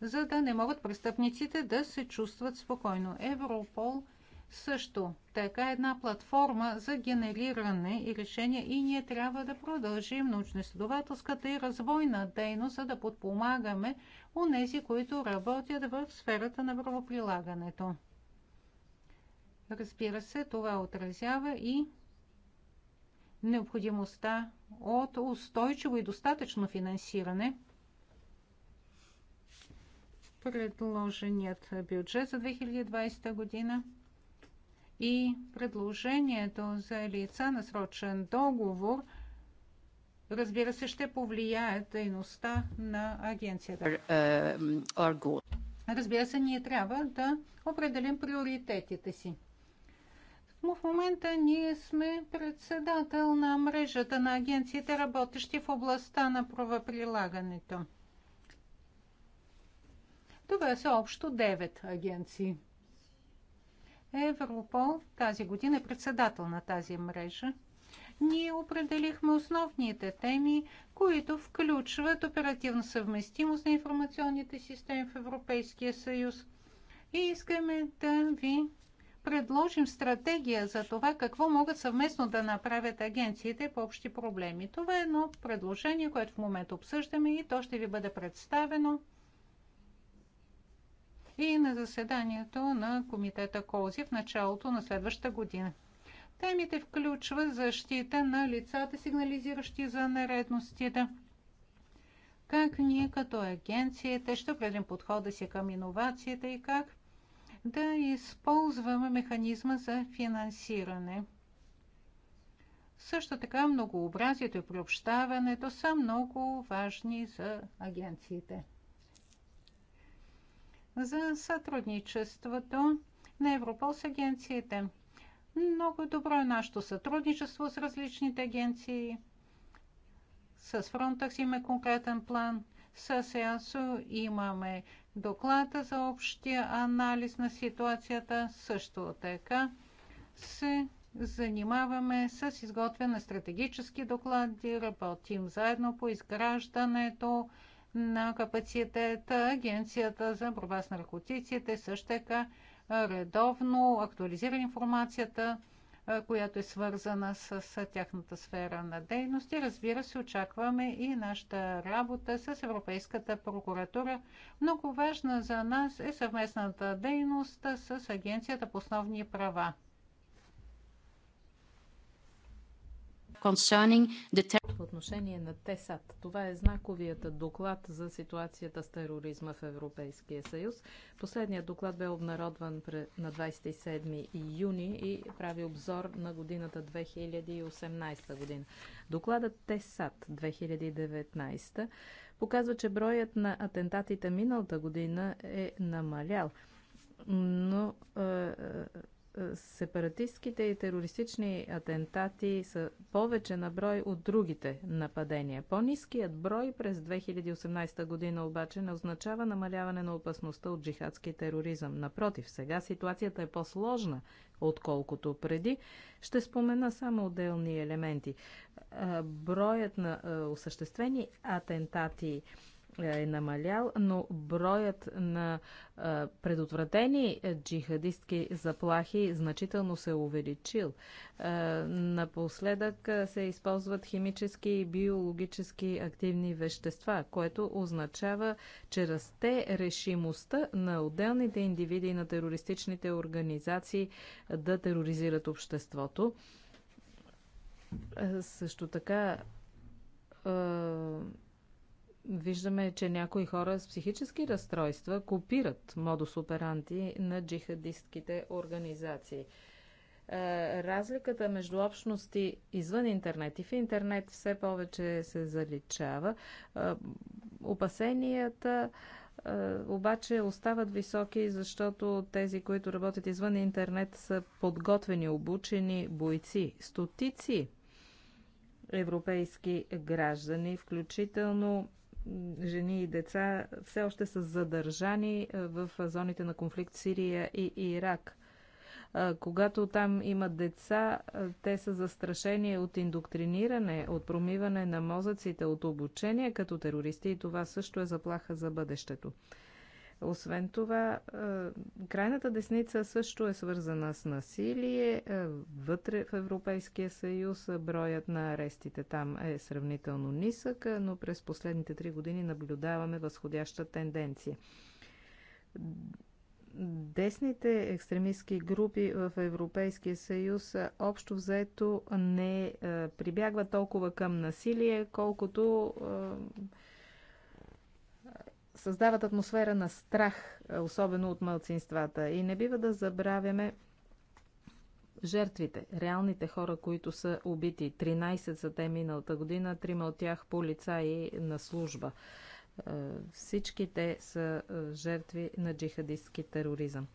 за да не могат престъпниците да се чувстват спокойно. Европол – също така е една платформа за генериране и решение и ние трябва да продължим научно-изследователската и развойна дейност, за да подпомагаме у нези, които работят в сферата на правоприлагането. Разбира се, това отразява и необходимостта от устойчиво и достатъчно финансиране – предложеният бюджет за 2020 година и предложението за лица на срочен договор – разбира се, ще повлияе дейността на агенцията. Е,
е,
разбира се, ние трябва да определим приоритетите си. Но в момента ние сме председател на мрежата на агенциите, работещи в областта на правоприлагането. Това са общо 9 агенции. Европол тази година е председател на тази мрежа. Ние определихме основните теми, които включват оперативна съвместимост на информационните системи в Европейския съюз. И искаме да ви предложим стратегия за това какво могат съвместно да направят агенциите по общи проблеми. Това е едно предложение, което в момента обсъждаме и то ще ви бъде представено и на заседанието на комитета Кози в началото на следващата година. Темите включва защита на лицата, сигнализиращи за нередностите, как ние като агенцията ще определим подхода си към иновацията и как да използваме механизма за финансиране. Също така многообразието и приобщаването са много важни за агенциите за сътрудничеството на Европол с агенциите. Много добро е нашето сътрудничество с различните агенции. С Frontex имаме конкретен план. С ЕАСО имаме доклада за общия анализ на ситуацията. Също така се занимаваме с изготвяне на стратегически доклади, работим заедно по изграждането на капацитета. Агенцията за борба с наркотиците също така редовно актуализира информацията, която е свързана с тяхната сфера на дейност. И разбира се, очакваме и нашата работа с Европейската прокуратура. Много важна за нас е съвместната дейност с Агенцията по основни права. По
отношение на ТЕСАТ, това е знаковият доклад за ситуацията с тероризма в Европейския съюз. Последният доклад бе обнародван на 27 юни и прави обзор на годината 2018 година. Докладът ТЕСАТ 2019 показва, че броят на атентатите миналата година е намалял. Но е, е, сепаратистските и терористични атентати са повече на брой от другите нападения. По-низкият брой през 2018 година обаче не означава намаляване на опасността от джихадски тероризъм. Напротив, сега ситуацията е по-сложна, отколкото преди. Ще спомена само отделни елементи. Броят на осъществени атентати е, е намалял, но броят на предотвратени е, джихадистки заплахи значително се е увеличил. Напоследък се използват химически и биологически активни вещества, което означава, че расте решимостта на отделните индивиди на терористичните организации да тероризират обществото. Също така Виждаме, че някои хора с психически разстройства копират модус операнти на джихадистките организации. Е, разликата между общности извън интернет и в интернет все повече се заличава. Е, опасенията е, обаче остават високи, защото тези, които работят извън интернет, са подготвени, обучени бойци. Стотици европейски граждани, включително жени и деца все още са задържани е, в зоните на конфликт Сирия и Ирак. Е, когато там има деца, е, те са застрашени от индоктриниране, от промиване на мозъците, от обучение като терористи и това също е заплаха за бъдещето. Освен това, е, крайната десница също е свързана с насилие. Е, вътре в Европейския съюз е, броят на арестите там е сравнително нисък, но през последните три години наблюдаваме възходяща тенденция десните екстремистски групи в Европейския съюз общо взето не прибягват толкова към насилие, колкото създават атмосфера на страх, е, особено от мълцинствата. И не бива да забравяме жертвите, реалните хора, които са убити. 13 са те миналата година, трима от тях полицаи на служба. Е, всички те са е, жертви на джихадистски тероризъм.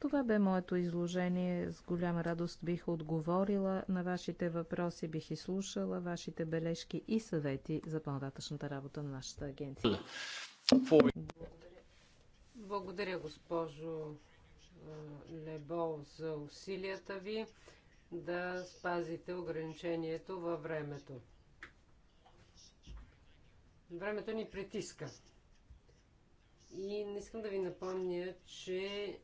Това бе моето изложение. С голяма радост бих отговорила на вашите въпроси, бих изслушала вашите бележки и съвети за по-нататъчната работа на нашата агенция.
Благодаря, Благодаря госпожо Лебол, за усилията ви да спазите ограничението във времето. Времето ни притиска. И не искам да ви напомня, че е,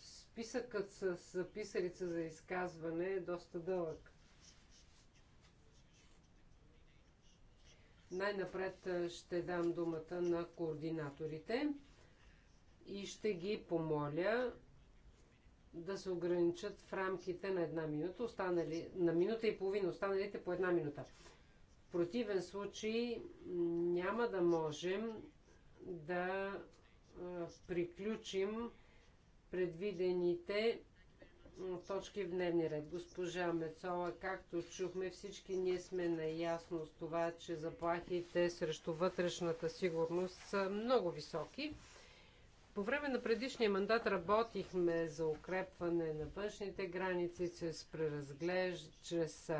списъкът с записалица за изказване е доста дълъг. Най-напред е, ще дам думата на координаторите и ще ги помоля да се ограничат в рамките на една минута, останали, на минута и половина, останалите по една минута. В противен случай няма да можем да приключим предвидените точки в дневния ред. Госпожа Мецова, както чухме, всички ние сме наясно с това, че заплахите срещу вътрешната сигурност са много високи. По време на предишния мандат работихме за укрепване на външните граници чрез преразглеж, чрез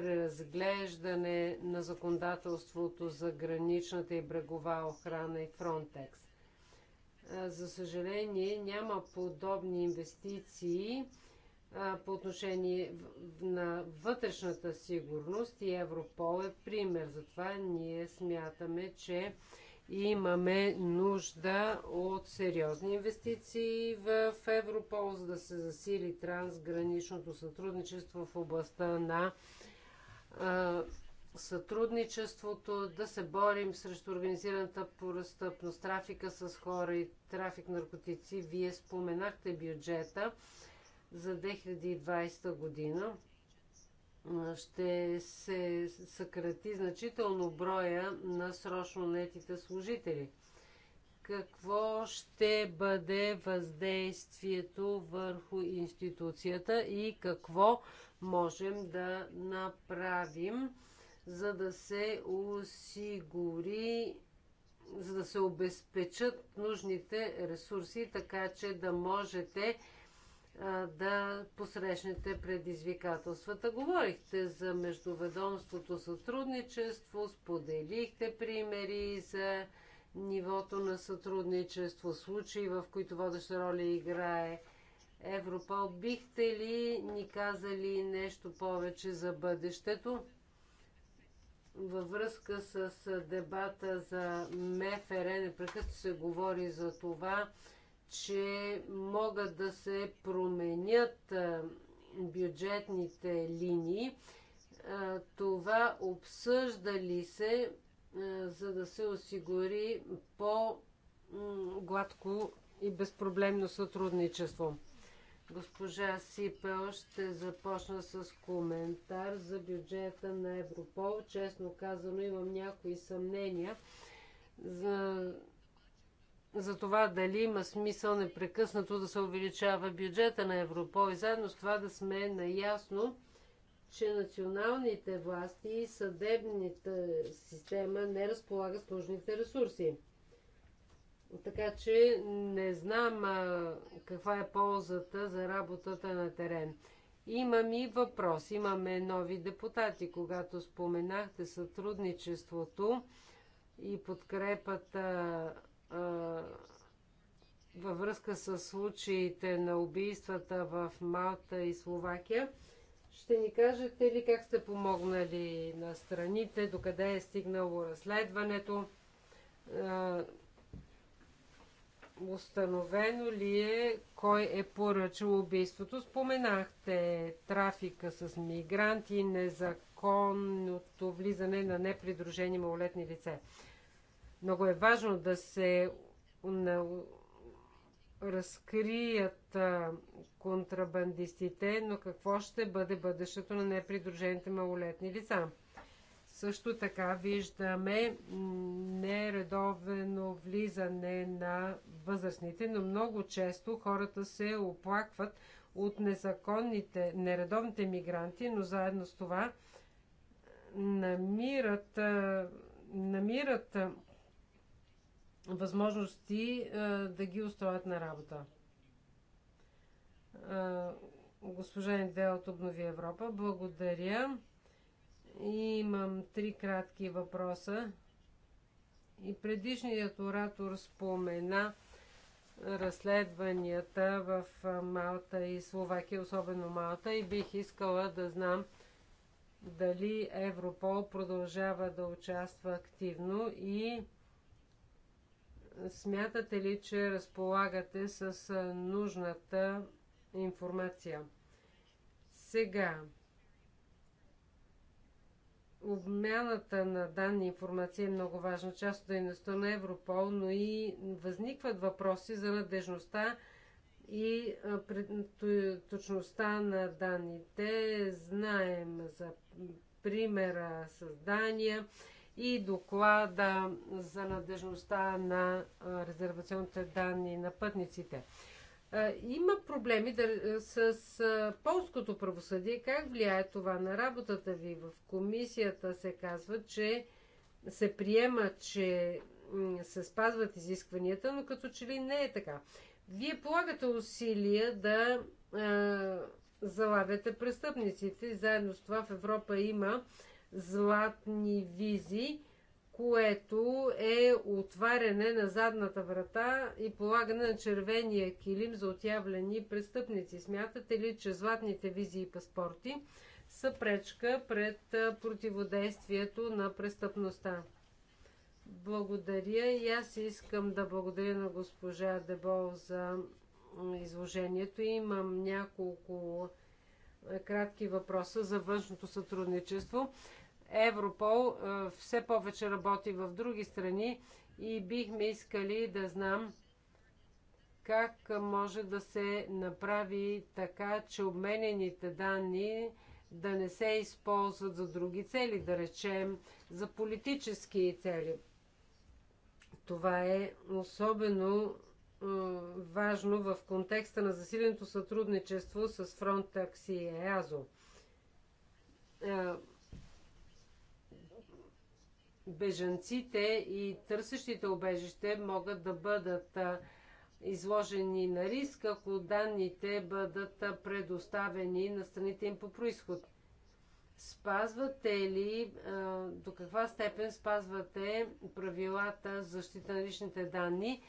преразглеждане на законодателството за граничната и брегова охрана и Фронтекс. За съжаление, няма подобни инвестиции по отношение на вътрешната сигурност и Европол е пример. Затова ние смятаме, че имаме нужда от сериозни инвестиции в Европол, за да се засили трансграничното сътрудничество в областта на сътрудничеството, да се борим срещу организираната поръстъпност, трафика с хора и трафик наркотици. Вие споменахте бюджета за 2020 година. Ще се съкрати значително броя на срочно нетите служители. Какво ще бъде въздействието върху институцията и какво можем да направим, за да се осигури, за да се обезпечат нужните ресурси, така че да можете да посрещнете предизвикателствата. Говорихте за междуведомството сътрудничество, споделихте примери за нивото на сътрудничество, случаи, в които водеща роля играе Европол. Бихте ли ни казали нещо повече за бъдещето? Във връзка с дебата за МФР, непрекъснато се говори за това, че могат да се променят бюджетните линии. Това обсъжда ли се, за да се осигури по-гладко и безпроблемно сътрудничество? Госпожа Сипел ще започна с коментар за бюджета на Европол. Честно казано, имам някои съмнения за, за това дали има смисъл непрекъснато да се увеличава бюджета на Европол и заедно с това да сме наясно, че националните власти и съдебната система не разполагат с нужните ресурси. Така че не знам а, каква е ползата за работата на терен. Имам и въпрос. Имаме нови депутати. Когато споменахте сътрудничеството и подкрепата а, във връзка с случаите на убийствата в Малта и Словакия, ще ни кажете ли как сте помогнали на страните, докъде е стигнало разследването? установено ли е кой е поръчал убийството? Споменахте трафика с мигранти, незаконното влизане на непридружени малолетни лице. Много е важно да се разкрият контрабандистите, но какво ще бъде бъдещето на непридружените малолетни лица? Също така виждаме нередовено влизане на възрастните, но много често хората се оплакват от незаконните, нередовните мигранти, но заедно с това намират, намират възможности да ги устроят на работа. Госпожа от обнови Европа. Благодаря. И имам три кратки въпроса. И предишният оратор спомена разследванията в Малта и Словакия, особено Малта, и бих искала да знам дали Европол продължава да участва активно и смятате ли, че разполагате с нужната информация? Сега, Обмяната на данни и информация е много важна част от дейността на Европол, но и възникват въпроси за надежността и точността на данните. Знаем за примера с Дания и доклада за надежността на резервационните данни на пътниците. Има проблеми с полското правосъдие. Как влияе това на работата ви? В комисията се казва, че се приема, че се спазват изискванията, но като че ли не е така. Вие полагате усилия да а, залавяте престъпниците. Заедно с това в Европа има златни визи, което е отваряне на задната врата и полагане на червения килим за отявлени престъпници. Смятате ли, че златните визи и паспорти са пречка пред противодействието на престъпността? Благодаря и аз искам да благодаря на госпожа Дебол за изложението. Имам няколко кратки въпроса за външното сътрудничество. Европол е, все повече работи в други страни и бихме искали да знам как може да се направи така, че обменените данни да не се използват за други цели, да речем за политически цели. Това е особено е, важно в контекста на засиленото сътрудничество с Frontex и EASO бежанците и търсещите обежище могат да бъдат изложени на риск, ако данните бъдат предоставени на страните им по происход. Спазвате ли, до каква степен спазвате правилата за защита на личните данни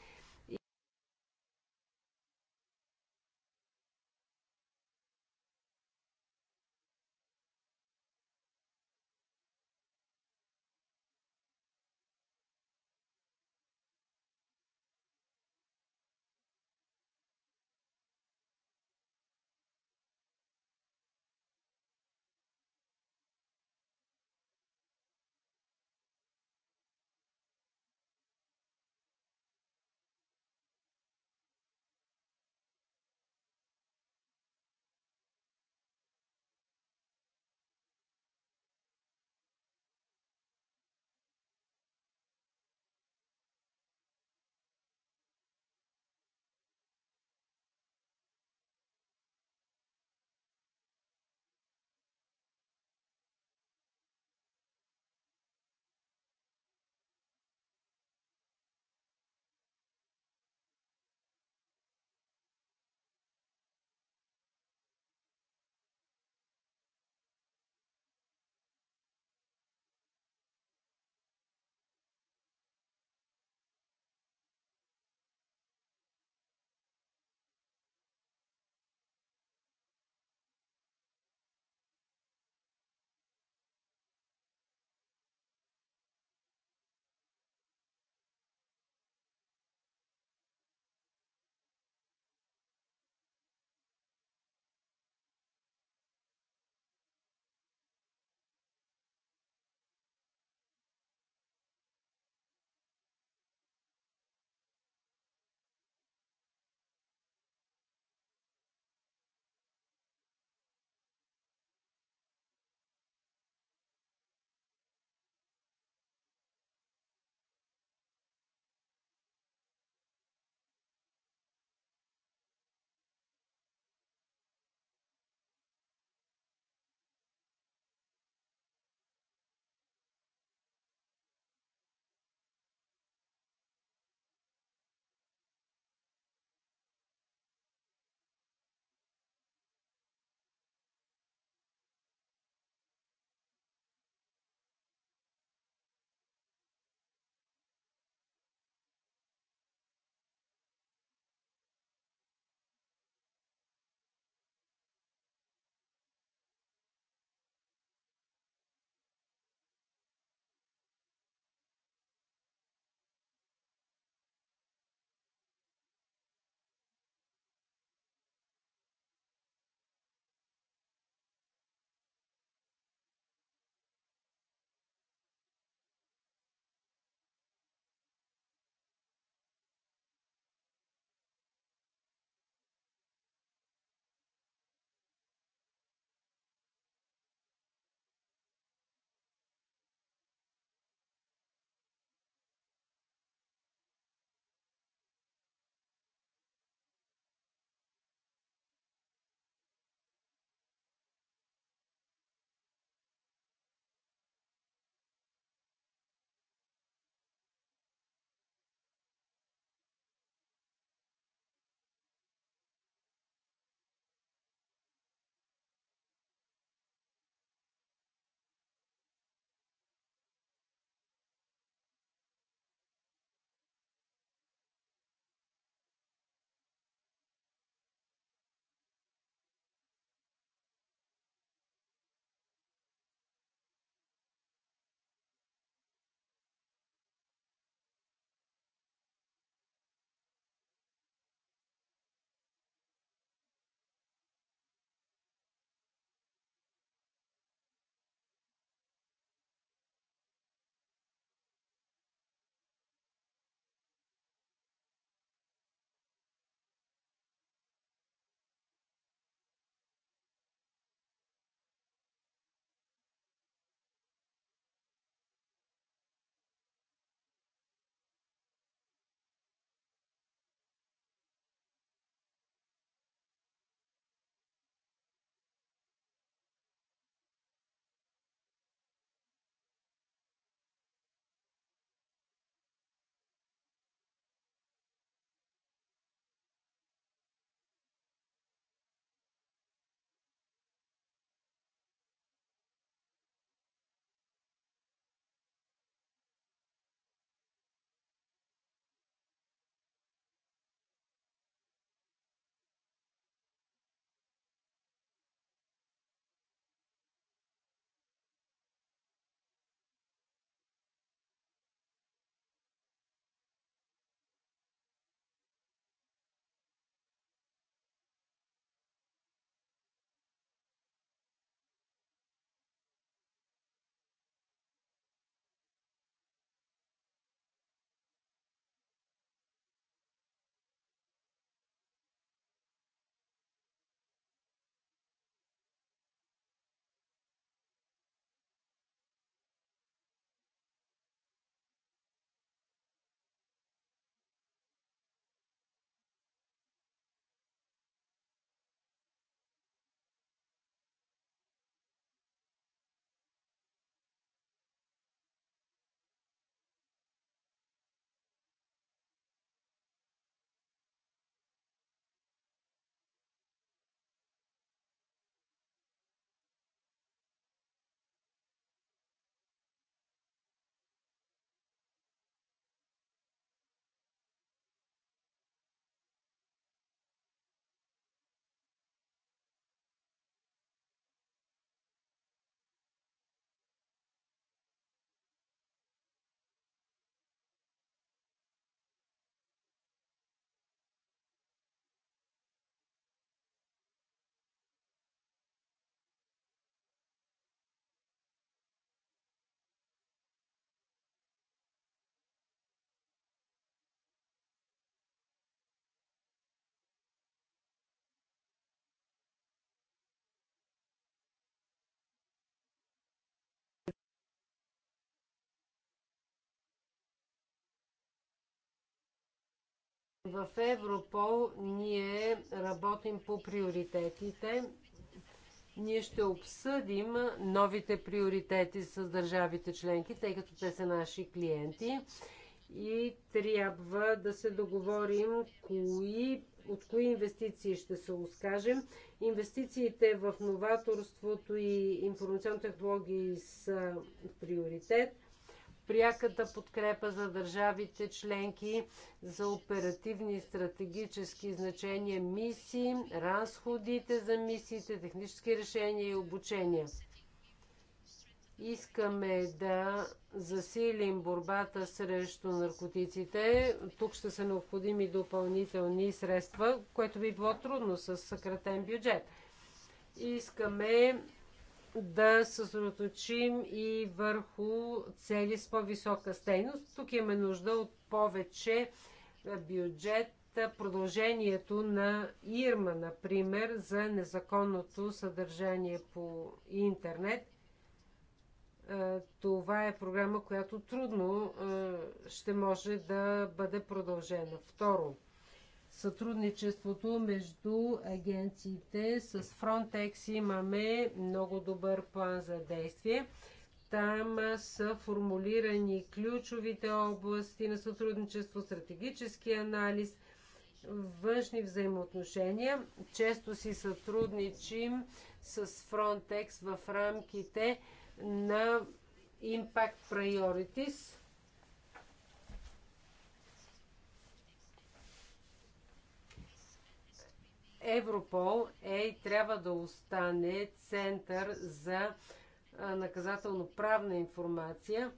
В Европол ние работим по приоритетите. Ние ще обсъдим новите приоритети с държавите членки, тъй като те са наши клиенти и трябва да се договорим кои, от кои инвестиции ще се оскажем. Инвестициите в новаторството и информационни технологии са приоритет пряката подкрепа за държавите членки за оперативни и стратегически значения мисии, разходите за мисиите, технически решения и обучения. Искаме да засилим борбата срещу наркотиците. Тук ще са необходими допълнителни средства, което би било трудно с съкратен бюджет. Искаме да съсредоточим и върху цели с по-висока стейност. Тук имаме нужда от повече е, бюджет. Продължението на Ирма, например, за незаконното съдържание по интернет. Е, това е програма, която трудно е, ще може да бъде продължена. Второ, сътрудничеството между агенциите с Frontex имаме много добър план за действие. Там са формулирани ключовите области на сътрудничество, стратегически анализ, външни взаимоотношения. Често си сътрудничим с Frontex в рамките на Impact Priorities – Европол е и трябва да остане център за наказателно-правна информация.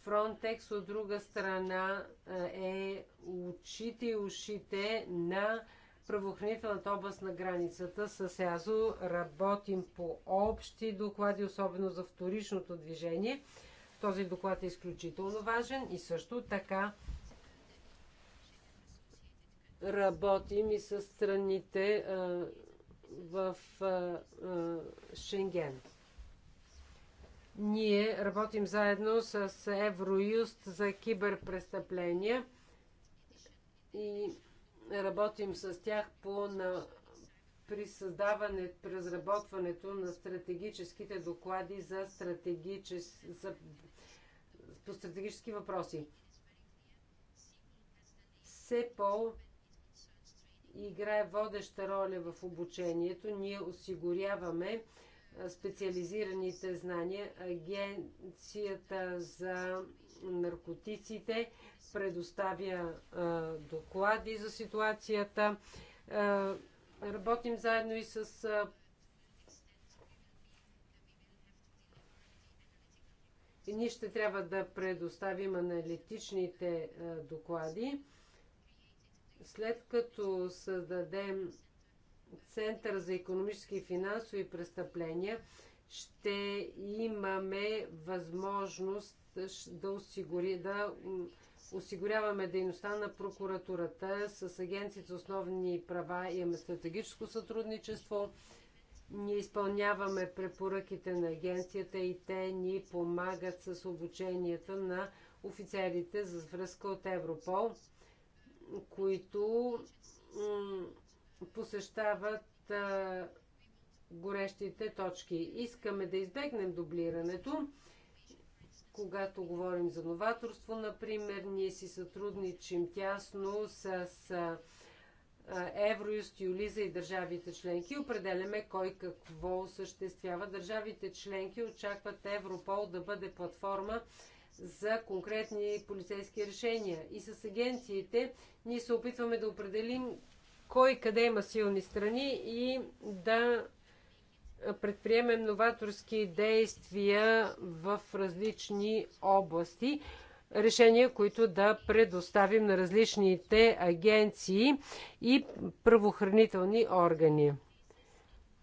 Фронтекс от друга страна е очите и ушите на правоохранителната област на границата с ЕАЗО. Работим по общи доклади, особено за вторичното движение. Този доклад е изключително важен и също така Работим и с страните а, в а, Шенген. Ние работим заедно с Евроюст за киберпрестъпления и работим с тях по на, при създаване, при разработването на стратегическите доклади за, стратегичес, за по стратегически въпроси. Все по играе водеща роля в обучението. Ние осигуряваме специализираните знания. Агенцията за наркотиците предоставя доклади за ситуацията. Работим заедно и с И ние ще трябва да предоставим аналитичните доклади. След като създадем Център за економически и финансови престъпления, ще имаме възможност да, осигури, да осигуряваме дейността на прокуратурата с Агенцията за основни права имаме стратегическо сътрудничество. Ние изпълняваме препоръките на агенцията и те ни помагат с обученията на офицерите за връзка от Европол които посещават горещите точки. Искаме да избегнем дублирането. Когато говорим за новаторство, например, ние си сътрудничим тясно с Евроюст, Юлиза и държавите членки. Определяме кой какво осъществява. Държавите членки очакват Европол да бъде платформа за конкретни полицейски решения. И с агенциите ние се опитваме да определим кой къде има силни страни и да предприемем новаторски действия в различни области. Решения, които да предоставим на различните агенции и правоохранителни органи.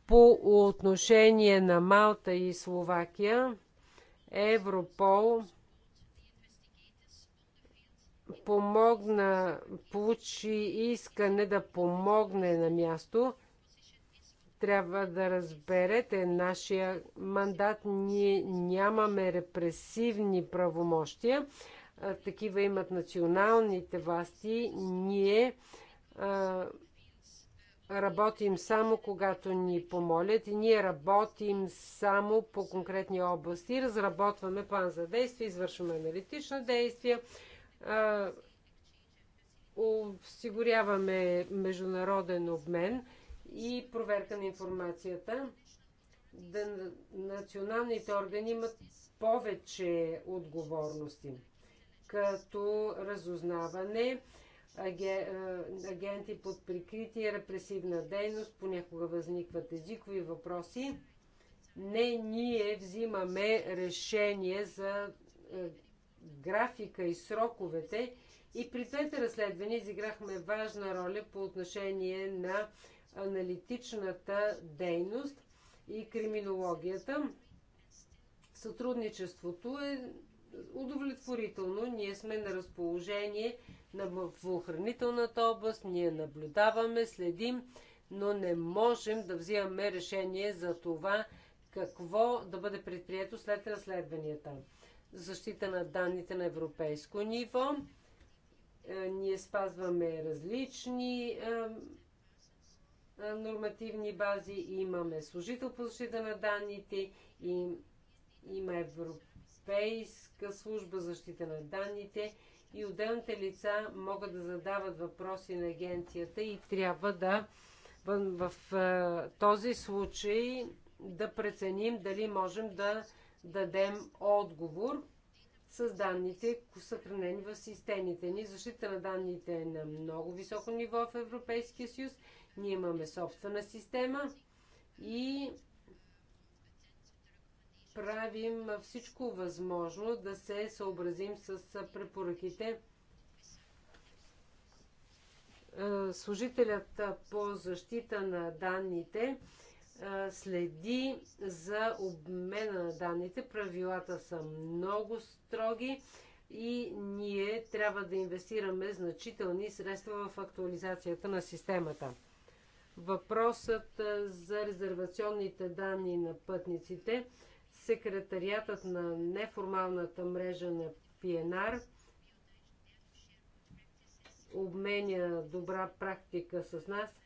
По отношение на Малта и Словакия, Европол помогна, получи искане да помогне на място, трябва да разберете нашия мандат. Ние нямаме репресивни правомощия. Такива имат националните власти. Ние работим само когато ни помолят и ние работим само по конкретни области. Разработваме план за действие, извършваме аналитично действия, осигуряваме международен обмен и проверка на информацията. Да националните органи имат повече отговорности, като разузнаване, агенти под прикритие, репресивна дейност, понякога възникват езикови въпроси. Не ние взимаме решение за графика и сроковете. И при двете разследвания изиграхме важна роля по отношение на аналитичната дейност и криминологията. Сътрудничеството е удовлетворително. Ние сме на разположение на охранителната област, ние наблюдаваме, следим, но не можем да взимаме решение за това какво да бъде предприето след разследванията защита на данните на европейско ниво. Е, ние спазваме различни е, е, нормативни бази, имаме служител по защита на данните и има Европейска служба защита на данните и отделните лица могат да задават въпроси на агенцията и трябва да в, в, в този случай да преценим дали можем да дадем отговор с данните, съхранени в системите ни. Защита на данните е на много високо ниво в Европейския съюз. Ние имаме собствена система и правим всичко възможно да се съобразим с препоръките. Е, служителят по защита на данните следи за обмена на данните. Правилата са много строги и ние трябва да инвестираме значителни средства в актуализацията на системата. Въпросът за резервационните данни на пътниците. Секретариатът на неформалната мрежа на ПНР обменя добра практика с нас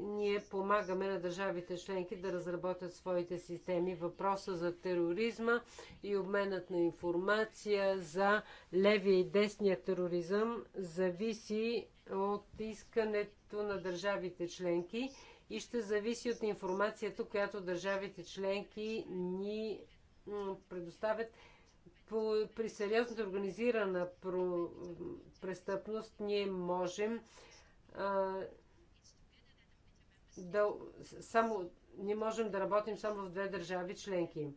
ние помагаме на държавите членки да разработят своите системи. Въпроса за тероризма и обменът на информация за левия и десния тероризъм зависи от искането на държавите членки и ще зависи от информацията, която държавите членки ни предоставят. При сериозната организирана престъпност ние можем да, само, не можем да работим само в две държави членки.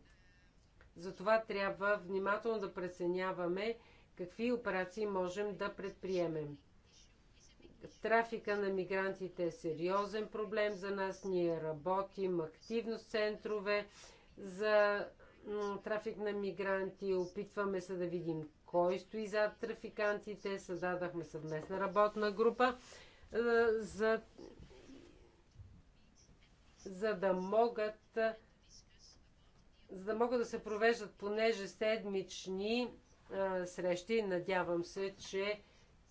Затова трябва внимателно да преценяваме какви операции можем да предприемем. Трафика на мигрантите е сериозен проблем за нас. Ние работим активно с центрове за трафик на мигранти. Опитваме се да видим кой стои зад трафикантите. Създадахме съвместна работна група за за да могат за да могат да се провеждат понеже седмични а, срещи. Надявам се, че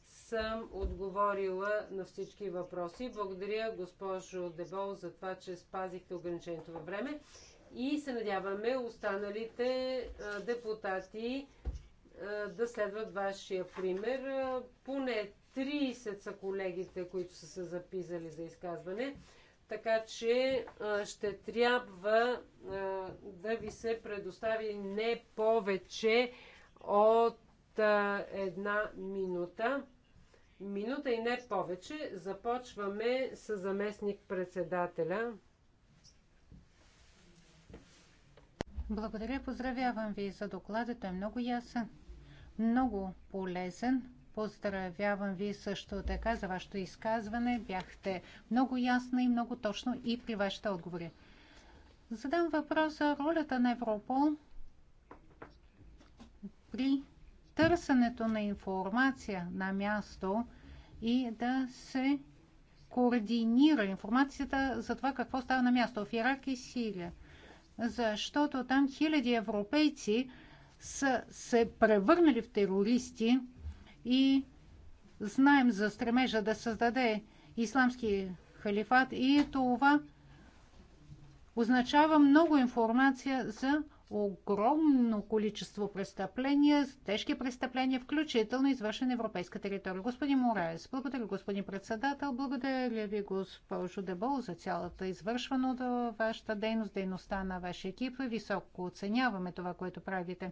съм отговорила на всички въпроси. Благодаря, госпожо Дебол, за това, че спазихте ограничението във време. И се надяваме останалите а, депутати а, да следват вашия пример. А, поне 30 са колегите, които са се записали за изказване. Така че ще трябва да ви се предостави не повече от една минута. Минута и не повече. Започваме с заместник председателя.
Благодаря, поздравявам ви за докладата. Той е много ясен, много полезен Поздравявам ви също така за вашето изказване. Бяхте много ясна и много точно и при вашите отговори. Задам въпрос за ролята на Европол при търсенето на информация на място и да се координира информацията за това какво става на място в Ирак и Сирия. Защото там хиляди европейци са се превърнали в терористи и знаем за стремежа да създаде исламски халифат и това означава много информация за огромно количество престъпления, тежки престъпления, включително извършен на европейска територия. Господин Мораес, благодаря, господин председател, благодаря ви, госпожо Дебол, за цялата извършвана от вашата дейност, дейността на вашия екип. Високо оценяваме това, което правите.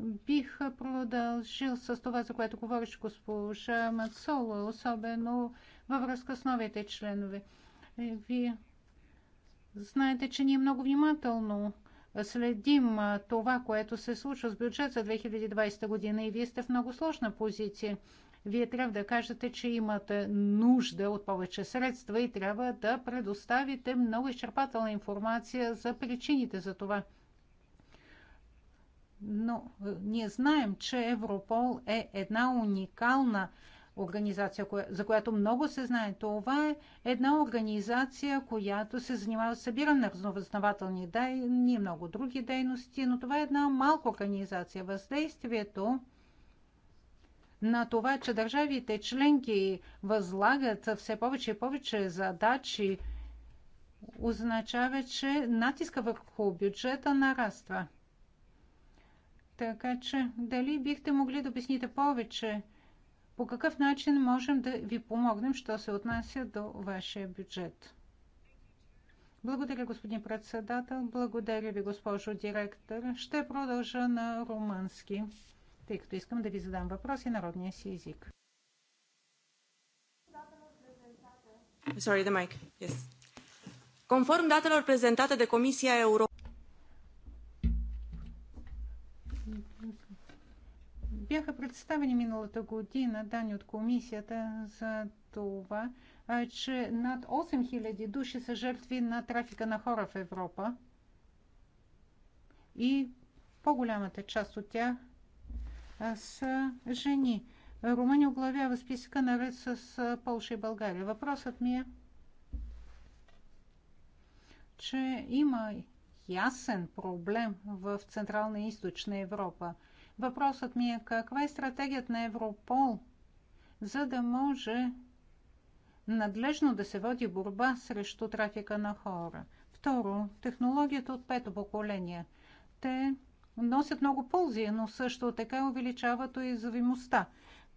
Бих продължил с това, за което говориш госпожа Мацола, особено във връзка с новите членове. Вие знаете, че ние много внимателно следим това, което се случва с бюджет за 2020 година и вие сте в много сложна позиция. Вие трябва да кажете, че имате нужда от повече средства и трябва да предоставите много изчерпателна информация за причините за това но е, ние знаем, че Европол е една уникална организация, за която много се знае. Това е една организация, която се занимава с събиране на разновъзнавателни дейности и е много други дейности, но това е една малка организация. Въздействието на това, че държавите членки възлагат все повече и повече задачи, означава, че натиска върху бюджета нараства. Така че дали бихте могли да обясните повече по какъв начин можем да ви помогнем, що се отнася до вашия бюджет? Благодаря, господин председател. Благодаря ви, госпожо директор. Ще продължа на румънски, тъй като искам да ви задам въпроси народния си език. Sorry, the mic. Yes. Conform datelor prezentate de Comisia Europeană. Бяха представени миналата година данни от комисията за това, че над 8000 души са жертви на трафика на хора в Европа и по-голямата част от тях са жени. Румъния оглавява списъка наред с Полша и България. Въпросът ми е, че има ясен проблем в Централна и Източна Европа – Въпросът ми е каква е стратегията на Европол, за да може надлежно да се води борба срещу трафика на хора. Второ, технологията от пето поколение. Те носят много ползи, но също така увеличават уязвимостта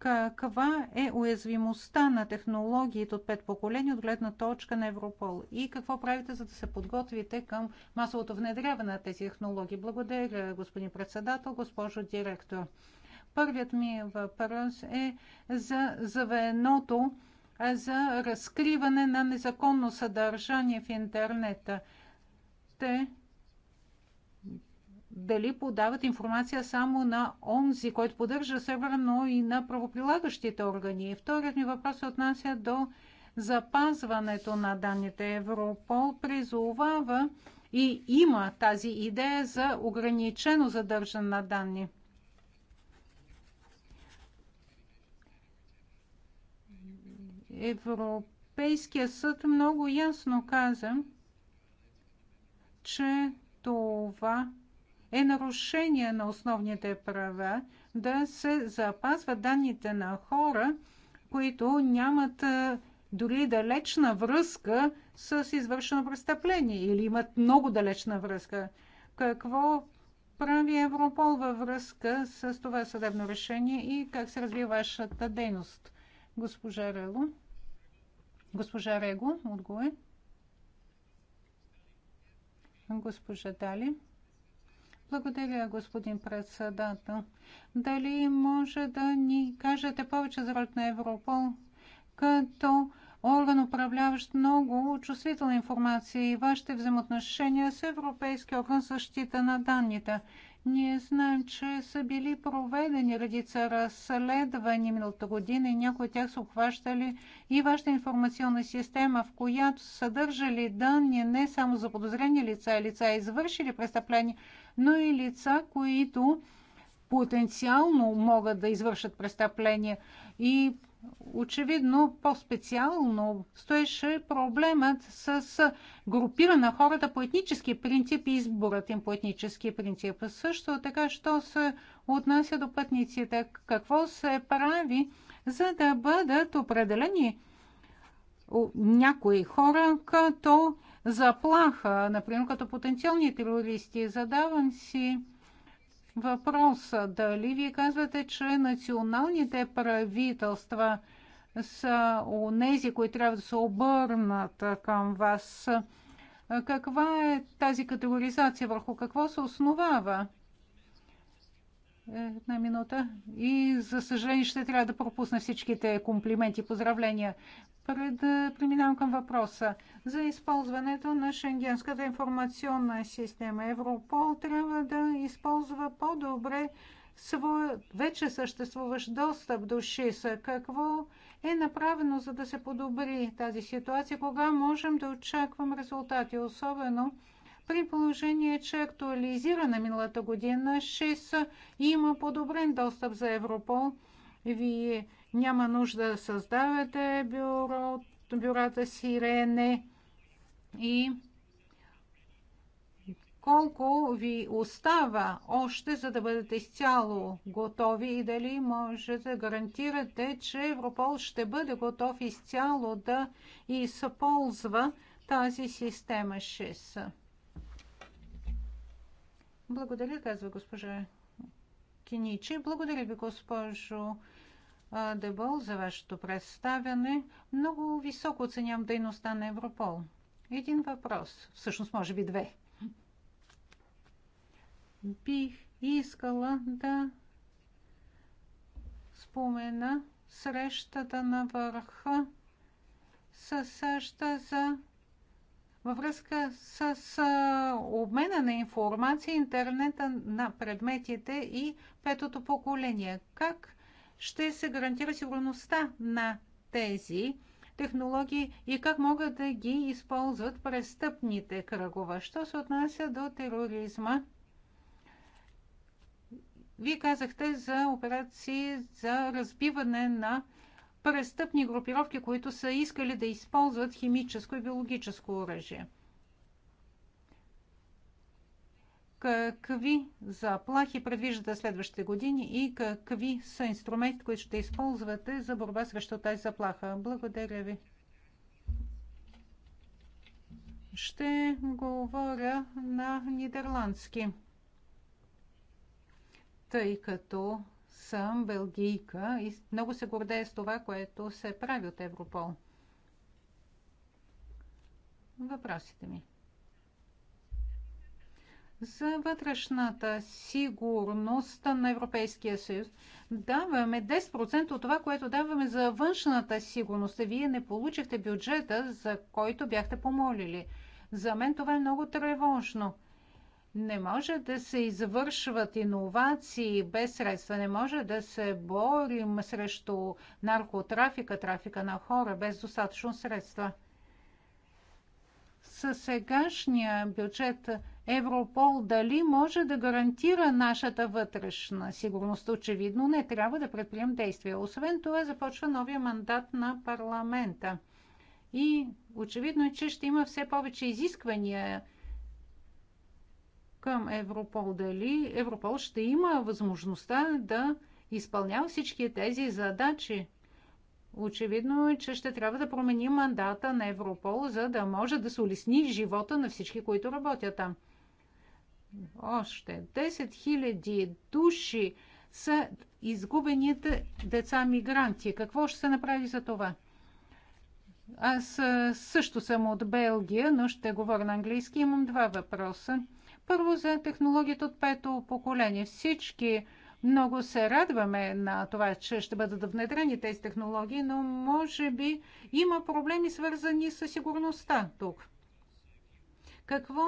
каква е уязвимостта на технологиите от пет поколения от гледна точка на Европол и какво правите, за да се подготвите към масовото внедряване на тези технологии. Благодаря, господин председател, госпожо директор. Първият ми въпрос е за завеното за разкриване на незаконно съдържание в интернета. Те дали подават информация само на онзи, който поддържа сервера, но и на правоприлагащите органи. Вторият ми въпрос се отнася до запазването на данните. Европол призовава и има тази идея за ограничено задържане на данни. Европейския съд много ясно каза, че това е нарушение на основните права да се запазват данните на хора, които нямат дори далечна връзка с извършено престъпление или имат много далечна връзка. Какво прави Европол във връзка с това съдебно решение и как се развива вашата дейност? Госпожа Рело. Госпожа Рего, отговор. Госпожа Дали. Благодаря, господин председател. Дали може да ни кажете повече за ролята на Европол като орган, управляващ много чувствителна информация и вашите взаимоотношения с Европейския орган за защита на данните? Ние знаем, че са били проведени редица разследвания миналата година и някои от тях са обхващали и вашата информационна система, в която са съдържали данни не само за подозрени лица, лица извършили престъпления, но и лица, които потенциално могат да извършат престъпления. И очевидно по-специално стоеше проблемът с групира на хората по етнически принцип и изборът им по етнически принцип. Също така, що се отнася до пътниците, какво се прави, за да бъдат определени някои хора като заплаха, например като потенциални терористи. Задавам си Въпрос. дали вие казвате, че националните правителства са онези, които трябва да се обърнат към вас. Каква е тази категоризация? Върху какво се основава? Е, една минута. И, за съжаление, ще трябва да пропусна всичките комплименти и поздравления. Пред да е, преминавам към въпроса. За използването на Шенгенската информационна система Европол трябва да използва по-добре своя вече съществуващ достъп до ШИСа. Какво е направено, за да се подобри тази ситуация? Кога можем да очаквам резултати? Особено при положение, че актуализирана миналата година 6 има подобрен достъп за Европол. Вие няма нужда да създавате бюро, бюрата Сирене и колко ви остава още, за да бъдете изцяло готови и дали можете да гарантирате, че Европол ще бъде готов изцяло да използва тази система 6. Благодаря, казва госпожа Киничи. Благодаря ви, госпожо Дебол, за вашето представяне. Много високо оценявам дейността на Европол. Един въпрос, всъщност може би две. Бих искала да спомена срещата на върха с САЩ за във връзка с, а, обмена на информация, интернета на предметите и петото поколение. Как ще се гарантира сигурността на тези технологии и как могат да ги използват престъпните кръгове? Що се отнася до тероризма? Вие казахте за операции за разбиване на престъпни групировки, които са искали да използват химическо и биологическо оръжие. Какви заплахи предвиждате следващите години и какви са инструментите, които ще използвате за борба срещу тази заплаха? Благодаря ви. Ще говоря на нидерландски, тъй като съм белгийка и много се гордея с това, което се прави от Европол. Въпросите ми. За вътрешната сигурност на Европейския съюз даваме 10% от това, което даваме за външната сигурност. Вие не получихте бюджета, за който бяхте помолили. За мен това е много тревожно. Не може да се извършват иновации без средства. Не може да се борим срещу наркотрафика, трафика на хора без достатъчно средства. Със сегашния бюджет Европол дали може да гарантира нашата вътрешна сигурност? Очевидно не трябва да предприем действия. Освен това започва новия мандат на парламента. И очевидно е, че ще има все повече изисквания към Европол. Дали Европол ще има възможността да изпълнява всички тези задачи? Очевидно е, че ще трябва да промени мандата на Европол, за да може да се улесни живота на всички, които работят там. Още 10 000 души са изгубените деца мигранти. Какво ще се направи за това? Аз също съм от Белгия, но ще говоря на английски. Имам два въпроса. Първо за технологията от пето поколение. Всички много се радваме на това, че ще бъдат внедрени тези технологии, но може би има проблеми свързани с сигурността тук. Какво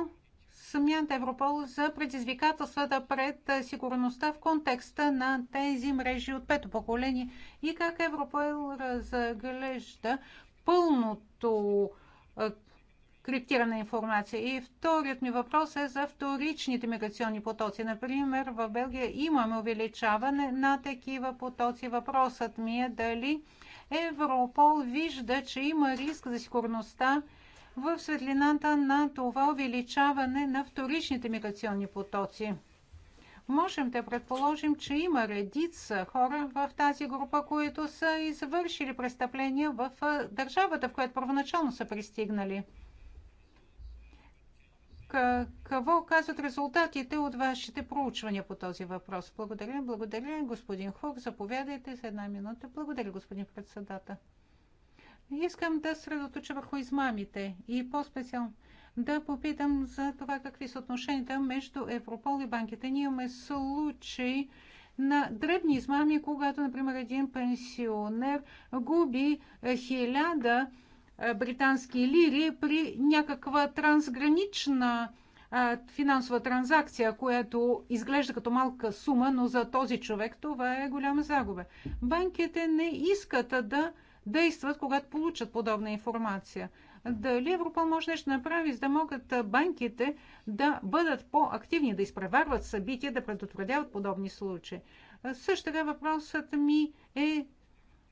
смята Европол за предизвикателствата пред сигурността в контекста на тези мрежи от пето поколение и как Европол разглежда пълното криптирана информация. И вторият ми въпрос е за вторичните миграционни потоци. Например, в Белгия имаме увеличаване на такива потоци. Въпросът ми е дали Европол вижда, че има риск за сигурността в светлината на това увеличаване на вторичните миграционни потоци. Можем да предположим, че има редица хора в тази група, които са извършили престъпления в държавата, в която първоначално са пристигнали какво казват резултатите от вашите проучвания по този въпрос? Благодаря, благодаря. Господин Хук, заповядайте за една минута. Благодаря, господин председател. Искам да средоточа върху измамите и по-специално да попитам за това какви са отношенията между Европол и банките. Ние имаме случаи на дребни измами, когато, например, един пенсионер губи хиляда британски лири при някаква трансгранична финансова транзакция, която изглежда като малка сума, но за този човек това е голяма загуба. Банките не искат да действат, когато получат подобна информация. Дали Европа може нещо да направи, за да могат банките да бъдат по-активни, да изпреварват събития, да предотвратяват подобни случаи? Също така въпросът ми е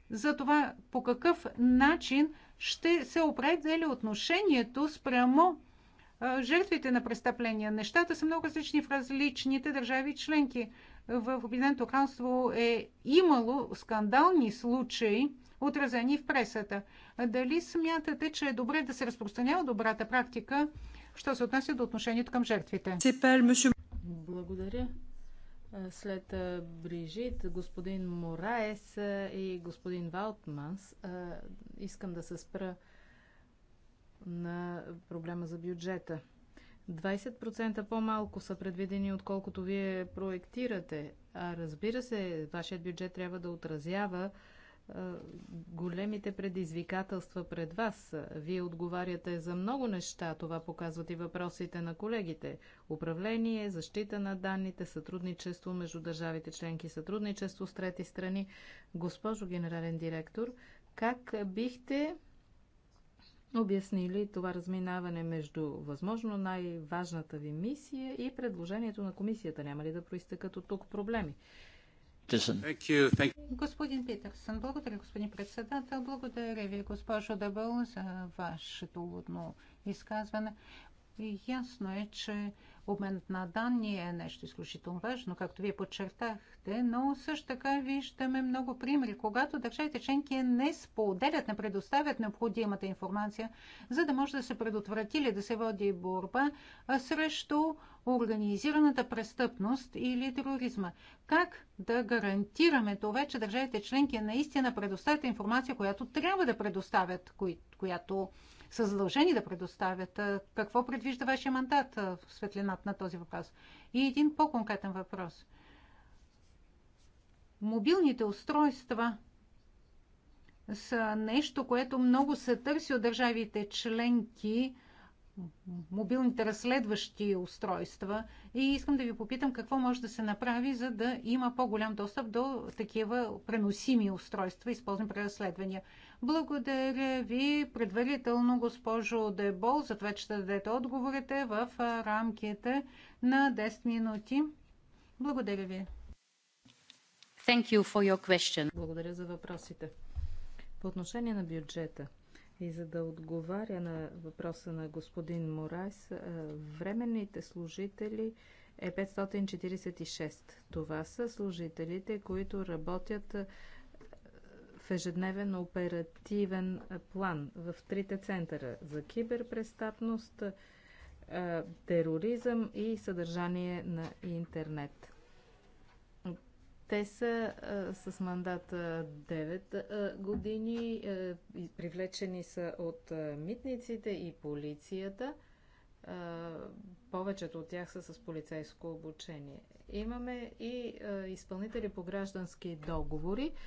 за това по какъв начин ще се определя отношението спрямо жертвите на престъпления. Нещата са много различни в различните държави членки. В Обединеното кралство е имало скандални случаи, отразени в пресата. Дали смятате, че е добре да се разпространява добрата практика, що се отнася до отношението към жертвите? Благодаря. След Брижит, господин Мораес и господин
Валтманс, искам да се спра на проблема за бюджета. 20% по-малко са предвидени, отколкото вие проектирате. А разбира се, вашият бюджет трябва да отразява големите предизвикателства пред вас. Вие отговаряте за много неща. Това показват и въпросите на колегите. Управление, защита на данните, сътрудничество между държавите членки, сътрудничество с трети страни. Госпожо генерален директор, как бихте обяснили това разминаване между възможно най-важната ви мисия и предложението на комисията? Няма ли да
проистъкат от тук проблеми? Питерсън. Господин Питерсън, благодаря, господин председател. Благодаря ви, госпожо Дебъл, за вашето уводно изказване. Ясно е, че Обменът на данни е нещо изключително важно, както вие подчертахте, но също така виждаме много примери, когато държавите членки не споделят, не предоставят необходимата информация, за да може да се предотврати или да се води борба срещу организираната престъпност или тероризма. Как да гарантираме това, че държавите членки наистина предоставят информация, която трябва да предоставят, която са задължени да предоставят. Какво предвижда вашия мандат в светлината на този въпрос? И един по-конкретен въпрос. Мобилните устройства са нещо, което много се търси от държавите членки, мобилните разследващи устройства. И искам да ви попитам какво може да се направи, за да има по-голям достъп до такива преносими устройства, използвани при разследвания. Благодаря ви предварително, госпожо Дебол, за това, че ще дадете отговорите в рамките на 10 минути. Благодаря ви.
Thank you for your question. Благодаря за въпросите. По отношение на бюджета и за да отговаря на въпроса на господин Морайс, временните служители е 546. Това са служителите, които работят ежедневен оперативен план в трите центъра за киберпрестъпност, тероризъм и съдържание на интернет. Те са а, с мандат 9 а, години, а, привлечени са от а, митниците и полицията. А, повечето от тях са с полицейско обучение. Имаме и а, изпълнители по граждански договори. А,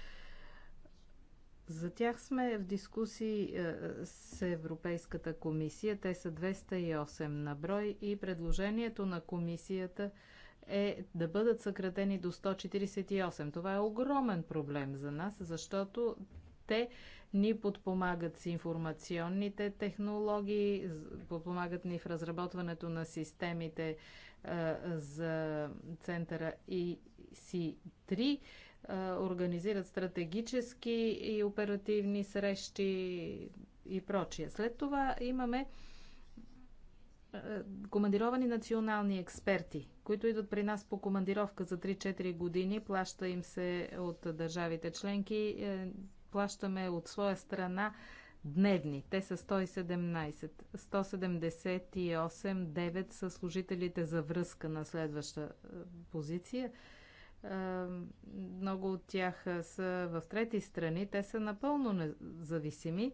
за тях сме в дискусии е, с Европейската комисия. Те са 208 на брой и предложението на комисията е да бъдат съкратени до 148. Това е огромен проблем за нас, защото те ни подпомагат с информационните технологии, подпомагат ни в разработването на системите е, за центъра EC3 организират стратегически и оперативни срещи и прочие. След това имаме командировани национални експерти, които идват при нас по командировка за 3-4 години, плаща им се от държавите членки, е, плащаме от своя страна дневни. Те са 117. 178, 9 са служителите за връзка на следваща е, позиция. Е, много от тях е, са в трети страни. Те са напълно независими.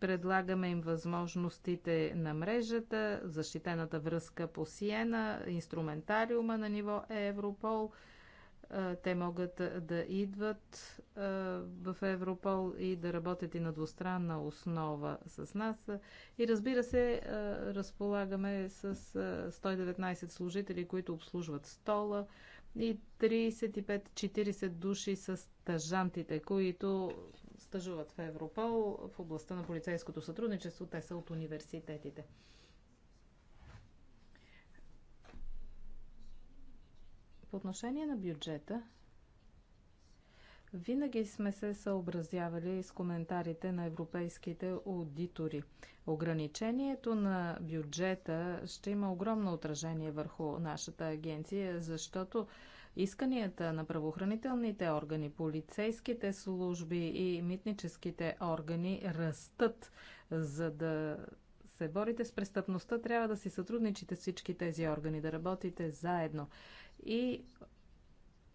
Предлагаме им възможностите на мрежата, защитената връзка по Сиена, инструментариума на ниво Европол. Е, те могат да идват в Европол и да работят и на двустранна основа с нас. И разбира се, разполагаме с 119 служители, които обслужват стола и 35-40 души са стажантите, които стажуват в Европол в областта на полицейското сътрудничество. Те са от университетите. По отношение на бюджета, винаги сме се съобразявали с коментарите на европейските аудитори. Ограничението на бюджета ще има огромно отражение върху нашата агенция, защото исканията на правоохранителните органи, полицейските служби и митническите органи растат, за да се борите с престъпността, трябва да си сътрудничите с всички тези органи, да работите заедно. И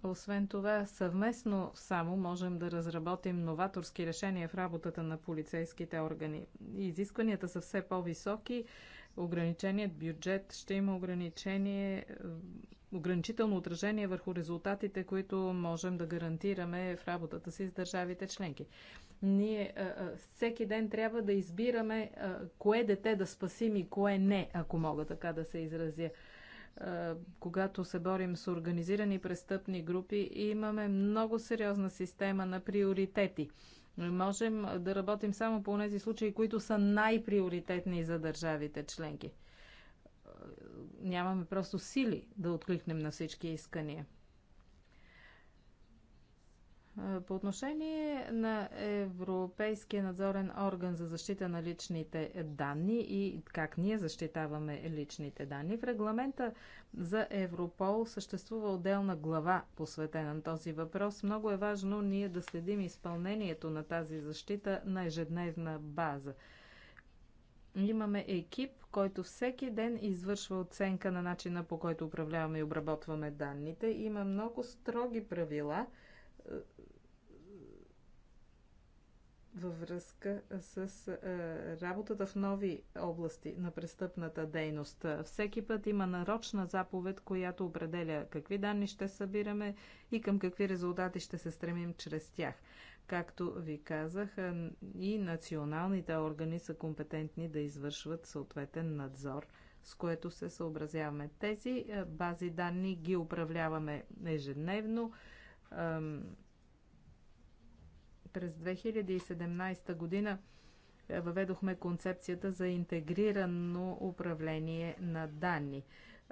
освен това, съвместно само можем да разработим новаторски решения в работата на полицейските органи. Изискванията са все по-високи. Ограниченият бюджет ще има ограничение, ограничително отражение върху резултатите, които можем да гарантираме в работата си с държавите членки. Ние всеки ден трябва да избираме кое дете да спасим и кое не, ако мога така да се изразя когато се борим с организирани престъпни групи, имаме много сериозна система на приоритети. Можем да работим само по тези случаи, които са най-приоритетни за държавите членки. Нямаме просто сили да откликнем на всички искания. По отношение на Европейския надзорен орган за защита на личните данни и как ние защитаваме личните данни, в регламента за Европол съществува отделна глава, посветена на този въпрос. Много е важно ние да следим изпълнението на тази защита на ежедневна база. Имаме екип, който всеки ден извършва оценка на начина по който управляваме и обработваме данните. Има много строги правила – във връзка с работата в нови области на престъпната дейност. Всеки път има нарочна заповед, която определя какви данни ще събираме и към какви резултати ще се стремим чрез тях. Както ви казах, и националните органи са компетентни да извършват съответен надзор, с което се съобразяваме. Тези бази данни ги управляваме ежедневно през 2017 година е, въведохме концепцията за интегрирано управление на данни.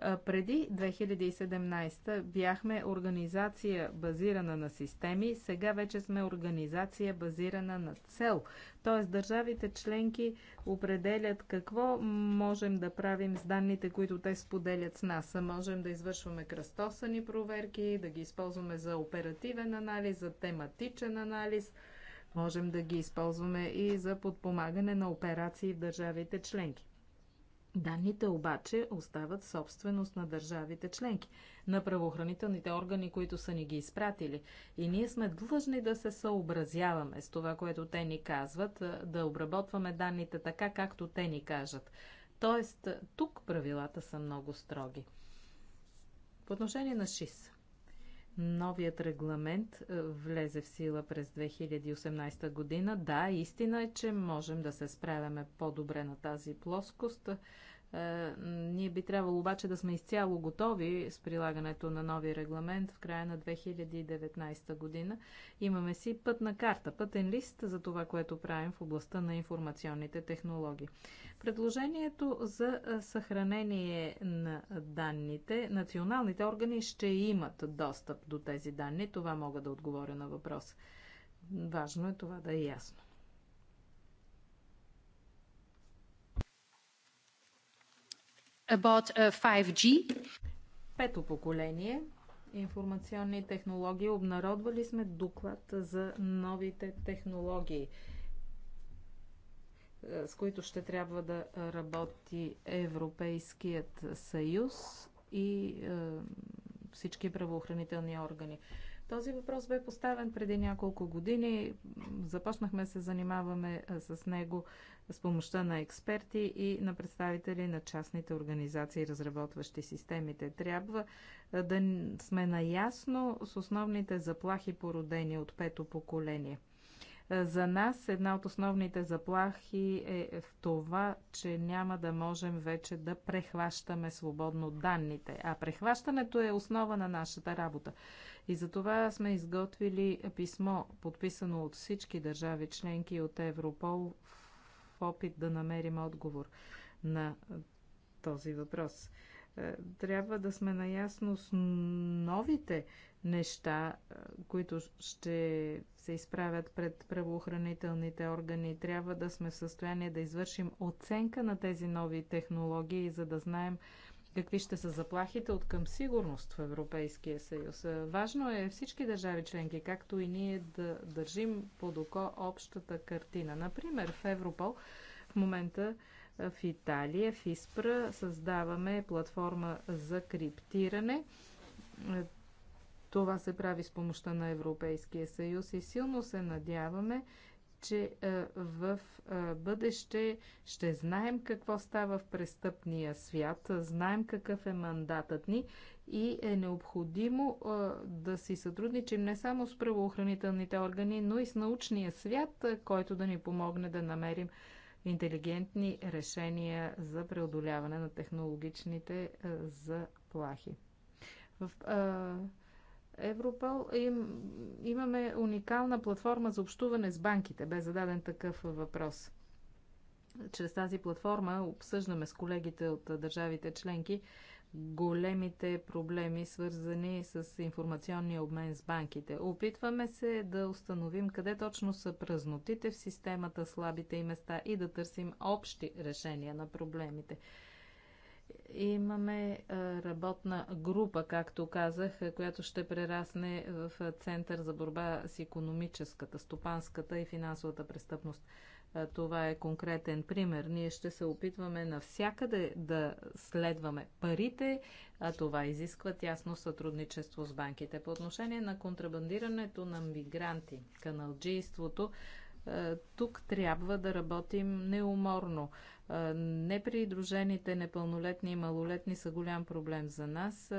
Е, преди 2017 бяхме организация базирана на системи, сега вече сме организация базирана на цел. Тоест държавите членки определят какво можем да правим с данните, които те споделят с нас. Можем да извършваме кръстосани проверки, да ги използваме за оперативен анализ, за тематичен анализ – Можем да ги използваме и за подпомагане на операции в държавите членки. Данните обаче остават собственост на държавите членки, на правоохранителните органи, които са ни ги изпратили. И ние сме длъжни да се съобразяваме с това, което те ни казват, да обработваме данните така, както те ни кажат. Тоест, тук правилата са много строги. По отношение на ШИС. Новият регламент е, влезе в сила през 2018 година. Да, истина е, че можем да се справяме по-добре на тази плоскост. Е, ние би трябвало обаче да сме изцяло готови с прилагането на новия регламент в края на 2019 година. Имаме си пътна карта, пътен лист за това, което правим в областта на информационните технологии. Предложението за съхранение на данните, националните органи ще имат достъп до тези данни. Това мога да отговоря на въпрос. Важно е това да е ясно. About 5G. Пето поколение информационни технологии. Обнародвали сме доклад за новите технологии. Е, с които ще трябва да работи Европейският съюз и е, всички правоохранителни органи. Този въпрос бе поставен преди няколко години. Започнахме се занимаваме е, с него с помощта на експерти и на представители на частните организации, разработващи системите. Трябва да сме наясно с основните заплахи, породени от пето поколение. За нас една от основните заплахи е в това, че няма да можем вече да прехващаме свободно данните. А прехващането е основа на нашата работа. И за това сме изготвили писмо, подписано от всички държави членки от Европол в опит да намерим отговор на този въпрос. Е, трябва да сме наясно с новите неща, е, които ще се изправят пред правоохранителните органи. Трябва да сме в състояние да извършим оценка на тези нови технологии, за да знаем какви ще са заплахите от към сигурност в Европейския съюз. Е, важно е всички държави членки, както и ние, да държим под око общата картина. Например, в Европол в момента в Италия, в Испра, създаваме платформа за криптиране. Това се прави с помощта на Европейския съюз и силно се надяваме, че е, в е, бъдеще ще знаем какво става в престъпния свят, знаем какъв е мандатът ни и е необходимо е, да си сътрудничим не само с правоохранителните органи, но и с научния свят, който да ни помогне да намерим интелигентни решения за преодоляване на технологичните заплахи. В Европол им, имаме уникална платформа за общуване с банките. Бе зададен такъв въпрос. Чрез тази платформа обсъждаме с колегите от държавите членки големите проблеми, свързани с информационния обмен с банките. Опитваме се да установим къде точно са празнотите в системата, слабите и места и да търсим общи решения на проблемите. Имаме е, работна група, както казах, е, която ще прерасне в е, Център за борба с економическата, стопанската и финансовата престъпност. Е, това е конкретен пример. Ние ще се опитваме навсякъде да следваме парите, а това изисква тясно сътрудничество с банките. По отношение на контрабандирането на мигранти, каналджийството, е, тук трябва да работим неуморно. Е, непридружените непълнолетни и малолетни са голям проблем за нас.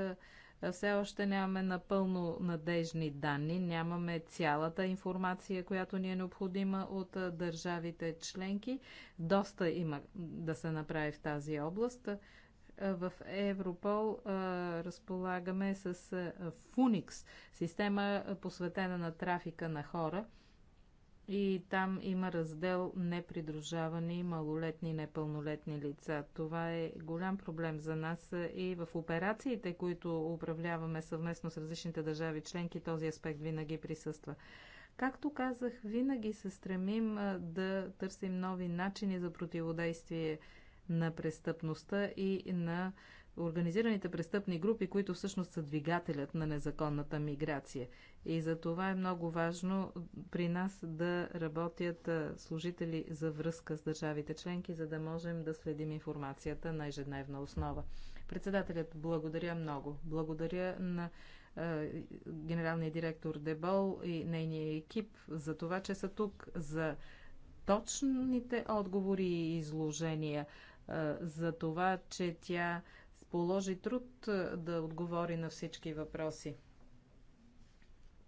Все още нямаме напълно надежни данни, нямаме цялата информация, която ни е необходима от държавите членки. Доста има да се направи в тази област. В Европол разполагаме с Фуникс, система посветена на трафика на хора – и там има раздел непридружавани малолетни непълнолетни лица. Това е голям проблем за нас и в операциите, които управляваме съвместно с различните държави членки, този аспект винаги присъства. Както казах, винаги се стремим да търсим нови начини за противодействие на престъпността и на организираните престъпни групи, които всъщност са двигателят на незаконната миграция. И за това е много важно при нас да работят служители за връзка с държавите членки, за да можем да следим информацията на ежедневна основа. Председателят, благодаря много. Благодаря на е, генералния директор Дебол и нейния екип за това, че са тук, за точните отговори и изложения, е, за това, че тя положи труд е, да отговори на всички въпроси,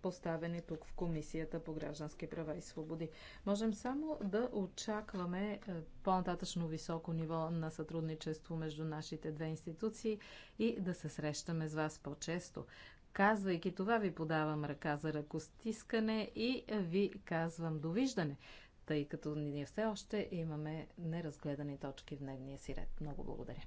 поставени тук в Комисията по граждански права и свободи. Можем само да очакваме е, по-нататъчно високо ниво на сътрудничество между нашите две институции и да се срещаме с вас по-често. Казвайки това, ви подавам ръка за ръкостискане и ви казвам довиждане тъй като ние все още имаме неразгледани точки в дневния си ред. Много благодаря.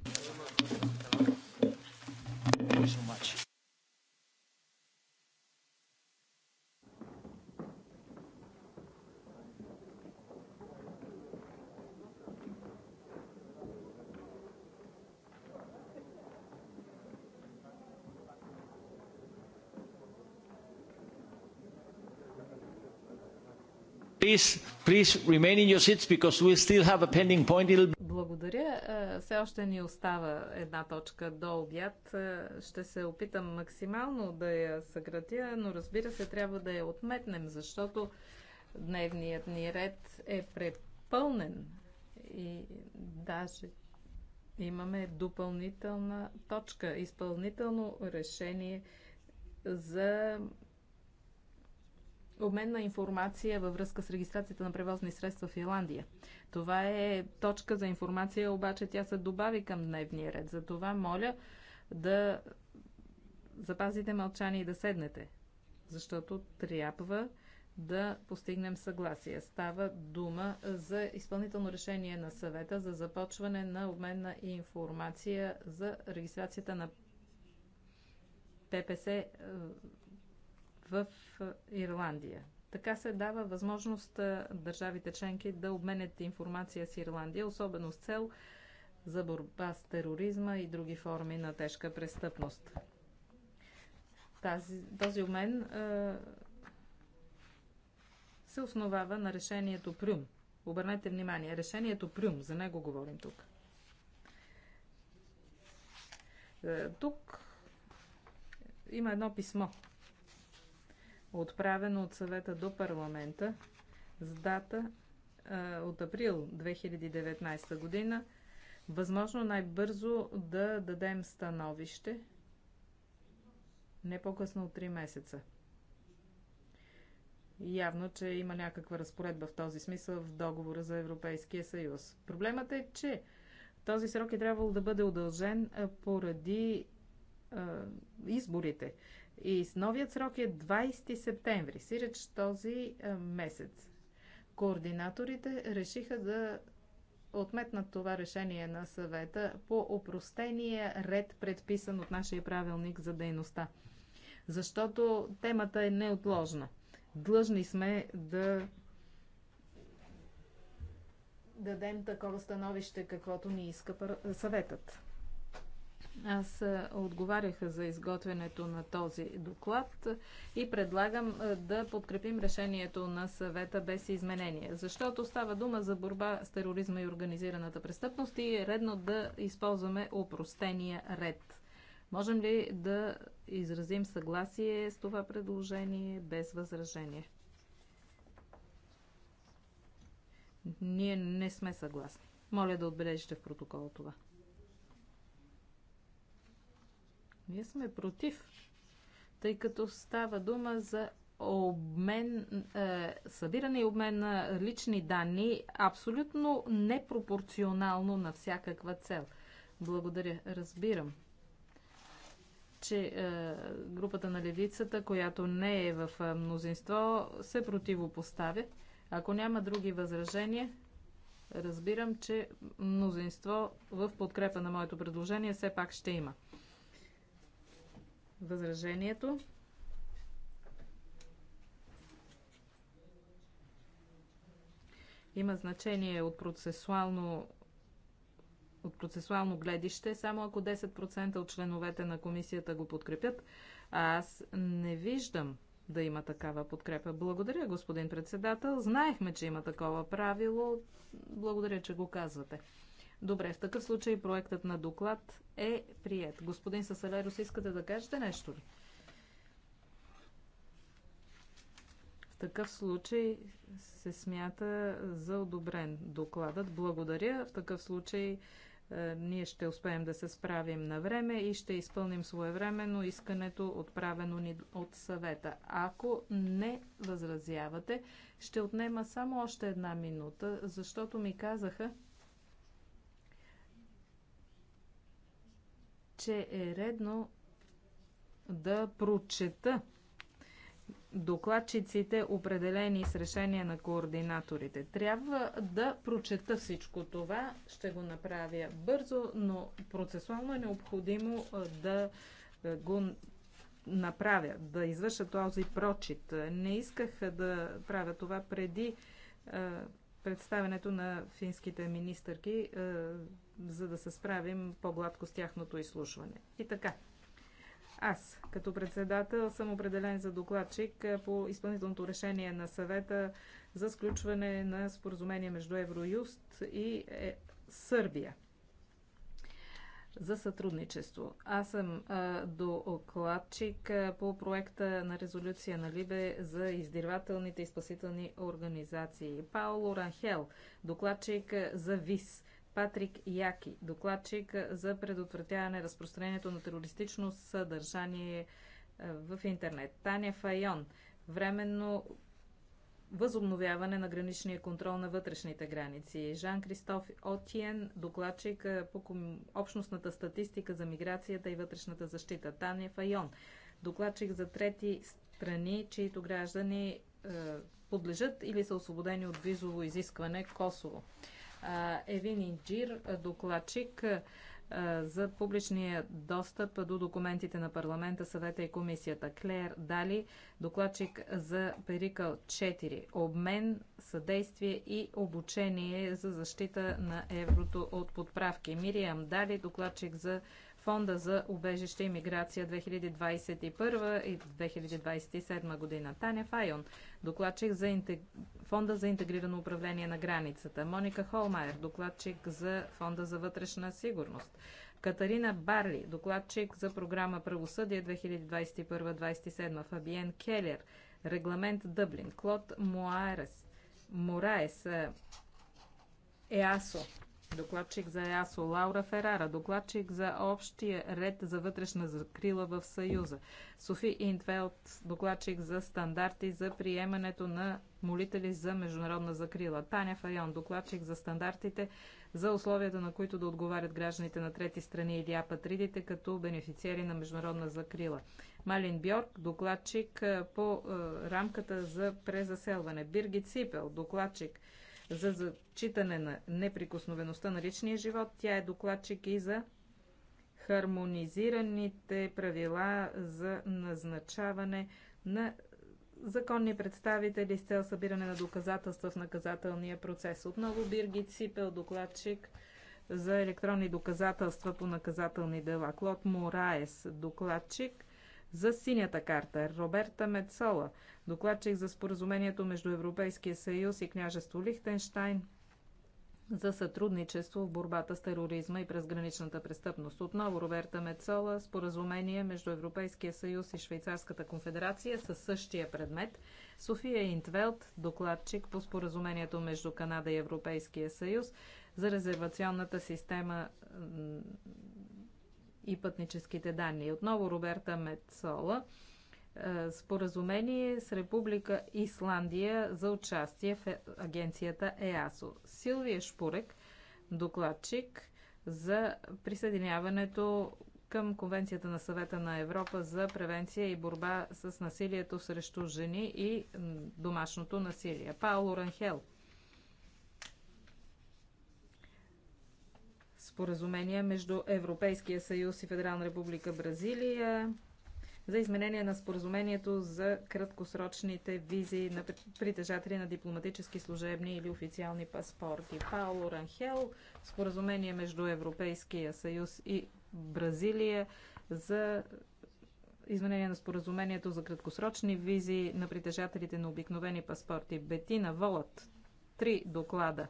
Please remain in your seats because we still have a pending point. It'll... Благодаря. Е, все още ни остава една точка до обяд. Е, ще се опитам максимално да я съкратя, но разбира се, трябва да я отметнем, защото дневният ни ред е препълнен и даже имаме допълнителна точка, изпълнително решение за обмен на информация във връзка с регистрацията на превозни средства в Ирландия. Това е точка за информация, обаче тя се добави към дневния ред. За това моля да запазите мълчание и да седнете, защото трябва да постигнем съгласие. Става дума за изпълнително решение на съвета за започване на обмен на информация за регистрацията на ППС в е, Ирландия. Така се дава възможност е, държавите членки да обменят информация с Ирландия, особено с цел за борба с тероризма и други форми на тежка престъпност. Тази, този обмен е, се основава на решението Прюм. Обърнете внимание, решението Прюм, за него говорим тук. Е, тук има едно писмо отправено от съвета до парламента с дата а, от април 2019 година, възможно най-бързо да дадем становище не по-късно от 3 месеца. Явно, че има някаква разпоредба в този смисъл в договора за Европейския съюз. Проблемът е, че този срок е трябвало да бъде удължен поради е, изборите. И с новият срок е 20 септември, сиреч този е, месец. Координаторите решиха да отметнат това решение на съвета по опростения ред, предписан от нашия правилник за дейността. Защото темата е неотложна. Длъжни сме да дадем такова становище, каквото ни иска съветът. Аз отговарях за изготвянето на този доклад и предлагам да подкрепим решението на съвета без изменение, защото става дума за борба с тероризма и организираната престъпност и е редно да използваме опростения ред. Можем ли да изразим съгласие с това предложение без възражение? Ние не сме съгласни. Моля да отбележите в протокола това. Ние сме против, тъй като става дума за обмен, е, събиране и обмен на лични данни абсолютно непропорционално на всякаква цел. Благодаря, разбирам че е, групата на левицата, която не е в е, мнозинство, се противопоставя. Ако няма други възражения, разбирам, че мнозинство в подкрепа на моето предложение все пак ще има възражението. Има значение от процесуално от процесуално гледище, само ако 10% от членовете на комисията го подкрепят, а аз не виждам да има такава подкрепа. Благодаря, господин председател. Знаехме, че има такова правило. Благодаря, че го казвате. Добре, в такъв случай проектът на доклад е прият. Господин Сасалерос, искате да кажете нещо ли? В такъв случай се смята за одобрен докладът. Благодаря. В такъв случай е, ние ще успеем да се справим на време и ще изпълним своевременно искането, отправено ни от съвета. Ако не възразявате, ще отнема само още една минута, защото ми казаха, че е редно да
прочета
докладчиците, определени с решение на координаторите. Трябва да прочета всичко това. Ще го направя бързо, но процесуално е необходимо да го направя, да извърша този прочит. Не исках да правя това преди представенето на финските министърки, е, за да се справим по-гладко с тяхното изслушване. И така. Аз, като председател, съм определен за докладчик е, по изпълнителното решение на съвета за сключване на споразумение между Евроюст и е, Сърбия за сътрудничество. Аз съм докладчик по проекта на резолюция на Либе за издирвателните и спасителни организации. Пауло Ранхел, докладчик за ВИС. Патрик Яки, докладчик за предотвратяване разпространението на терористично съдържание в интернет. Таня Файон, временно възобновяване на граничния контрол на вътрешните граници. Жан-Кристоф Отиен, докладчик е, по общностната статистика за миграцията и вътрешната защита. Таня Файон, докладчик за трети страни, чието граждани е, подлежат или са освободени от визово изискване Косово. Евин Инджир, докладчик за публичния достъп до документите на парламента, съвета и комисията. Клеер Дали, докладчик за Перикъл 4. Обмен, съдействие и обучение за защита на еврото от подправки. Мириам Дали, докладчик за Фонда за убежище и миграция 2021 и 2027 година. Таня Файон, докладчик за интег... Фонда за интегрирано управление на границата. Моника Холмайер, докладчик за Фонда за вътрешна сигурност. Катарина Барли, докладчик за програма Правосъдие 2021-2027. Фабиен Келер, регламент Дъблин. Клод Муарес, Мораес, е, ЕАСО, Докладчик за ЕАСО Лаура Ферара. Докладчик за общия ред за вътрешна закрила в Съюза. Софи Интвелт. Докладчик за стандарти за приемането на молители за международна закрила. Таня Файон. Докладчик за стандартите за условията на които да отговарят гражданите на трети страни или апатридите като бенефициери на международна закрила. Малин Бьорк, докладчик по рамката за презаселване. Бирги Сипел, докладчик за зачитане на неприкосновеността на личния живот. Тя е докладчик и за хармонизираните правила за назначаване на законни представители с цел събиране на доказателства в наказателния процес. Отново Биргит Сипел, докладчик за електронни доказателства по наказателни дела. Клод Мораес, докладчик за синята карта. Роберта Мецола, Докладчик за споразумението между Европейския съюз и княжество Лихтенштайн за сътрудничество в борбата с тероризма и презграничната престъпност. Отново Роберта Мецола, споразумение между Европейския съюз и Швейцарската конфедерация със същия предмет. София Интвелт, докладчик по споразумението между Канада и Европейския съюз за резервационната система и пътническите данни. Отново Роберта Мецола, е, споразумение с Република Исландия за участие в агенцията ЕАСО. Силвия Шпурек, докладчик за присъединяването към Конвенцията на съвета на Европа за превенция и борба с насилието срещу жени и домашното насилие. Пауло Ранхел. Споразумение между Европейския съюз и Федерална република Бразилия за изменение на споразумението за краткосрочните визи на притежатели на дипломатически, служебни или официални паспорти. Пауло Ранхел, споразумение между Европейския съюз и Бразилия за изменение на споразумението за краткосрочни визи на притежателите на обикновени паспорти. Бетина Волът. Три доклада.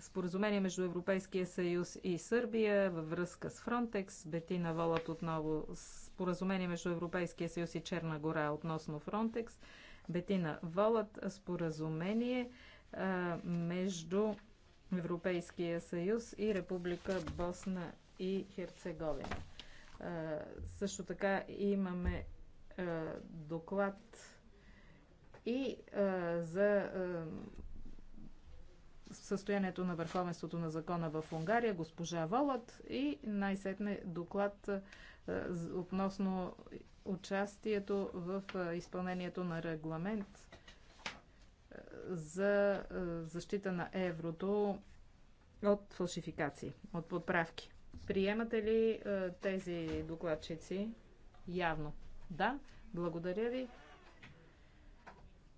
Споразумение между Европейския съюз и Сърбия във връзка с Фронтекс. Бетина Волът отново с споразумение между Европейския съюз и Черна гора относно Фронтекс. Бетина Волът споразумение а, между Европейския съюз и Република Босна и Херцеговина. А, също така имаме а, доклад и за състоянието на върховенството на закона в Унгария, госпожа Волът и най-сетне доклад е, относно участието в е, изпълнението на регламент е, за защита на еврото от фалшификации, от подправки. Приемате ли тези докладчици? Явно. Да. Благодаря ви.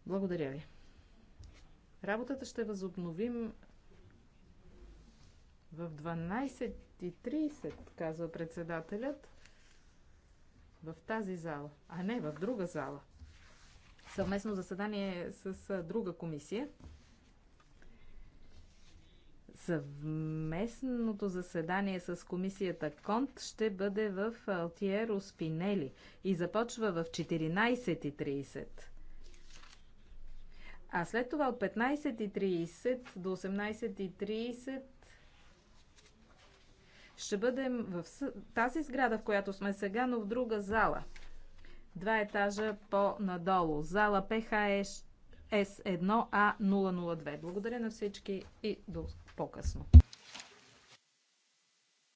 Благодаря ви. Работата ще възобновим в 12.30, казва председателят в тази зала, а не в друга зала. Съвместно заседание с друга комисия. Съвместното заседание с комисията Конт ще бъде в Алтиеро Спинели и започва в 14.30. А след това от 15.30 до 18.30 ще бъдем в тази сграда, в която сме сега, но в друга зала. Два етажа по-надолу. Зала PHS 1А002. Е Благодаря на всички и до по-късно.